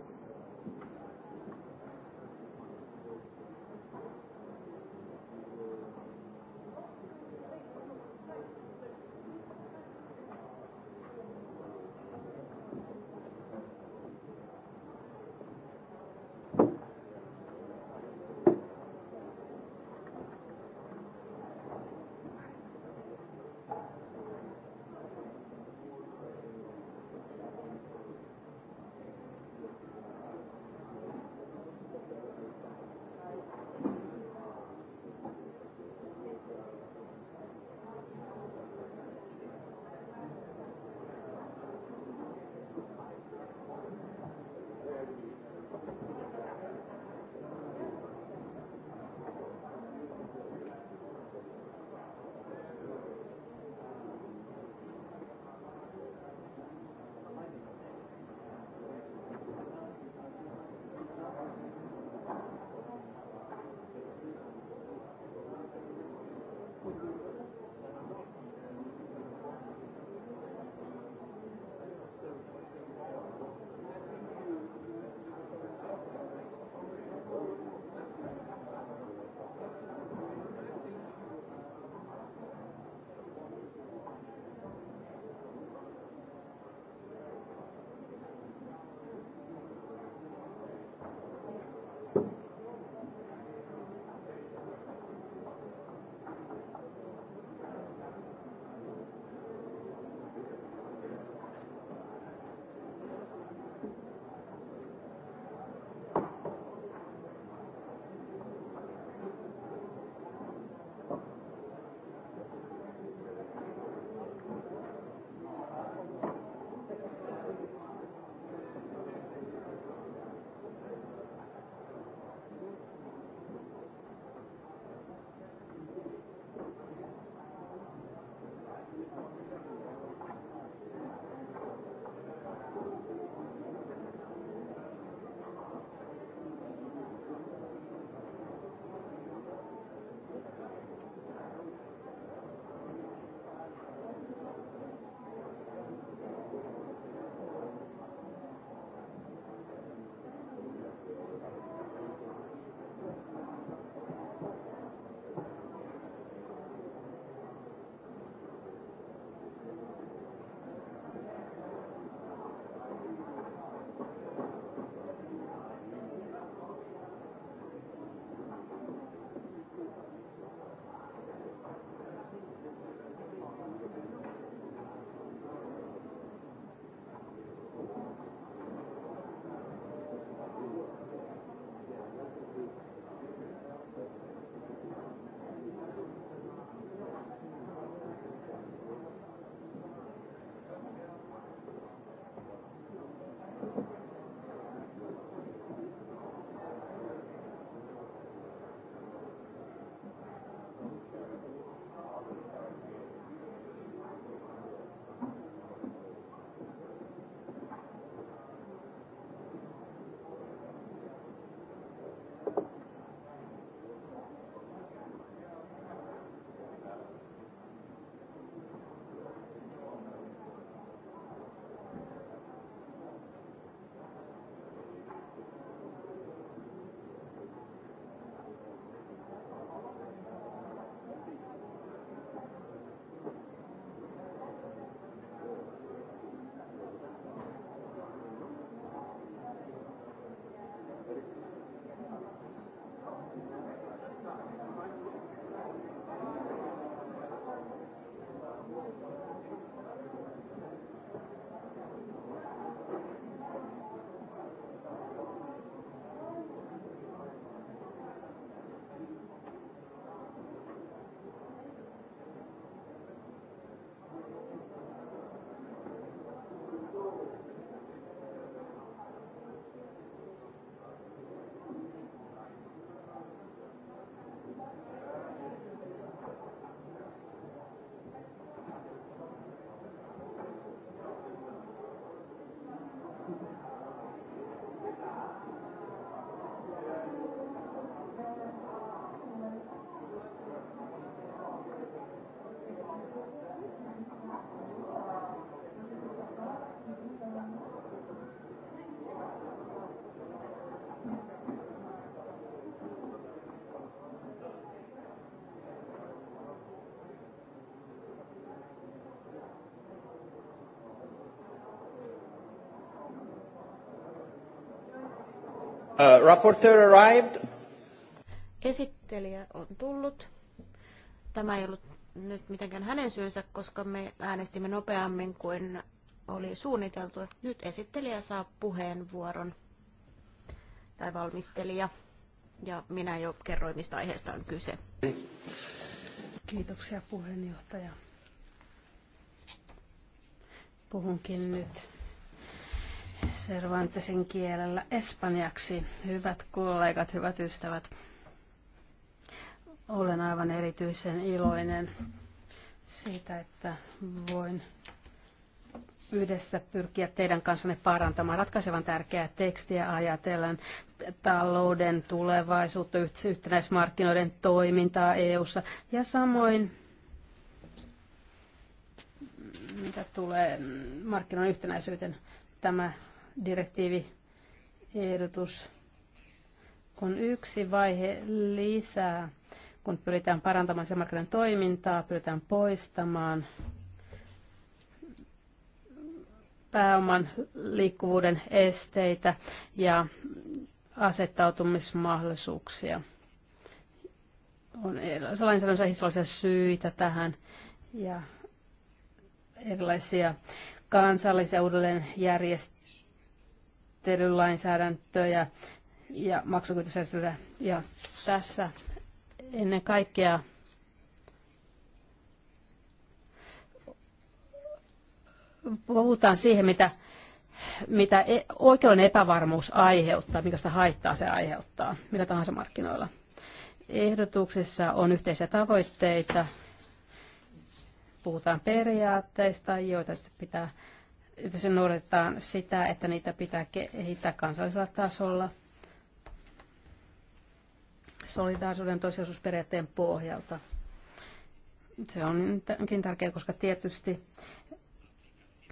[SPEAKER 5] Uh, rapporteur
[SPEAKER 2] arrived. Esittelijä on tullut. Tämä ei ollut nyt mitenkään hänen syynsä, koska me äänestimme nopeammin kuin oli suunniteltu. Nyt esittelijä saa puheenvuoron tai valmistelija. Ja minä jo kerroin, mistä aiheesta on kyse.
[SPEAKER 4] Kiitoksia puheenjohtaja. Puhunkin nyt Cervantesin kielellä espanjaksi. Hyvät kollegat, hyvät ystävät, olen aivan erityisen iloinen siitä, että voin yhdessä pyrkiä teidän kanssanne parantamaan ratkaisevan tärkeää tekstiä ajatellen talouden tulevaisuutta, yhtenäismarkkinoiden toimintaa EU:ssa ja samoin mitä tulee markkinoiden yhtenäisyyteen. Tämä direktiiviehdotus on yksi vaihe lisää, kun pyritään parantamaan sisämarkkinoiden toimintaa, pyritään poistamaan pääoman liikkuvuuden esteitä ja asettautumismahdollisuuksia. On sellaisia historiallisia syitä tähän ja erilaisia kansallisia uudelleenjärjestelmiä menettelylainsäädäntöjä ja maksukykyisyyttä. Ja tässä ennen kaikkea puhutaan siihen, mitä, mitä e- oikeuden epävarmuus aiheuttaa, minkästä haittaa se aiheuttaa, millä tahansa markkinoilla. Ehdotuksessa on yhteisiä tavoitteita, puhutaan periaatteista, joita sitten pitää että se noudatetaan sitä, että niitä pitää kehittää kansallisella tasolla solidaarisuuden toisiosuusperiaatteen pohjalta. Se onkin tärkeää, koska tietysti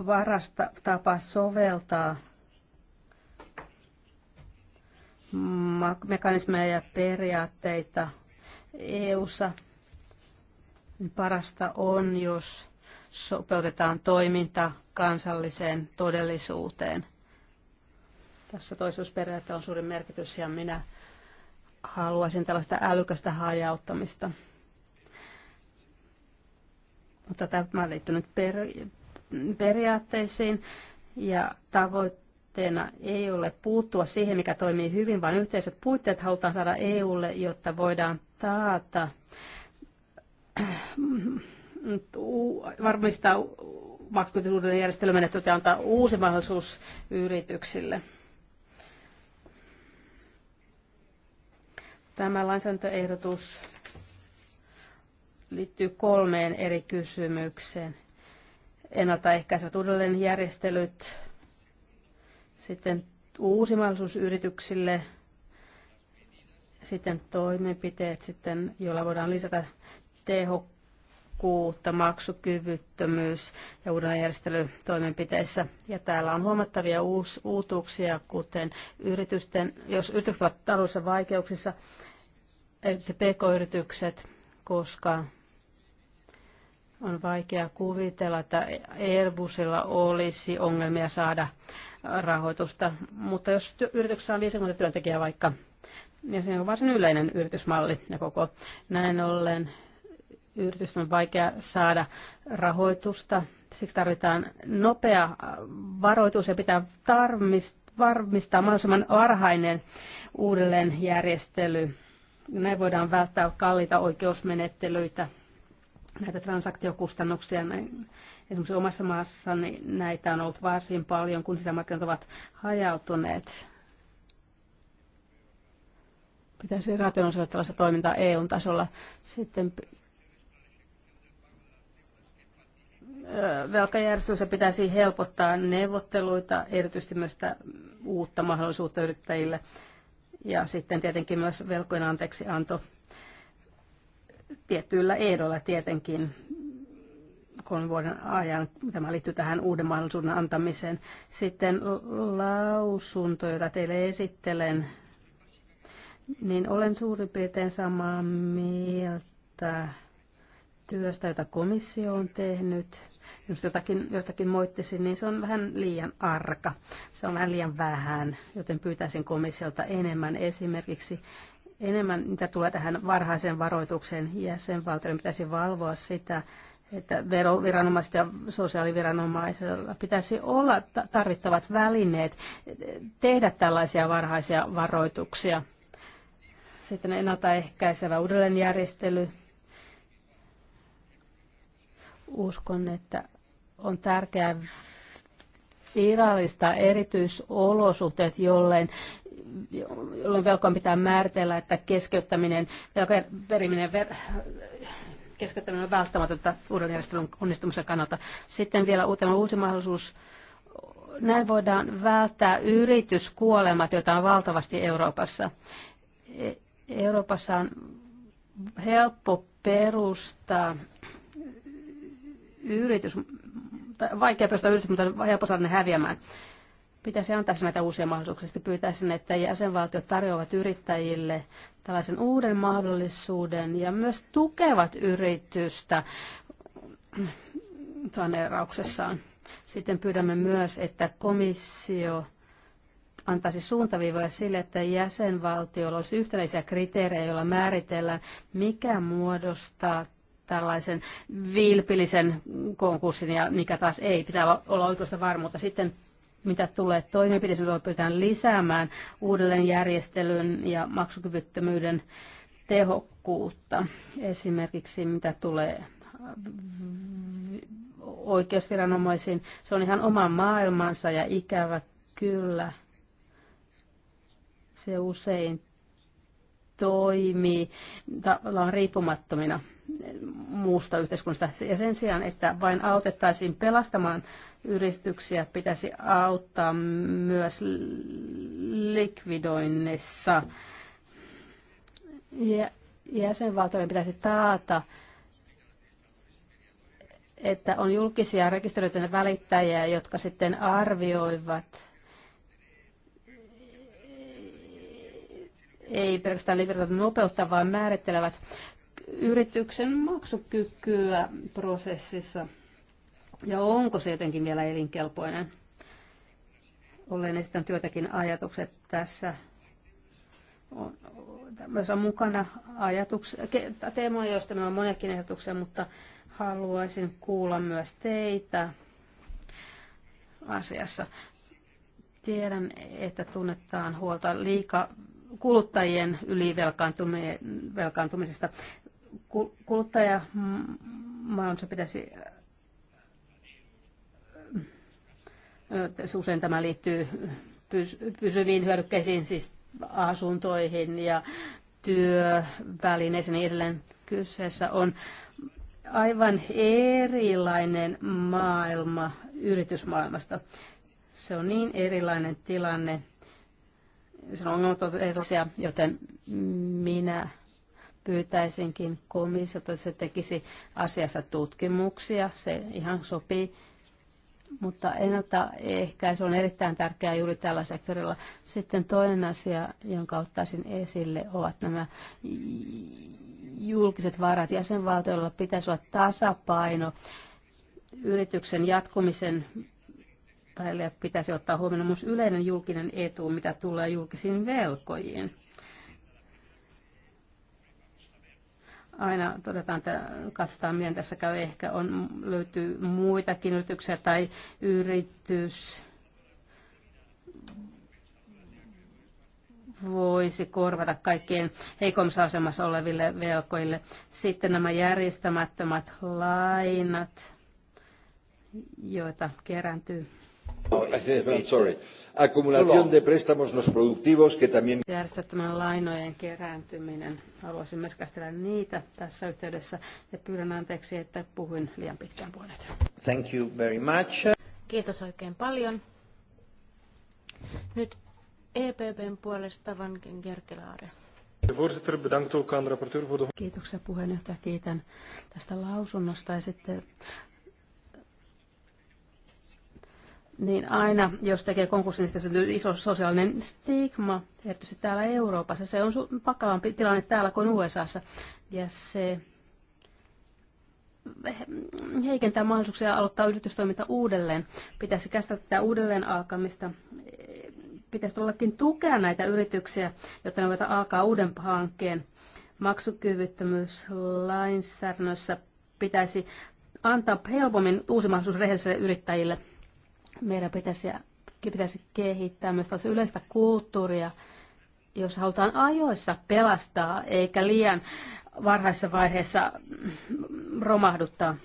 [SPEAKER 4] parasta tapa soveltaa mekanismeja ja periaatteita EU-ssa niin parasta on, jos sopeutetaan toiminta kansalliseen todellisuuteen. Tässä toisuusperiaatteella on suuri merkitys ja minä haluaisin tällaista älykästä hajauttamista. Mutta tämä liittyy nyt per- periaatteisiin ja tavoitteena ei ole puuttua siihen, mikä toimii hyvin, vaan yhteiset puitteet halutaan saada EUlle, jotta voidaan taata varmistaa vakuutusuuden järjestelmän, että antaa uusi mahdollisuus yrityksille. Tämä lainsäädäntöehdotus liittyy kolmeen eri kysymykseen. Ennaltaehkäisevät uudelleenjärjestelyt, sitten uusi mahdollisuus yrityksille, sitten toimenpiteet, sitten, joilla voidaan lisätä tehokkuutta tehokkuutta maksukyvyttömyys- ja uudelleenjärjestelytoimenpiteissä. Ja täällä on huomattavia uus, uutuuksia, kuten yritysten, jos yritykset ovat taloudellisissa vaikeuksissa, erityisesti pk-yritykset, koska on vaikea kuvitella, että Airbusilla olisi ongelmia saada rahoitusta. Mutta jos yrityksessä on 50 työntekijää vaikka, niin se on varsin yleinen yritysmalli ja koko näin ollen Yritys on vaikea saada rahoitusta. Siksi tarvitaan nopea varoitus ja pitää varmistaa mahdollisimman varhainen uudelleenjärjestely. Näin voidaan välttää kalliita oikeusmenettelyitä, näitä transaktiokustannuksia. esimerkiksi omassa maassani näitä on ollut varsin paljon, kun sisämarkkinat ovat hajautuneet. Pitäisi rationalisoida tällaista toimintaa EU-tasolla. Sitten velkajärjestelyssä pitäisi helpottaa neuvotteluita, erityisesti myös sitä uutta mahdollisuutta yrittäjille. Ja sitten tietenkin myös velkojen anteeksianto tietyillä ehdoilla tietenkin kolmen vuoden ajan. Tämä liittyy tähän uuden mahdollisuuden antamiseen. Sitten lausunto, jota teille esittelen, niin olen suurin piirtein samaa mieltä työstä, jota komissio on tehnyt jos jotakin, jostakin moittisin, niin se on vähän liian arka, se on vähän liian vähän, joten pyytäisin komissiolta enemmän esimerkiksi enemmän, mitä tulee tähän varhaisen varoitukseen, jäsenvaltioiden pitäisi valvoa sitä, että veroviranomaiset ja sosiaaliviranomaisilla pitäisi olla tarvittavat välineet tehdä tällaisia varhaisia varoituksia. Sitten ennaltaehkäisevä uudelleenjärjestely, Uskon, että on tärkeää virallista erityisolosuhteet, jolleen, jolloin velkoon pitää määritellä, että keskeyttäminen, periminen ver, keskeyttäminen on välttämätöntä uuden järjestelyn onnistumisen kannalta. Sitten vielä uutena uusi mahdollisuus. Näin voidaan välttää yrityskuolemat, joita on valtavasti Euroopassa. E-, Euroopassa on helppo perustaa yritys, tai vaikea päästä yritys, mutta helppo saada ne häviämään. Pitäisi antaa näitä uusia mahdollisuuksia. Sitten pyytäisin, että jäsenvaltiot tarjoavat yrittäjille tällaisen uuden mahdollisuuden ja myös tukevat yritystä saneerauksessaan. Sitten pyydämme myös, että komissio antaisi suuntaviivoja sille, että jäsenvaltiolla olisi yhtenäisiä kriteerejä, joilla määritellään, mikä muodostaa tällaisen vilpillisen konkurssin ja mikä taas ei. Pitää olla oikeasta varmuutta. Sitten mitä tulee toimenpiteisiin, joilla pyritään lisäämään uudelleenjärjestelyn ja maksukyvyttömyyden tehokkuutta. Esimerkiksi mitä tulee oikeusviranomaisiin, se on ihan oma maailmansa ja ikävä kyllä. Se usein toimii tavallaan riippumattomina muusta yhteiskunnasta. Ja sen sijaan, että vain autettaisiin pelastamaan yrityksiä, pitäisi auttaa myös likvidoinnissa. Ja jäsenvaltioiden pitäisi taata, että on julkisia rekisteröityjä välittäjiä, jotka sitten arvioivat ei pelkästään liberalisoinnin nopeutta, vaan määrittelevät yrityksen maksukykyä prosessissa ja onko se jotenkin vielä elinkelpoinen. Olen esittänyt joitakin ajatukset tässä. On, tässä on mukana ajatuksia, teemoja, joista meillä on moniakin ehdotuksia, mutta haluaisin kuulla myös teitä asiassa. Tiedän, että tunnetaan huolta liika kuluttajien ylivelkaantumisesta kuluttajamaailmassa mm, pitäisi usein tämä liittyy pysyviin hyödykkeisiin, siis asuntoihin ja työvälineisiin niin edelleen. Kyseessä on aivan erilainen maailma yritysmaailmasta. Se on niin erilainen tilanne. se on ongelmat erilaisia, joten minä Pyytäisinkin komissiota, että se tekisi asiassa tutkimuksia, se ihan sopii. Mutta ennaltaehkäisy on erittäin tärkeää juuri tällä sektorilla. Sitten toinen asia, jonka ottaisin esille, ovat nämä julkiset varat. Jäsenvaltioilla pitäisi olla tasapaino yrityksen jatkumisen välillä pitäisi ottaa huomioon myös yleinen julkinen etu, mitä tulee julkisiin velkojiin. aina todetaan, että katsotaan, miten tässä käy. Ehkä on, löytyy muitakin yrityksiä tai yritys voisi korvata kaikkien heikommassa asemassa oleville velkoille. Sitten nämä järjestämättömät lainat, joita kerääntyy
[SPEAKER 5] I'm sorry. Acumulación de préstamos no productivos, que también...
[SPEAKER 4] Järjestettömän lainojen kerääntyminen. Haluaisin myös käsitellä niitä tässä yhteydessä. Ja
[SPEAKER 2] pyydän anteeksi, että puhuin liian pitkään puolet.
[SPEAKER 1] Thank you very much.
[SPEAKER 2] Kiitos oikein paljon. Nyt EPPn puolesta Vankin Kerkelaare. Kiitoksia puheenjohtaja, kiitän
[SPEAKER 4] tästä lausunnosta ja sitten niin aina, jos tekee konkurssin, niin syntyy iso sosiaalinen stigma, erityisesti täällä Euroopassa. Se on vakavampi tilanne täällä kuin USAssa. Ja se heikentää mahdollisuuksia aloittaa yritystoiminta uudelleen. Pitäisi käsitellä tätä uudelleen alkamista. Pitäisi tullakin tukea näitä yrityksiä, jotta ne voivat alkaa uuden hankkeen. Maksukyvyttömyyslainsäädännössä pitäisi antaa helpommin uusi mahdollisuus rehellisille yrittäjille – meidän pitäisi, pitäisi kehittää myös yleistä kulttuuria, jos halutaan ajoissa pelastaa eikä liian varhaisessa vaiheessa romahduttaa.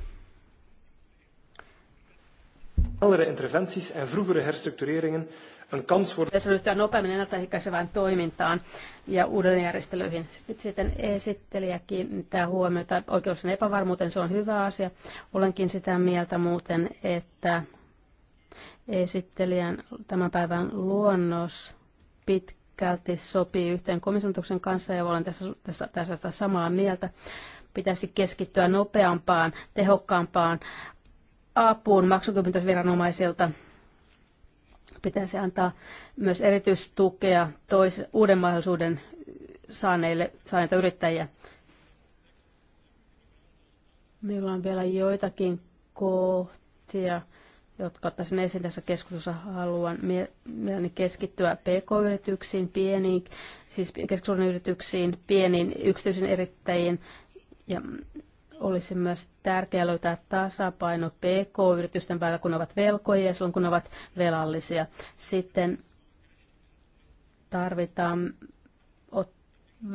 [SPEAKER 5] Snellere interventies
[SPEAKER 1] en vroegere herstructureringen een kans worden...
[SPEAKER 4] Tässä ryhtyä nopeammin ennaltaehkäisevään toimintaan ja uudelleenjärjestelyihin. Sitten esittelijä kiinnittää huomiota oikeuksien epävarmuuteen, se on hyvä asia. Olenkin sitä mieltä muuten, että esittelijän tämän päivän luonnos pitkälti sopii yhteen komission kanssa ja olen tässä, tässä, tässä samaa mieltä. Pitäisi keskittyä nopeampaan, tehokkaampaan apuun maksukyvytysviranomaisilta. Pitäisi antaa myös erityistukea tois, uuden mahdollisuuden saaneille, saaneita yrittäjiä. Meillä on vielä joitakin kohtia jotka tässä esiin tässä keskustelussa, haluan mielelläni keskittyä pk-yrityksiin, pieniin, siis keskustelun yrityksiin, pieniin yksityisiin erittäjiin ja olisi myös tärkeää löytää tasapaino PK-yritysten välillä, kun ne ovat velkoja ja silloin, kun ne ovat velallisia. Sitten tarvitaan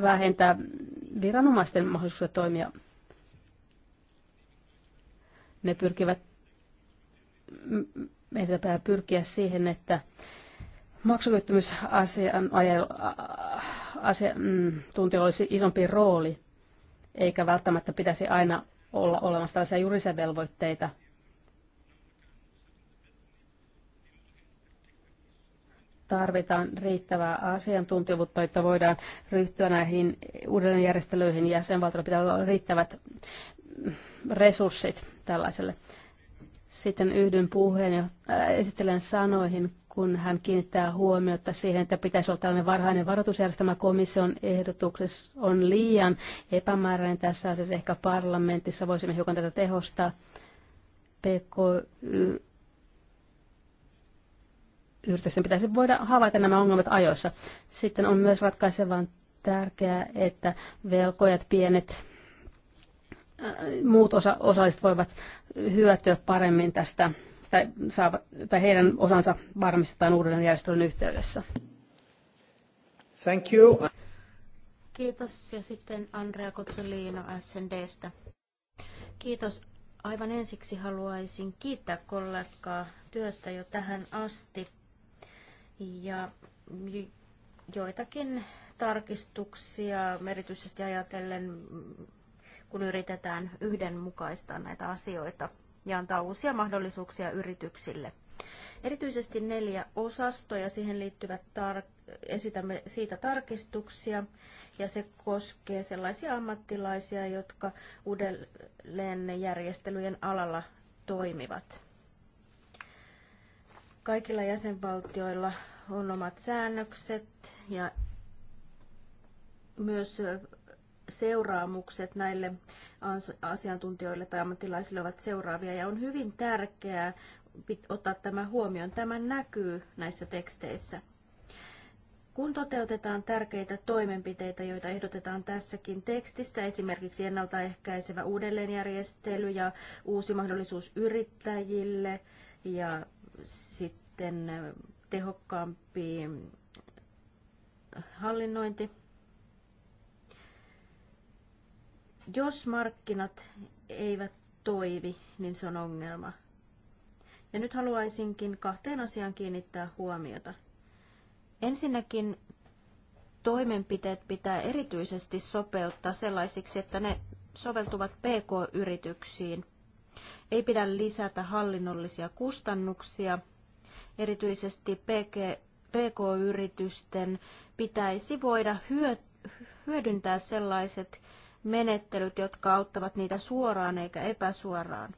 [SPEAKER 4] vähentää viranomaisten mahdollisuuksia toimia. Ne pyrkivät meidän pitää pyrkiä siihen, että maksukyvyttömyysasiantuntijoilla mm, olisi isompi rooli, eikä välttämättä pitäisi aina olla olemassa tällaisia juridisia velvoitteita. Tarvitaan riittävää asiantuntijuutta, että voidaan ryhtyä näihin uudelleenjärjestelyihin ja sen pitää olla riittävät resurssit tällaiselle sitten yhdyn puheen ja äh, esittelen sanoihin, kun hän kiinnittää huomiota siihen, että pitäisi olla tällainen varhainen varoitusjärjestelmä. Komission ehdotuksessa on liian epämääräinen tässä asiassa. Ehkä parlamentissa voisimme hiukan tätä tehostaa. PK yritysten pitäisi voida havaita nämä ongelmat ajoissa. Sitten on myös ratkaisevan tärkeää, että velkojat, pienet muut osa, osalliset voivat hyötyä paremmin tästä tai, saavat, tai heidän osansa varmistetaan uuden järjestelyn yhteydessä.
[SPEAKER 1] Thank you.
[SPEAKER 2] Kiitos. Ja sitten Andrea Kotsoliino SNDstä. Kiitos. Aivan ensiksi haluaisin kiittää kollegaa työstä jo tähän asti. Ja joitakin tarkistuksia, erityisesti ajatellen kun yritetään yhdenmukaistaa näitä asioita ja antaa uusia mahdollisuuksia yrityksille. Erityisesti neljä osastoja, siihen liittyvät tar- esitämme siitä tarkistuksia ja se koskee sellaisia ammattilaisia, jotka järjestelyjen alalla toimivat. Kaikilla jäsenvaltioilla on omat säännökset ja myös seuraamukset näille asiantuntijoille tai ammattilaisille ovat seuraavia ja on hyvin tärkeää ottaa tämä huomioon. Tämä näkyy näissä teksteissä. Kun toteutetaan tärkeitä toimenpiteitä, joita ehdotetaan tässäkin tekstissä, esimerkiksi ennaltaehkäisevä uudelleenjärjestely ja uusi mahdollisuus yrittäjille ja sitten tehokkaampi hallinnointi, Jos markkinat eivät toivi, niin se on ongelma. Ja nyt haluaisinkin kahteen asiaan kiinnittää huomiota. Ensinnäkin toimenpiteet pitää erityisesti sopeuttaa sellaisiksi, että ne soveltuvat PK-yrityksiin. Ei pidä lisätä hallinnollisia kustannuksia. Erityisesti PK-yritysten pitäisi voida hyödyntää sellaiset menettelyt, jotka auttavat niitä suoraan eikä epäsuoraan.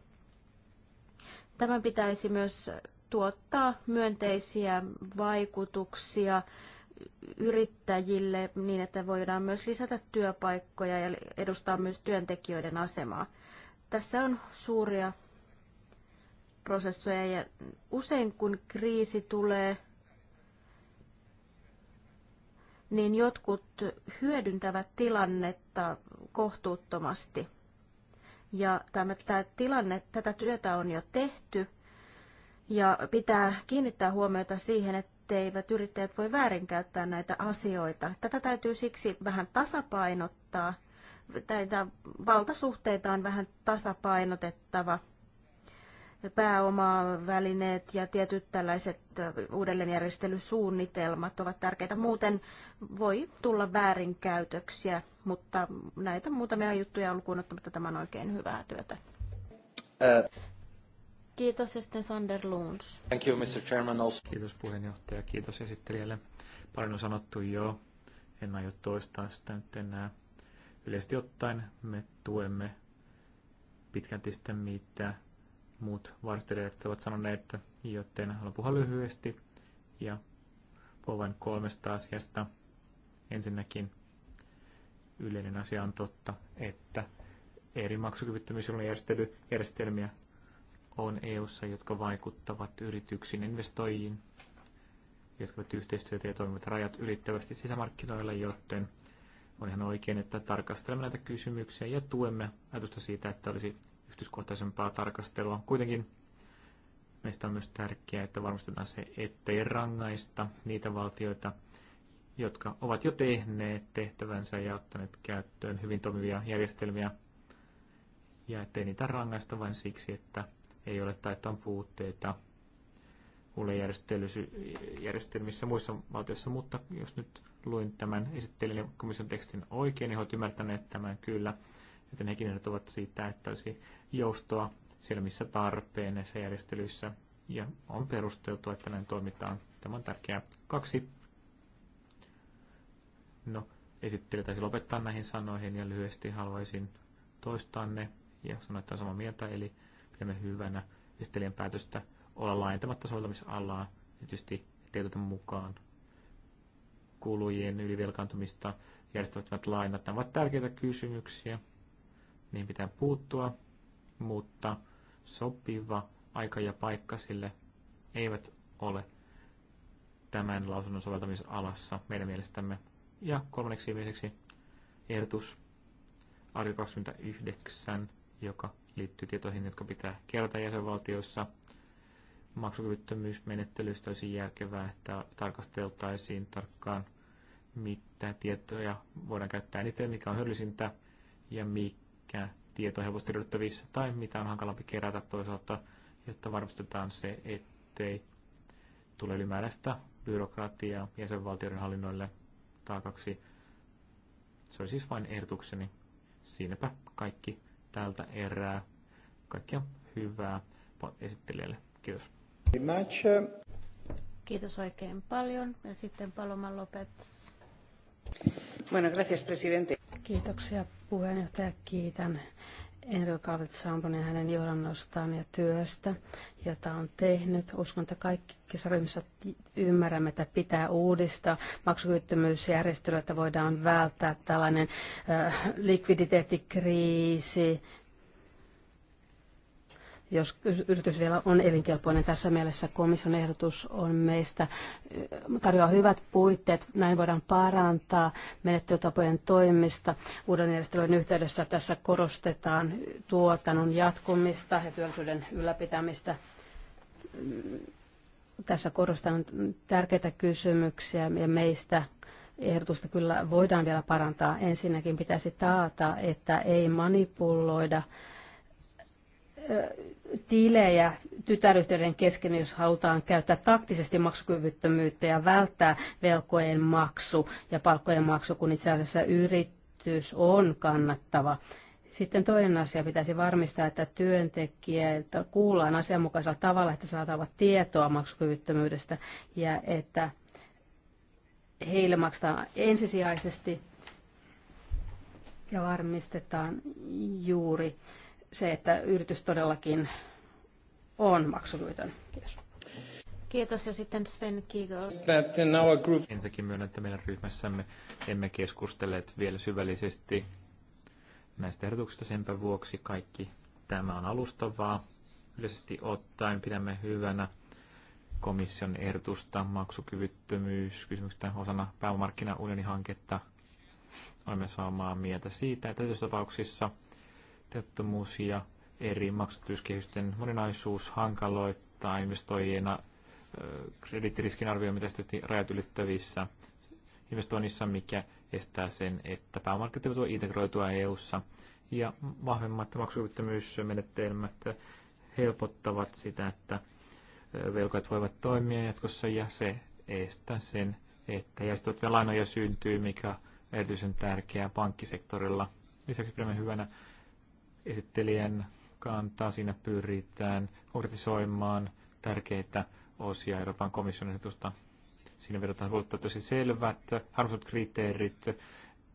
[SPEAKER 2] Tämän pitäisi myös tuottaa myönteisiä vaikutuksia yrittäjille niin, että voidaan myös lisätä työpaikkoja ja edustaa myös työntekijöiden asemaa. Tässä on suuria prosesseja ja usein kun kriisi tulee, niin jotkut hyödyntävät tilannetta kohtuuttomasti. Ja tämä, tämä tilanne, tätä työtä on jo tehty ja pitää kiinnittää huomiota siihen, etteivät yrittäjät voi väärinkäyttää näitä asioita. Tätä täytyy siksi vähän tasapainottaa. Tätä valtasuhteita on vähän tasapainotettava – pääomavälineet ja tietyt tällaiset uudelleenjärjestelysuunnitelmat ovat tärkeitä. Muuten voi tulla väärinkäytöksiä, mutta näitä muutamia juttuja lukuun ottamatta tämä on oikein hyvää työtä. Ää. Kiitos ja sitten Sander Luns.
[SPEAKER 3] Thank you, Mr. Chairman. Also. Kiitos puheenjohtaja, kiitos esittelijälle. Paljon on sanottu jo, en aio toistaa sitä nyt enää. Yleisesti ottaen me tuemme pitkälti sitten mitä muut vartelijat ovat sanoneet, joten haluan puhua lyhyesti ja puhun vain kolmesta asiasta. Ensinnäkin yleinen asia on totta, että eri maksukyvyttömyysjärjestelmiä on EU:ssa, jotka vaikuttavat yrityksiin, investoijiin, jotka ovat yhteistyötä ja toimivat rajat ylittävästi sisämarkkinoilla, joten on ihan oikein, että tarkastelemme näitä kysymyksiä ja tuemme ajatusta siitä, että olisi yksityiskohtaisempaa tarkastelua. Kuitenkin meistä on myös tärkeää, että varmistetaan se, ettei rangaista niitä valtioita, jotka ovat jo tehneet tehtävänsä ja ottaneet käyttöön hyvin toimivia järjestelmiä, ja ettei niitä rangaista vain siksi, että ei ole tai on puutteita järjestelmissä muissa valtioissa, mutta jos nyt luin tämän esittelijän komission tekstin oikein, niin olet ymmärtäneet tämän kyllä että nekin ehdottavat siitä, että olisi joustoa siellä missä tarpeen näissä järjestelyissä ja on perusteltu, että näin toimitaan. Tämä on tärkeää. Kaksi. No, esittely taisi lopettaa näihin sanoihin ja lyhyesti haluaisin toistaa ne ja sanoa, että on samaa mieltä, eli pidämme hyvänä esittelijän päätöstä olla laajentamatta soveltamisalaa, tietysti tietoita mukaan kulujen ylivelkaantumista järjestävät lainat. Nämä ovat tärkeitä kysymyksiä niin pitää puuttua, mutta sopiva aika ja paikka sille eivät ole tämän lausunnon soveltamisalassa meidän mielestämme. Ja kolmanneksi viimeiseksi ehdotus Ari 29, joka liittyy tietoihin, jotka pitää kerätä jäsenvaltioissa. Maksukyvyttömyysmenettelystä olisi järkevää, että tarkasteltaisiin tarkkaan, mitä tietoja voidaan käyttää eniten, mikä on hyödyllisintä ja mikä tieto helposti löydettävissä tai mitä on hankalampi kerätä toisaalta, jotta varmistetaan se, ettei tule ylimääräistä byrokratiaa jäsenvaltioiden hallinnoille taakaksi. Se oli siis vain ehdotukseni. Siinäpä kaikki tältä erää. Kaikkia hyvää esittelijälle. Kiitos.
[SPEAKER 2] Kiitos oikein paljon. Ja sitten Paloma Lopet.
[SPEAKER 4] Bueno,
[SPEAKER 5] gracias, presidente.
[SPEAKER 4] Kiitoksia puheenjohtaja. Kiitän Enro Kalvet ja hänen johdannostaan ja työstä, jota on tehnyt. Uskon, että kaikki ryhmissä ymmärrämme, että pitää uudistaa maksukyvyttömyysjärjestelyä, että voidaan välttää tällainen äh, likviditeettikriisi, jos yritys vielä on elinkelpoinen. Tässä mielessä komission ehdotus on meistä tarjoaa hyvät puitteet. Näin voidaan parantaa menettelytapojen toimista. Uuden järjestelyn yhteydessä tässä korostetaan tuotannon jatkumista ja työllisyyden ylläpitämistä. Mm, tässä korostan tärkeitä kysymyksiä ja meistä ehdotusta kyllä voidaan vielä parantaa. Ensinnäkin pitäisi taata, että ei manipuloida tilejä tytäryhtiöiden kesken, jos halutaan käyttää taktisesti maksukyvyttömyyttä ja välttää velkojen maksu ja palkkojen maksu, kun itse asiassa yritys on kannattava. Sitten toinen asia, pitäisi varmistaa, että työntekijöiltä kuullaan asianmukaisella tavalla, että saatavat tietoa maksukyvyttömyydestä ja että heille maksetaan ensisijaisesti ja varmistetaan juuri se, että yritys todellakin on maksuvyytön. Kiitos.
[SPEAKER 2] Kiitos ja sitten Sven Kiegel.
[SPEAKER 3] Group... Ensinnäkin myönnän, että meidän ryhmässämme emme keskustelleet vielä syvällisesti näistä ehdotuksista senpä vuoksi kaikki tämä on alustavaa. Yleisesti ottaen pidämme hyvänä komission ehdotusta maksukyvyttömyyskysymyksestä osana pääomarkkinaunionin hanketta. Olemme samaa mieltä siitä, että tässä tapauksissa – tehottomuus ja eri maksatuskehysten moninaisuus hankaloittaa investoijien krediittiriskin arvioimista rajat ylittävissä investoinnissa, mikä estää sen, että pääomarkkinat voi integroitua EU-ssa. Ja vahvemmat maksukyvyttömyysmenetelmät helpottavat sitä, että velkojat voivat toimia jatkossa ja se estää sen, että järjestötyviä lainoja syntyy, mikä on erityisen tärkeää pankkisektorilla. Lisäksi pidämme hyvänä esittelijän kantaa. Siinä pyritään urtisoimaan tärkeitä osia Euroopan komission ehdotusta. Siinä vedotaan huolta tosi selvät, harmoniset kriteerit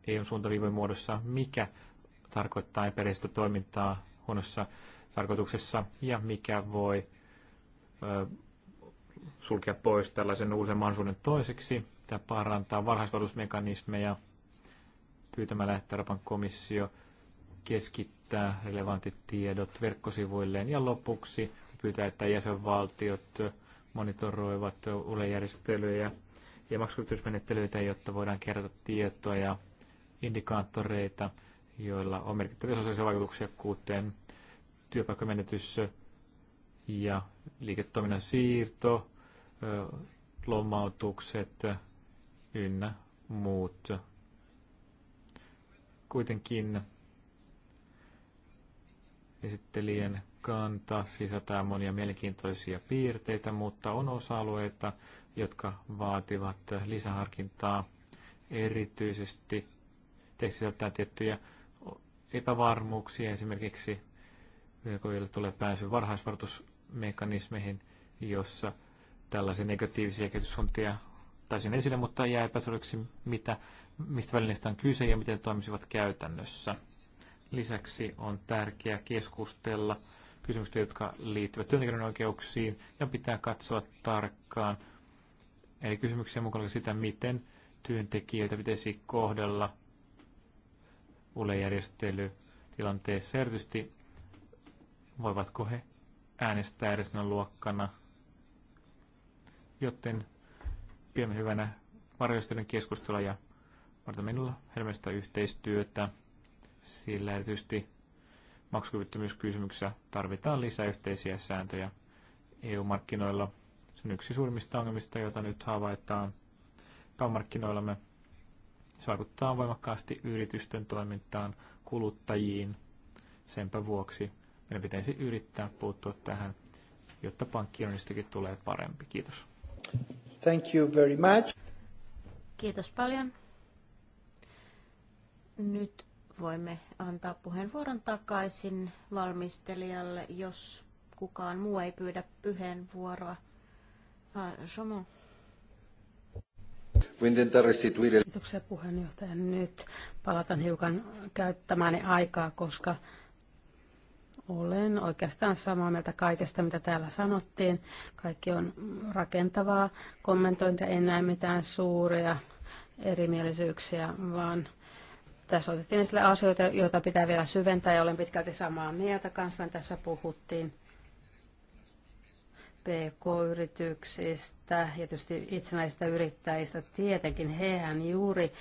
[SPEAKER 3] EUn suuntaviivojen muodossa, mikä tarkoittaa epäreistä toimintaa huonossa tarkoituksessa ja mikä voi ö, sulkea pois tällaisen uusen mahdollisuuden toiseksi. Tämä parantaa varhaisvaroitusmekanismeja pyytämällä, että Euroopan komissio keskittyy välittää relevantit tiedot verkkosivuilleen. Ja lopuksi pyytää, että jäsenvaltiot monitoroivat ulejärjestelyjä ja maksukyvytysmenettelyitä, jotta voidaan kerätä tietoa ja indikaattoreita, joilla on merkittäviä sosiaalisia vaikutuksia, kuten työpaikkamenetys ja liiketoiminnan siirto, lomautukset ynnä muut. Kuitenkin Esittelijän kanta sisältää monia mielenkiintoisia piirteitä, mutta on osa-alueita, jotka vaativat lisäharkintaa erityisesti. Teksti sisältää tiettyjä epävarmuuksia, esimerkiksi virkoille tulee pääsy varhaisvartusmekanismeihin, jossa tällaisia negatiivisia kehityssuuntia taisin esille, mutta jää epäselväksi, mitä, mistä välineistä on kyse ja miten toimisivat käytännössä. Lisäksi on tärkeää keskustella kysymyksistä, jotka liittyvät työntekijöiden oikeuksiin, ja pitää katsoa tarkkaan eri kysymyksiä mukaan sitä, miten työntekijöitä pitäisi kohdella ulejärjestelytilanteessa. Erityisesti voivatko he äänestää edes luokkana, joten pidämme hyvänä varjoistelun keskustelua ja varten minulla helmestä yhteistyötä sillä erityisesti maksukyvyttömyyskysymyksessä tarvitaan lisää yhteisiä sääntöjä EU-markkinoilla. Se on yksi suurimmista ongelmista, joita nyt havaitaan kaumarkkinoillamme. Se vaikuttaa voimakkaasti yritysten toimintaan, kuluttajiin. Senpä vuoksi meidän pitäisi yrittää puuttua tähän, jotta pankkiunionistakin tulee parempi. Kiitos.
[SPEAKER 1] Thank you very much.
[SPEAKER 2] Kiitos paljon. Nyt voimme antaa puheenvuoron takaisin valmistelijalle, jos kukaan muu ei pyydä puheenvuoroa. Ah, Kiitoksia puheenjohtaja.
[SPEAKER 4] Nyt palataan hiukan käyttämään aikaa, koska olen oikeastaan samaa mieltä kaikesta, mitä täällä sanottiin. Kaikki on rakentavaa kommentointia, en näe mitään suuria erimielisyyksiä, vaan tässä otettiin esille asioita, joita pitää vielä syventää ja olen pitkälti samaa mieltä kanssani. Tässä puhuttiin PK-yrityksistä ja tietysti itsenäisistä yrittäjistä. Tietenkin hehän juuri,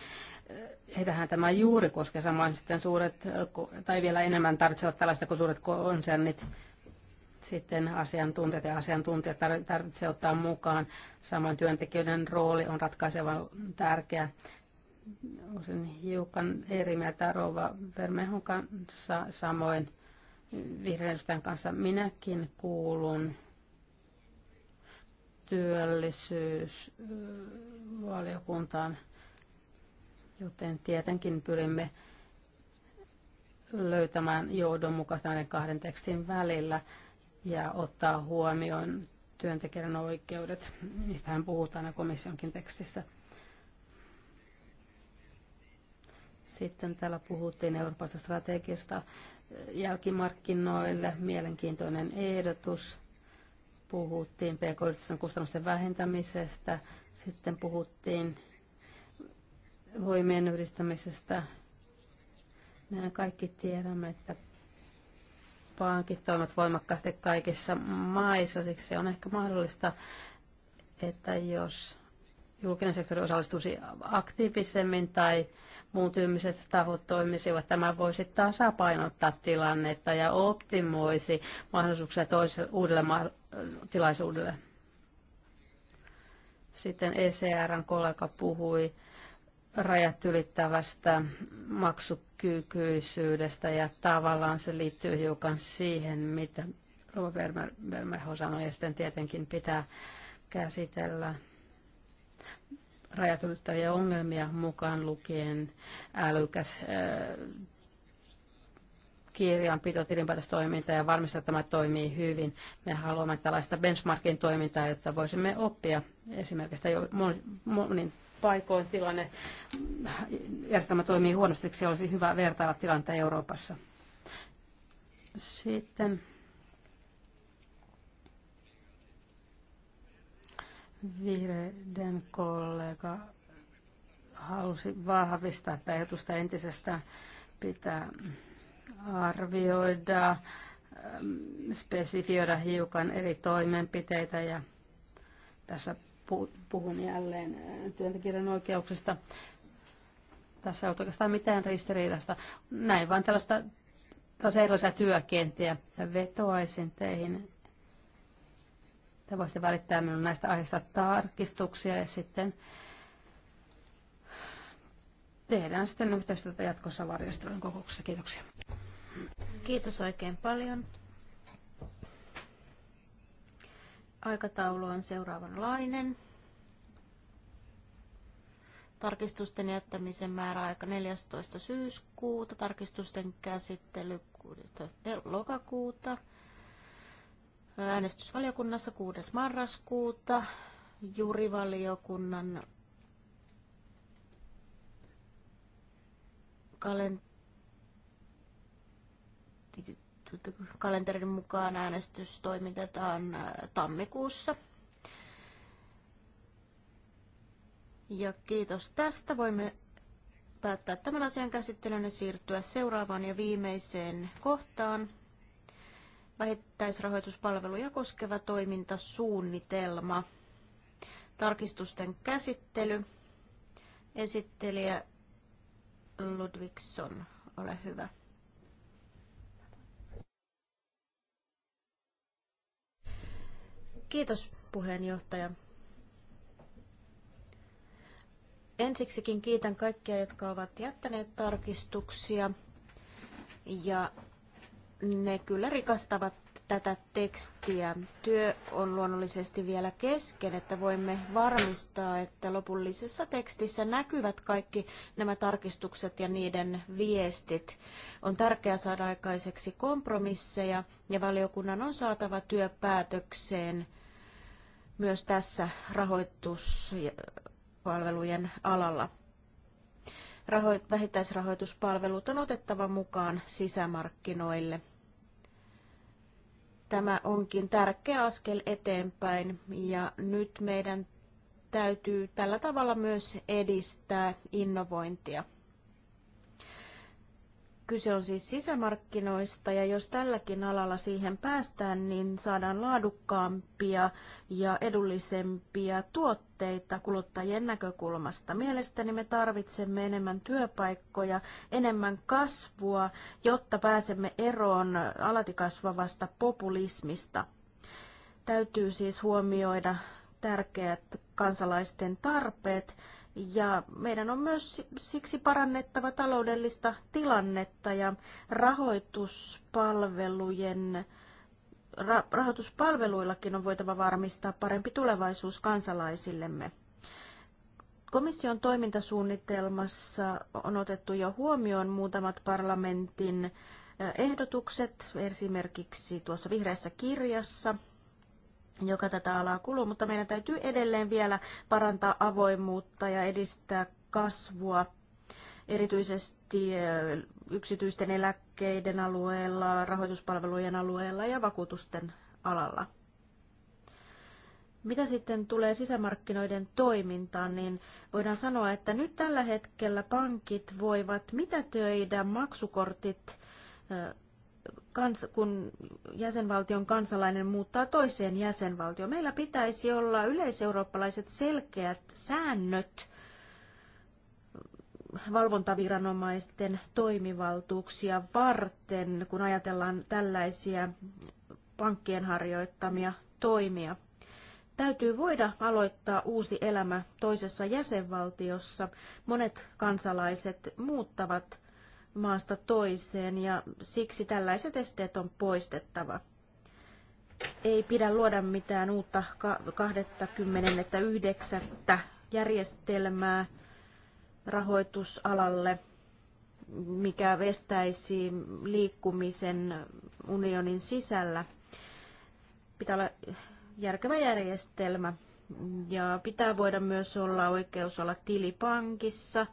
[SPEAKER 4] heitähän tämä juuri koskee samaan sitten suuret, tai vielä enemmän tarvitsevat tällaista kuin suuret konsernit. Sitten asiantuntijat ja asiantuntijat tarvitsee ottaa mukaan. Samoin työntekijöiden rooli on ratkaisevan tärkeä olisin hiukan eri mieltä Rova Vermehon kanssa, samoin vihreän kanssa. Minäkin kuulun
[SPEAKER 5] työllisyysvaliokuntaan,
[SPEAKER 4] joten tietenkin pyrimme löytämään johdonmukaista näiden kahden tekstin välillä ja ottaa huomioon työntekijän oikeudet. Niistähän puhutaan komissionkin tekstissä. Sitten täällä puhuttiin Euroopasta strategiasta jälkimarkkinoille, mielenkiintoinen ehdotus. Puhuttiin pk kustannusten vähentämisestä, sitten puhuttiin voimien yhdistämisestä. Mehän kaikki tiedämme, että pankit toimivat voimakkaasti kaikissa maissa, siksi se on ehkä mahdollista, että jos julkinen sektori osallistuisi aktiivisemmin tai muun tyyppiset tahot toimisivat. Tämä voisi tasapainottaa tilannetta ja optimoisi mahdollisuuksia toiselle uudelle ma- tilaisuudelle. Sitten ECRn kollega puhui rajat ylittävästä maksukykyisyydestä ja tavallaan se liittyy hiukan siihen, mitä Robert Bermerho sanoi ja sitten tietenkin pitää käsitellä rajat ylittäviä ongelmia mukaan lukien älykäs äh, kirjanpito, tilinpäätöstoiminta ja varmistaa, että tämä toimii hyvin. Me haluamme tällaista benchmarkin toimintaa, jotta voisimme oppia esimerkiksi jo monin paikoin tilanne, järjestelmä toimii huonosti, se olisi hyvä vertailla tilannetta Euroopassa. Sitten Vihreiden kollega halusi vahvistaa että ehdotusta entisestä Pitää arvioida, ähm, spesifioida hiukan eri toimenpiteitä ja tässä puhun jälleen äh, työntekijän oikeuksista. Tässä ei ole oikeastaan mitään ristiriidasta. Näin vaan tällaista, tällaisia erilaisia työkenttiä. Ja vetoaisin teihin te voisitte välittää minun näistä aiheista tarkistuksia ja sitten tehdään sitten yhteistyötä jatkossa varjostelun kokouksessa. Kiitoksia. Kiitos oikein paljon.
[SPEAKER 2] Aikataulu on seuraavanlainen. Tarkistusten jättämisen määräaika 14. syyskuuta, tarkistusten käsittely 16. Eh, lokakuuta äänestysvaliokunnassa 6. marraskuuta, jurivaliokunnan kalenterin mukaan äänestys toimitetaan äh, tammikuussa. Ja kiitos tästä. Voimme päättää tämän asian käsittelyn ja siirtyä seuraavaan ja viimeiseen kohtaan, vähittäisrahoituspalveluja koskeva toimintasuunnitelma. Tarkistusten käsittely. Esittelijä Ludvigsson, ole hyvä. Kiitos puheenjohtaja. Ensiksikin kiitän kaikkia, jotka ovat jättäneet tarkistuksia. Ja ne kyllä rikastavat tätä tekstiä. Työ on luonnollisesti vielä kesken, että voimme varmistaa, että lopullisessa tekstissä näkyvät kaikki nämä tarkistukset ja niiden viestit. On tärkeää saada aikaiseksi kompromisseja ja valiokunnan on saatava työpäätökseen myös tässä rahoituspalvelujen alalla rahoit- vähittäisrahoituspalvelut on otettava mukaan sisämarkkinoille. Tämä onkin tärkeä askel eteenpäin ja nyt meidän täytyy tällä tavalla myös edistää innovointia. Kyse on siis sisämarkkinoista ja jos tälläkin alalla siihen päästään, niin saadaan laadukkaampia ja edullisempia tuotteita kuluttajien näkökulmasta. Mielestäni me tarvitsemme enemmän työpaikkoja, enemmän kasvua, jotta pääsemme eroon alati kasvavasta populismista. Täytyy siis huomioida tärkeät kansalaisten tarpeet ja meidän on myös siksi parannettava taloudellista tilannetta ja rahoituspalvelujen rahoituspalveluillakin on voitava varmistaa parempi tulevaisuus kansalaisillemme. Komission toimintasuunnitelmassa on otettu jo huomioon muutamat parlamentin ehdotukset, esimerkiksi tuossa vihreässä kirjassa joka tätä alaa kuluu, mutta meidän täytyy edelleen vielä parantaa avoimuutta ja edistää kasvua erityisesti yksityisten eläkkeiden alueella, rahoituspalvelujen alueella ja vakuutusten alalla. Mitä sitten tulee sisämarkkinoiden toimintaan, niin voidaan sanoa, että nyt tällä hetkellä pankit voivat mitätöidä maksukortit kans, kun jäsenvaltion kansalainen muuttaa toiseen jäsenvaltioon. Meillä pitäisi olla yleiseurooppalaiset selkeät säännöt valvontaviranomaisten toimivaltuuksia varten, kun ajatellaan tällaisia pankkien harjoittamia toimia. Täytyy voida aloittaa uusi elämä toisessa jäsenvaltiossa. Monet kansalaiset muuttavat maasta toiseen ja siksi tällaiset esteet on poistettava. Ei pidä luoda mitään uutta 29. järjestelmää rahoitusalalle, mikä vestäisi liikkumisen unionin sisällä. Pitää olla järkevä järjestelmä ja pitää voida myös olla oikeus olla tilipankissa –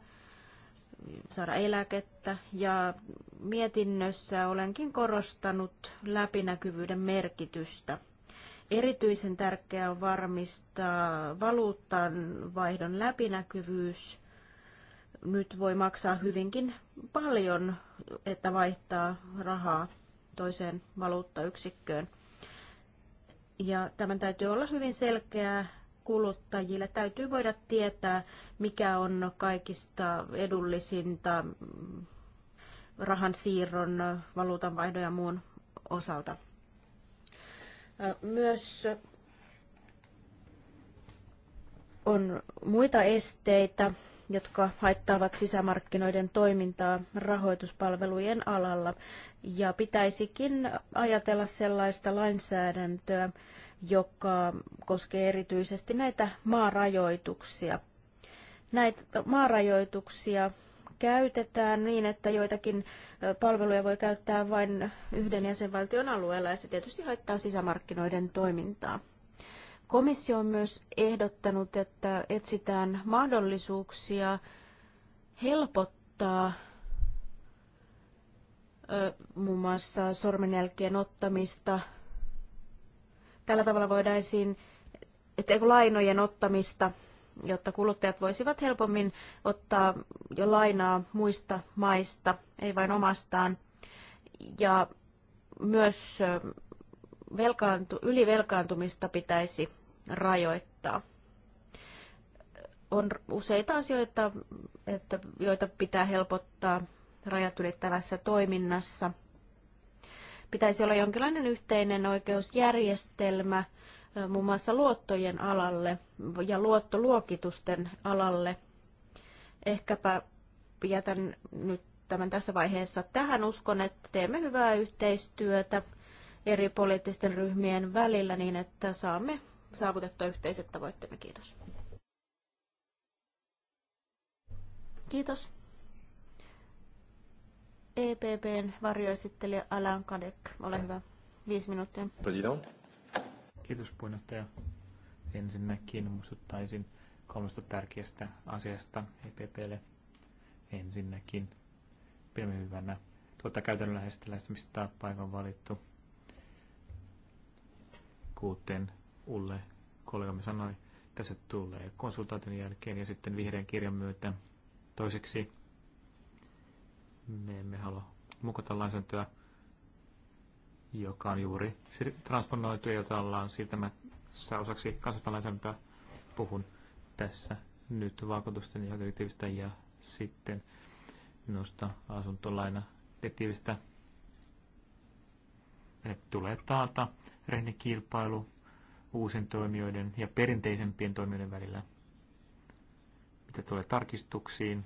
[SPEAKER 2] saada eläkettä ja mietinnössä olenkin korostanut läpinäkyvyyden merkitystä. Erityisen tärkeää on varmistaa valuuttan vaihdon läpinäkyvyys. Nyt voi maksaa hyvinkin paljon, että vaihtaa rahaa toiseen valuuttayksikköön. Ja tämän täytyy olla hyvin selkeää kuluttajille täytyy voida tietää, mikä on kaikista edullisinta rahan siirron, valuutanvaihdon ja muun osalta. Myös on muita esteitä, jotka haittaavat sisämarkkinoiden toimintaa rahoituspalvelujen alalla. Ja pitäisikin ajatella sellaista lainsäädäntöä, joka koskee erityisesti näitä maarajoituksia. Näitä maarajoituksia käytetään niin, että joitakin palveluja voi käyttää vain yhden jäsenvaltion alueella ja se tietysti haittaa sisämarkkinoiden toimintaa. Komissio on myös ehdottanut, että etsitään mahdollisuuksia helpottaa muun mm. muassa sormenjälkien ottamista Tällä tavalla voidaisiin lainojen ottamista, jotta kuluttajat voisivat helpommin ottaa jo lainaa muista maista, ei vain omastaan. Ja myös velkaantu, ylivelkaantumista pitäisi rajoittaa. On useita asioita, että, joita pitää helpottaa rajat ylittävässä toiminnassa – pitäisi olla jonkinlainen yhteinen oikeusjärjestelmä muun muassa luottojen alalle ja luottoluokitusten alalle. Ehkäpä jätän nyt tämän tässä vaiheessa tähän. Uskon, että teemme hyvää yhteistyötä eri poliittisten ryhmien välillä niin, että saamme saavutettua yhteiset tavoitteemme. Kiitos. Kiitos. EPPn varjoesittelijä Alan Kadek. Ole hyvä. Viisi minuuttia. President.
[SPEAKER 3] Kiitos puheenjohtaja. Ensinnäkin muistuttaisin kolmesta tärkeästä asiasta EPPlle. Ensinnäkin pidämme hyvänä tuota käytännönläheistä lähestymistä paikan on valittu, kuten Ulle kollegamme sanoi, tässä tulee konsultaation jälkeen ja sitten vihreän kirjan myötä. Toiseksi me emme halua mukata lainsäädäntöä, joka on juuri transponoitu ja jota ollaan siirtämässä osaksi kansallista lainsäädäntöä. Puhun tässä nyt vaikutusten ja direktiivistä ja sitten noista asuntolaina direktiivistä. Ne tulee taata rehellinen kilpailu uusien toimijoiden ja perinteisempien toimijoiden välillä. Mitä tulee tarkistuksiin,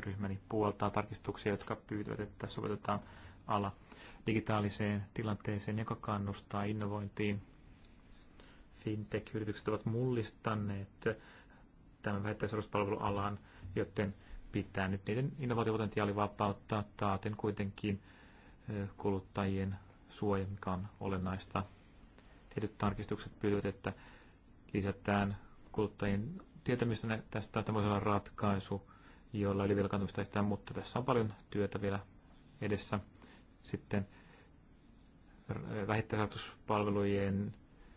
[SPEAKER 3] ryhmäni puoltaa tarkistuksia, jotka pyytävät, että sovitetaan ala digitaaliseen tilanteeseen, joka kannustaa innovointiin. Fintech-yritykset ovat mullistaneet tämän vähittäisrahoituspalvelualan, joten pitää nyt niiden innovaatiopotentiaali vapauttaa taaten kuitenkin kuluttajien suoja, mikä on olennaista. Tietyt tarkistukset pyytävät, että lisätään kuluttajien tietämistä tästä. että voisi olla ratkaisu jolla ylivelkaantumista estää, mutta tässä on paljon työtä vielä edessä. Sitten eh, vähittäisrahoituspalvelujen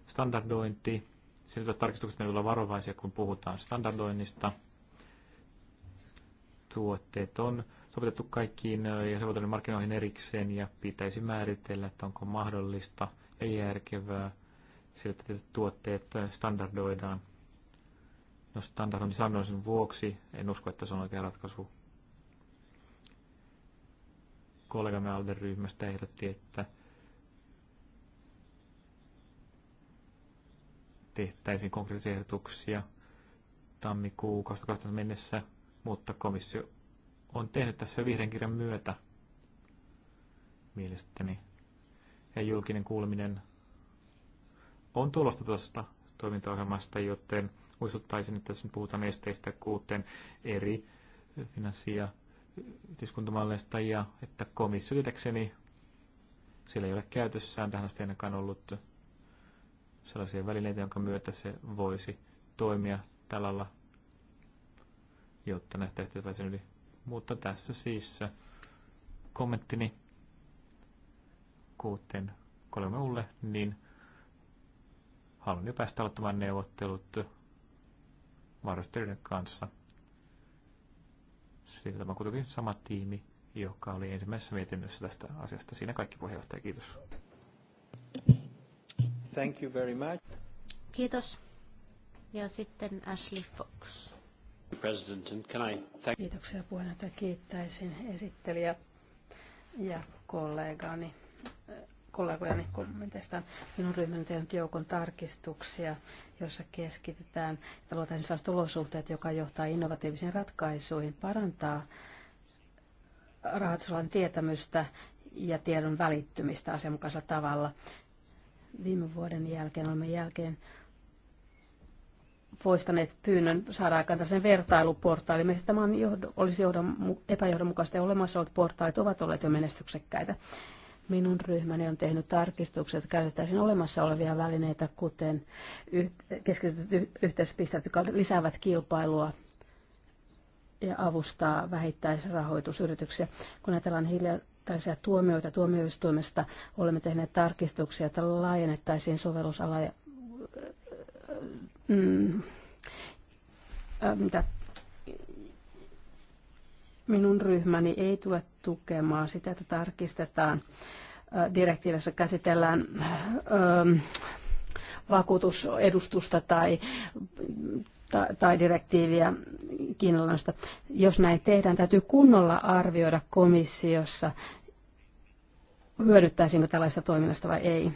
[SPEAKER 3] standardointi. Siltä tarkistukset on olla varovaisia, kun puhutaan standardoinnista. Tuotteet on sovitettu kaikkiin eh, ja sovitettu markkinoihin erikseen ja pitäisi määritellä, että onko mahdollista ja järkevää sillä, että tuotteet standardoidaan No standardin sanoisin vuoksi en usko, että se on oikea ratkaisu. Kollegamme Alden ryhmästä ehdotti, että tehtäisiin konkreettisia ehdotuksia tammikuun 2020 mennessä, mutta komissio on tehnyt tässä vihreän kirjan myötä mielestäni. Ja julkinen kuuleminen on tulosta tuosta toimintaohjelmasta, joten Muistuttaisin, että tässä puhutaan esteistä kuuteen eri finanssi- ja yhteiskuntamalleista ja että komissio tietäkseni sillä ei ole käytössään tähän asti ainakaan ollut sellaisia välineitä, jonka myötä se voisi toimia tällä jotta näistä esteistä pääsen yli. Mutta tässä siis kommenttini kuuteen kolme ulle, niin haluan jo päästä aloittamaan neuvottelut varustelijoiden kanssa. Sillä tämä on kuitenkin sama tiimi, joka oli ensimmäisessä mietinnössä tästä asiasta. Siinä kaikki puheenjohtaja, kiitos.
[SPEAKER 1] Thank you very much.
[SPEAKER 2] Kiitos. Ja sitten Ashley Fox.
[SPEAKER 3] President, and can I thank...
[SPEAKER 4] Kiitoksia puheenjohtaja. Kiittäisin esittelijä ja kollegani kollegojani kommenteista. Minun ryhmäni tehnyt joukon tarkistuksia, jossa keskitytään, että luotaan sellaiset olosuhteet, joka johtaa innovatiivisiin ratkaisuihin, parantaa rahoitusalan tietämystä ja tiedon välittymistä asianmukaisella tavalla. Viime vuoden jälkeen olemme jälkeen poistaneet pyynnön saada aikaan tällaisen vertailuportaalin. Mielestäni tämä on johdo, olisi johdon, epäjohdonmukaista ja olemassa olevat portaalit ovat olleet jo menestyksekkäitä. Minun ryhmäni on tehnyt tarkistukset, että käytettäisiin olemassa olevia välineitä, kuten keskityt yhteyspisteet, jotka lisäävät kilpailua ja avustaa vähittäisrahoitusyrityksiä. Kun ajatellaan hiljattaisia tuomioita tuomioistuimesta, olemme tehneet tarkistuksia, että laajennettaisiin sovellusala ja, mm, äh, mitä Minun ryhmäni ei tule tukemaan sitä, että tarkistetaan. Direktiivissä käsitellään vakuutusedustusta tai, tai direktiiviä kiinalaisesta. Jos näin tehdään, täytyy kunnolla arvioida komissiossa, hyödyttäisinkö tällaista toiminnasta vai ei.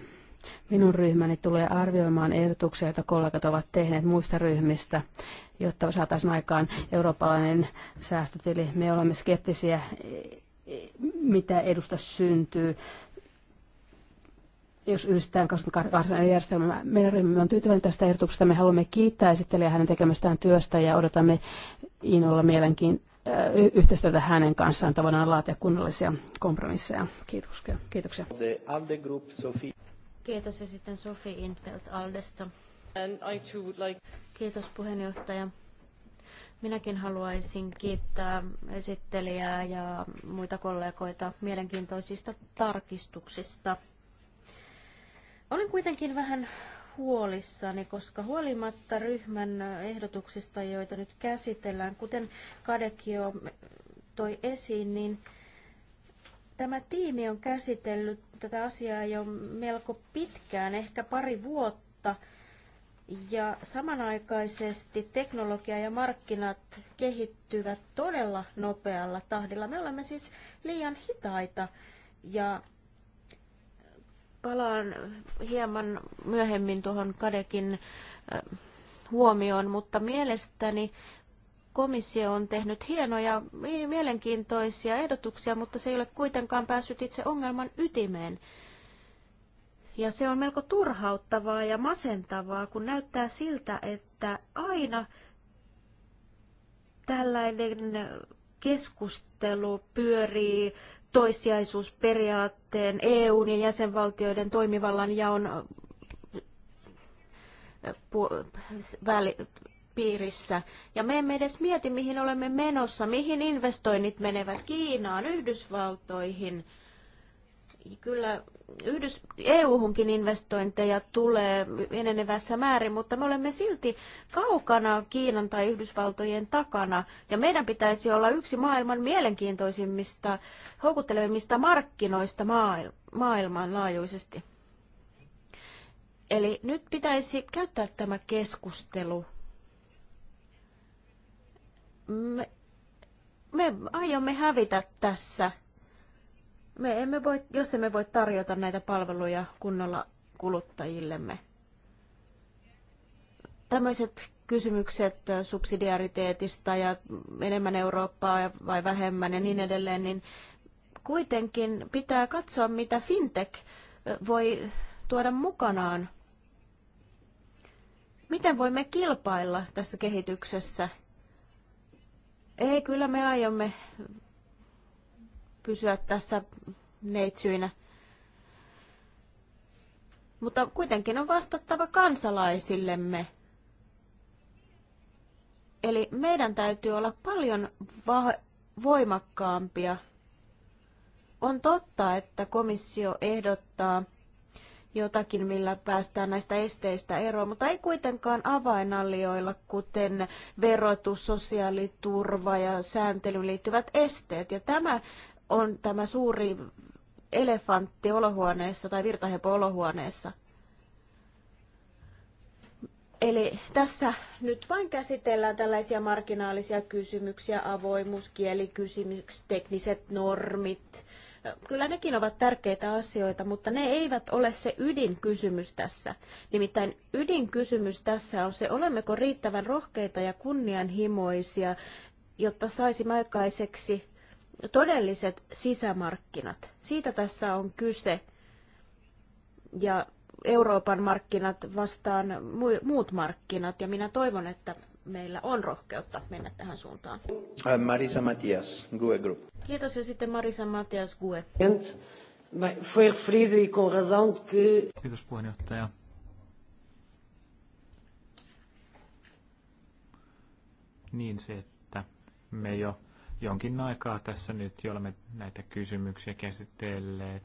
[SPEAKER 4] Minun ryhmäni tulee arvioimaan ehdotuksia, joita kollegat ovat tehneet muista ryhmistä, jotta saataisiin aikaan eurooppalainen säästötili. Me olemme skeptisiä, mitä edusta syntyy jos yhdistetään 28 järjestelmä, Meidän ryhmämme on tyytyväinen tästä ehdotuksesta. Me haluamme kiittää esittelijää hänen tekemästään työstä ja odotamme Iinolla mielenkiin yhteistyötä hänen kanssaan. Tavoidaan laatia kunnollisia kompromisseja. Kiitoksia. Kiitoksia.
[SPEAKER 2] Kiitos ja sitten Sofi Intfeld Aldesta. And I too would like... Kiitos puheenjohtaja. Minäkin haluaisin kiittää esittelijää ja muita kollegoita mielenkiintoisista tarkistuksista. Olen kuitenkin vähän huolissani, koska huolimatta ryhmän ehdotuksista, joita nyt käsitellään, kuten Kadekio toi esiin, niin Tämä tiimi on käsitellyt tätä asiaa jo melko pitkään, ehkä pari vuotta, ja samanaikaisesti teknologia ja markkinat kehittyvät todella nopealla tahdilla. Me olemme siis liian hitaita ja palaan hieman myöhemmin tuohon Kadekin äh, huomioon, mutta mielestäni komissio on tehnyt hienoja, mielenkiintoisia ehdotuksia, mutta se ei ole kuitenkaan päässyt itse ongelman ytimeen. Ja se on melko turhauttavaa ja masentavaa, kun näyttää siltä, että aina tällainen keskustelu pyörii toissijaisuusperiaatteen, EUn ja jäsenvaltioiden toimivallan ja on piirissä. Ja me emme edes mieti, mihin olemme menossa, mihin investoinnit menevät Kiinaan, Yhdysvaltoihin. Kyllä Yhdys, EU-hunkin investointeja tulee enenevässä määrin, mutta me olemme silti kaukana Kiinan tai Yhdysvaltojen takana. Ja meidän pitäisi olla yksi maailman mielenkiintoisimmista, houkuttelevimmista markkinoista maail- maailmanlaajuisesti. Eli nyt pitäisi käyttää tämä keskustelu me, me aiomme hävitä tässä. Me emme voi, jos emme voi tarjota näitä palveluja kunnolla kuluttajillemme. Tämmöiset kysymykset subsidiariteetista ja enemmän Eurooppaa vai vähemmän ja niin edelleen, niin kuitenkin pitää katsoa, mitä fintech voi tuoda mukanaan. Miten voimme kilpailla tässä kehityksessä ei, kyllä me aiomme pysyä tässä neitsyinä. Mutta kuitenkin on vastattava kansalaisillemme. Eli meidän täytyy olla paljon voimakkaampia. On totta, että komissio ehdottaa jotakin, millä päästään näistä esteistä eroon, mutta ei kuitenkaan avainalioilla kuten verotus, sosiaaliturva ja sääntelyyn liittyvät esteet. Ja tämä on tämä suuri elefantti olohuoneessa tai virtahepo olohuoneessa. Eli tässä nyt vain käsitellään tällaisia marginaalisia kysymyksiä, avoimuus, kielikysymykset, tekniset normit, Kyllä nekin ovat tärkeitä asioita, mutta ne eivät ole se ydinkysymys tässä. Nimittäin ydinkysymys tässä on se, olemmeko riittävän rohkeita ja kunnianhimoisia, jotta saisi aikaiseksi todelliset sisämarkkinat. Siitä tässä on kyse. Ja Euroopan markkinat vastaan muut markkinat. Ja minä toivon, että meillä on rohkeutta mennä tähän suuntaan.
[SPEAKER 1] Äh, Marisa Matias, GUE Group.
[SPEAKER 2] Kiitos ja sitten Marisa Matias, GUE.
[SPEAKER 3] Kiitos puheenjohtaja. Niin se, että me jo jonkin aikaa tässä nyt jo olemme näitä kysymyksiä käsitelleet.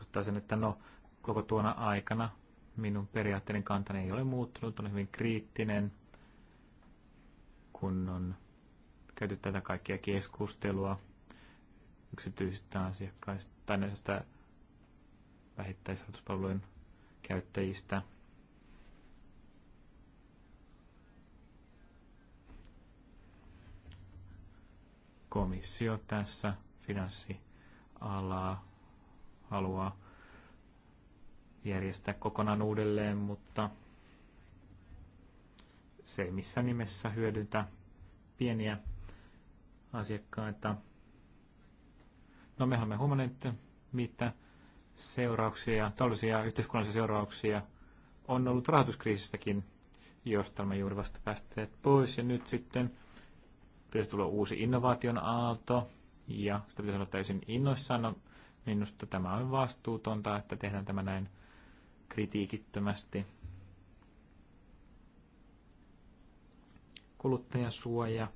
[SPEAKER 3] Ottaisin, että no koko tuona aikana minun periaatteiden kantani ei ole muuttunut, on hyvin kriittinen, kun on käyty tätä kaikkia keskustelua yksityisistä asiakkaista tai näistä vähittäisrahoituspalvelujen käyttäjistä. Komissio tässä finanssialaa haluaa järjestää kokonaan uudelleen, mutta se ei missään nimessä hyödyntä pieniä asiakkaita. No mehän me huomanneet, mitä seurauksia, taloudellisia yhteiskunnallisia seurauksia on ollut rahoituskriisistäkin, josta me juuri vasta päästeet pois. Ja nyt sitten pitäisi tulla uusi innovaation aalto, ja sitä pitäisi olla täysin innoissaan. No, minusta tämä on vastuutonta, että tehdään tämä näin kritiikittömästi. Kuluttajansuoja.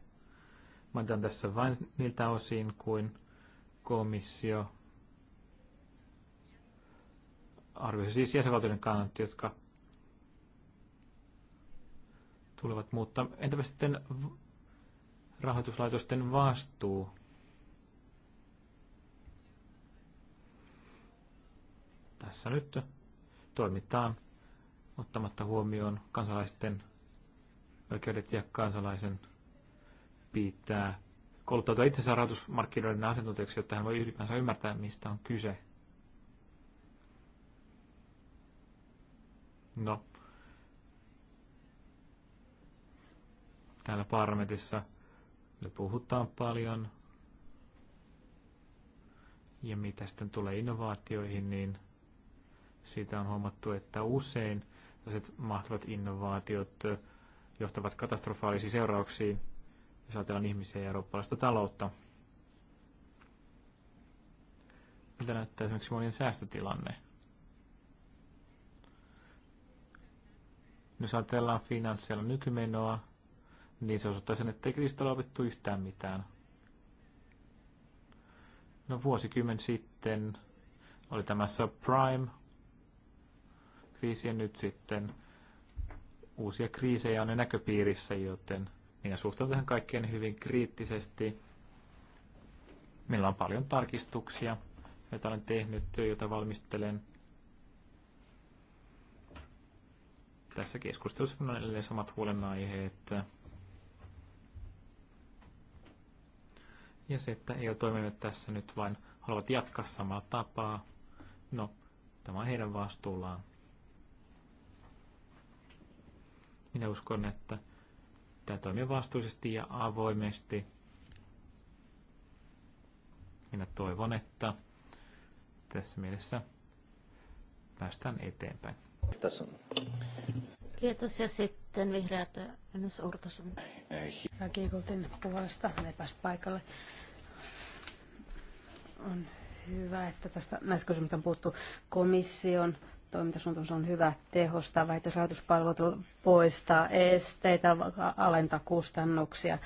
[SPEAKER 3] Mä otan tässä vain niiltä osin kuin komissio arvioi siis jäsenvaltioiden kannat, jotka tulevat muuttaa. Entäpä sitten rahoituslaitosten vastuu? Tässä nyt toimitaan ottamatta huomioon kansalaisten oikeudet ja kansalaisen pitää kouluttautua itsensä rahoitusmarkkinoiden asiantuntijaksi, jotta hän voi ylipäänsä ymmärtää, mistä on kyse. No, täällä parlamentissa puhutaan paljon. Ja mitä sitten tulee innovaatioihin, niin siitä on huomattu, että usein tällaiset mahtavat innovaatiot johtavat katastrofaalisiin seurauksiin, jos ajatellaan ihmisiä ja eurooppalaista taloutta. Mitä näyttää esimerkiksi monien säästötilanne? Jos ajatellaan finanssialan nykymenoa, niin se osoittaa sen, ettei ole opittu yhtään mitään. No vuosikymmen sitten oli tämä subprime ja nyt sitten. Uusia kriisejä on jo näköpiirissä, joten minä suhtaudun tähän kaikkeen hyvin kriittisesti. Meillä on paljon tarkistuksia, joita olen tehnyt, joita valmistelen. Tässä keskustelussa on edelleen samat huolenaiheet. Ja se, että ei ole toiminut tässä nyt vain haluavat jatkaa samaa tapaa. No, tämä on heidän vastuullaan. Minä uskon, että pitää toimia vastuullisesti ja avoimesti. Minä toivon, että tässä mielessä päästään eteenpäin.
[SPEAKER 2] Kiitos ja sitten vihreät Ennus Urtasun.
[SPEAKER 4] Kiikultin puolesta, hän ei paikalle. On hyvä, että tästä näistä kysymyksistä on puhuttu komission toimintasuuntaus on hyvä tehostaa vähittäisrahoituspalvelut, poistaa esteitä, alentaa kustannuksia.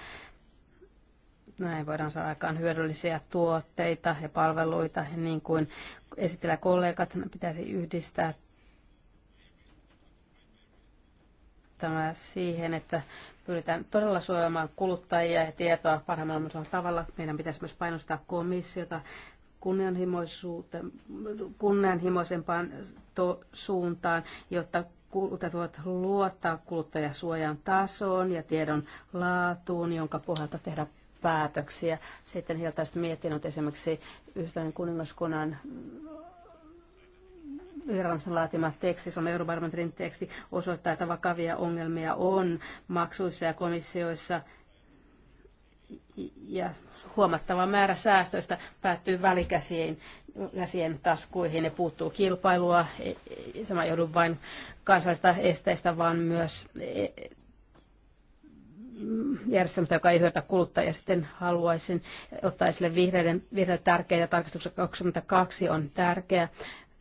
[SPEAKER 4] Näin voidaan saada aikaan hyödyllisiä tuotteita ja palveluita, niin kuin esitellä kollegat pitäisi yhdistää tämä siihen, että pyritään todella suojelemaan kuluttajia ja tietoa parhaimmalla tavalla. Meidän pitäisi myös painostaa komissiota kunnianhimoisempaan to- suuntaan, jotta kuluttajat voivat luottaa kuluttajasuojan tasoon ja tiedon laatuun, jonka pohjalta tehdä päätöksiä. Sitten hiljaisesti miettinyt esimerkiksi yhtään kuningaskunnan virallisen laatima teksti, se on Eurobarometrin teksti, osoittaa, että vakavia ongelmia on maksuissa ja komissioissa – ja huomattava määrä säästöistä päättyy välikäsiin käsien taskuihin ja puuttuu kilpailua. E, e, sama joudu vain kansallista esteistä, vaan myös e, järjestelmästä, joka ei hyödytä kuluttajia. Sitten haluaisin ottaa esille vihreiden, vihreiden tärkeitä. Tarkistuksen 22 on tärkeä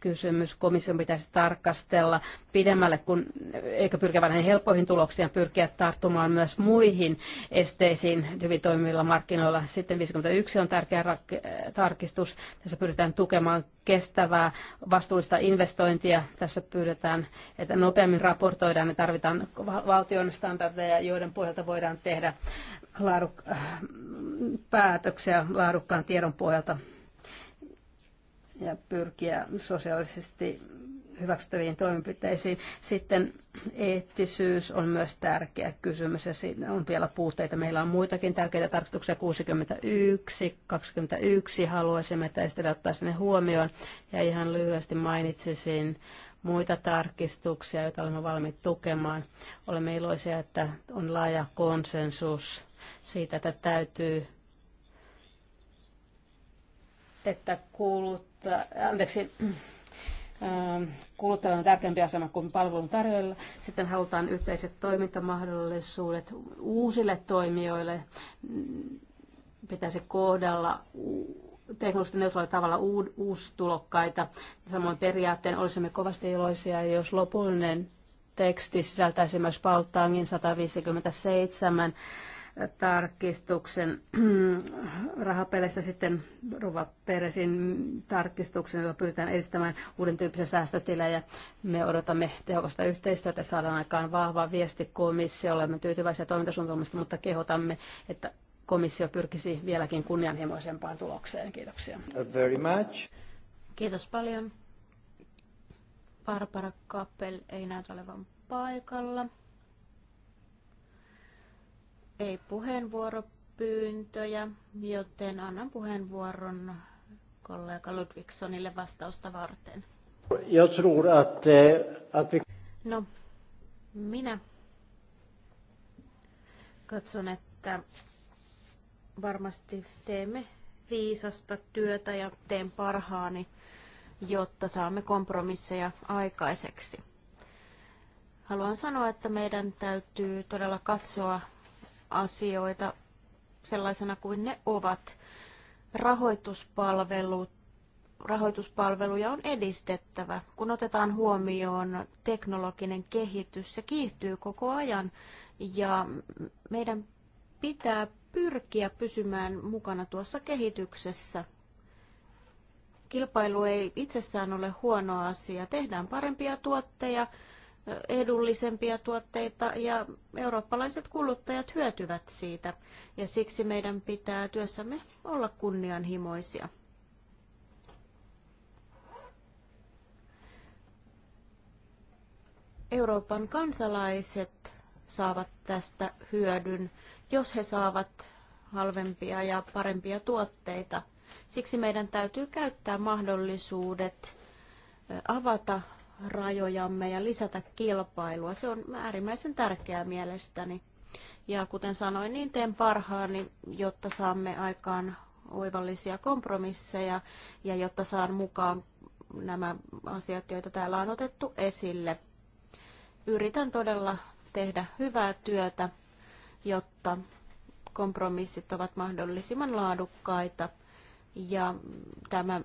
[SPEAKER 4] kysymys. Komission pitäisi tarkastella pidemmälle, kun, eikä pyrkiä vain helpoihin tuloksiin, pyrkiä tarttumaan myös muihin esteisiin hyvin toimivilla markkinoilla. Sitten 51 on tärkeä rak- tarkistus. Tässä pyritään tukemaan kestävää vastuullista investointia. Tässä pyydetään, että nopeammin raportoidaan ja tarvitaan valtion standardeja, joiden pohjalta voidaan tehdä laaduk- äh, päätöksiä laadukkaan tiedon pohjalta ja pyrkiä sosiaalisesti hyväksyttäviin toimenpiteisiin. Sitten eettisyys on myös tärkeä kysymys ja siinä on vielä puutteita. Meillä on muitakin tärkeitä tarkastuksia 61, 21 haluaisimme, että sitä ottaa sinne huomioon. Ja ihan lyhyesti mainitsisin muita tarkistuksia, joita olemme valmiit tukemaan. Olemme iloisia, että on laaja konsensus siitä, että täytyy että kulutta, anteeksi, ähm, kuluttajalla on tärkeämpi asema kuin palvelun tarjoajilla. Sitten halutaan yhteiset toimintamahdollisuudet uusille toimijoille. Pitäisi kohdella teknologisesti neutraalilla tavalla uustulokkaita. Samoin periaatteen olisimme kovasti iloisia, jos lopullinen teksti sisältäisi myös Paul 157 tarkistuksen rahapeleissä sitten Ruva Peresin tarkistuksen, jolla pyritään edistämään uuden tyyppisiä säästötilejä. Me odotamme tehokasta yhteistyötä, saadaan aikaan vahva viesti komissiolle. Olemme tyytyväisiä toimintasuunnitelmasta, mutta kehotamme, että komissio pyrkisi vieläkin kunnianhimoisempaan tulokseen. Kiitoksia.
[SPEAKER 1] Very much.
[SPEAKER 2] Kiitos paljon. Barbara Kappel ei näytä olevan paikalla ei puheenvuoropyyntöjä, joten annan puheenvuoron kollega Ludvigsonille vastausta varten.
[SPEAKER 5] Jag tror att, eh, att vi...
[SPEAKER 2] No, minä katson, että varmasti teemme viisasta työtä ja teen parhaani, jotta saamme kompromisseja aikaiseksi. Haluan sanoa, että meidän täytyy todella katsoa asioita sellaisena kuin ne ovat. Rahoituspalvelu, rahoituspalveluja on edistettävä. Kun otetaan huomioon teknologinen kehitys, se kiihtyy koko ajan ja meidän pitää pyrkiä pysymään mukana tuossa kehityksessä. Kilpailu ei itsessään ole huono asia. Tehdään parempia tuotteja, edullisempia tuotteita ja eurooppalaiset kuluttajat hyötyvät siitä ja siksi meidän pitää työssämme olla kunnianhimoisia. Euroopan kansalaiset saavat tästä hyödyn, jos he saavat halvempia ja parempia tuotteita. Siksi meidän täytyy käyttää mahdollisuudet avata rajojamme ja lisätä kilpailua. Se on äärimmäisen tärkeää mielestäni. Ja kuten sanoin, niin teen parhaani, jotta saamme aikaan oivallisia kompromisseja ja jotta saan mukaan nämä asiat, joita täällä on otettu esille. Yritän todella tehdä hyvää työtä, jotta kompromissit ovat mahdollisimman laadukkaita ja tämä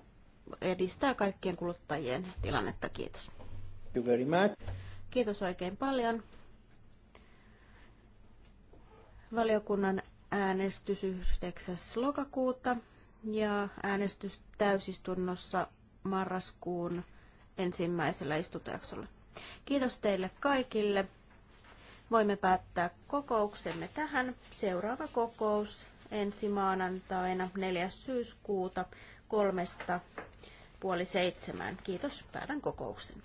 [SPEAKER 2] edistää kaikkien kuluttajien tilannetta. Kiitos
[SPEAKER 1] you very much.
[SPEAKER 2] Kiitos oikein paljon. Valiokunnan äänestys 9. lokakuuta ja äänestys täysistunnossa marraskuun ensimmäisellä istuntojaksolla. Kiitos teille kaikille. Voimme päättää kokouksemme tähän. Seuraava kokous ensi maanantaina 4. syyskuuta kolmesta puoli seitsemään. Kiitos, päätän kokouksen.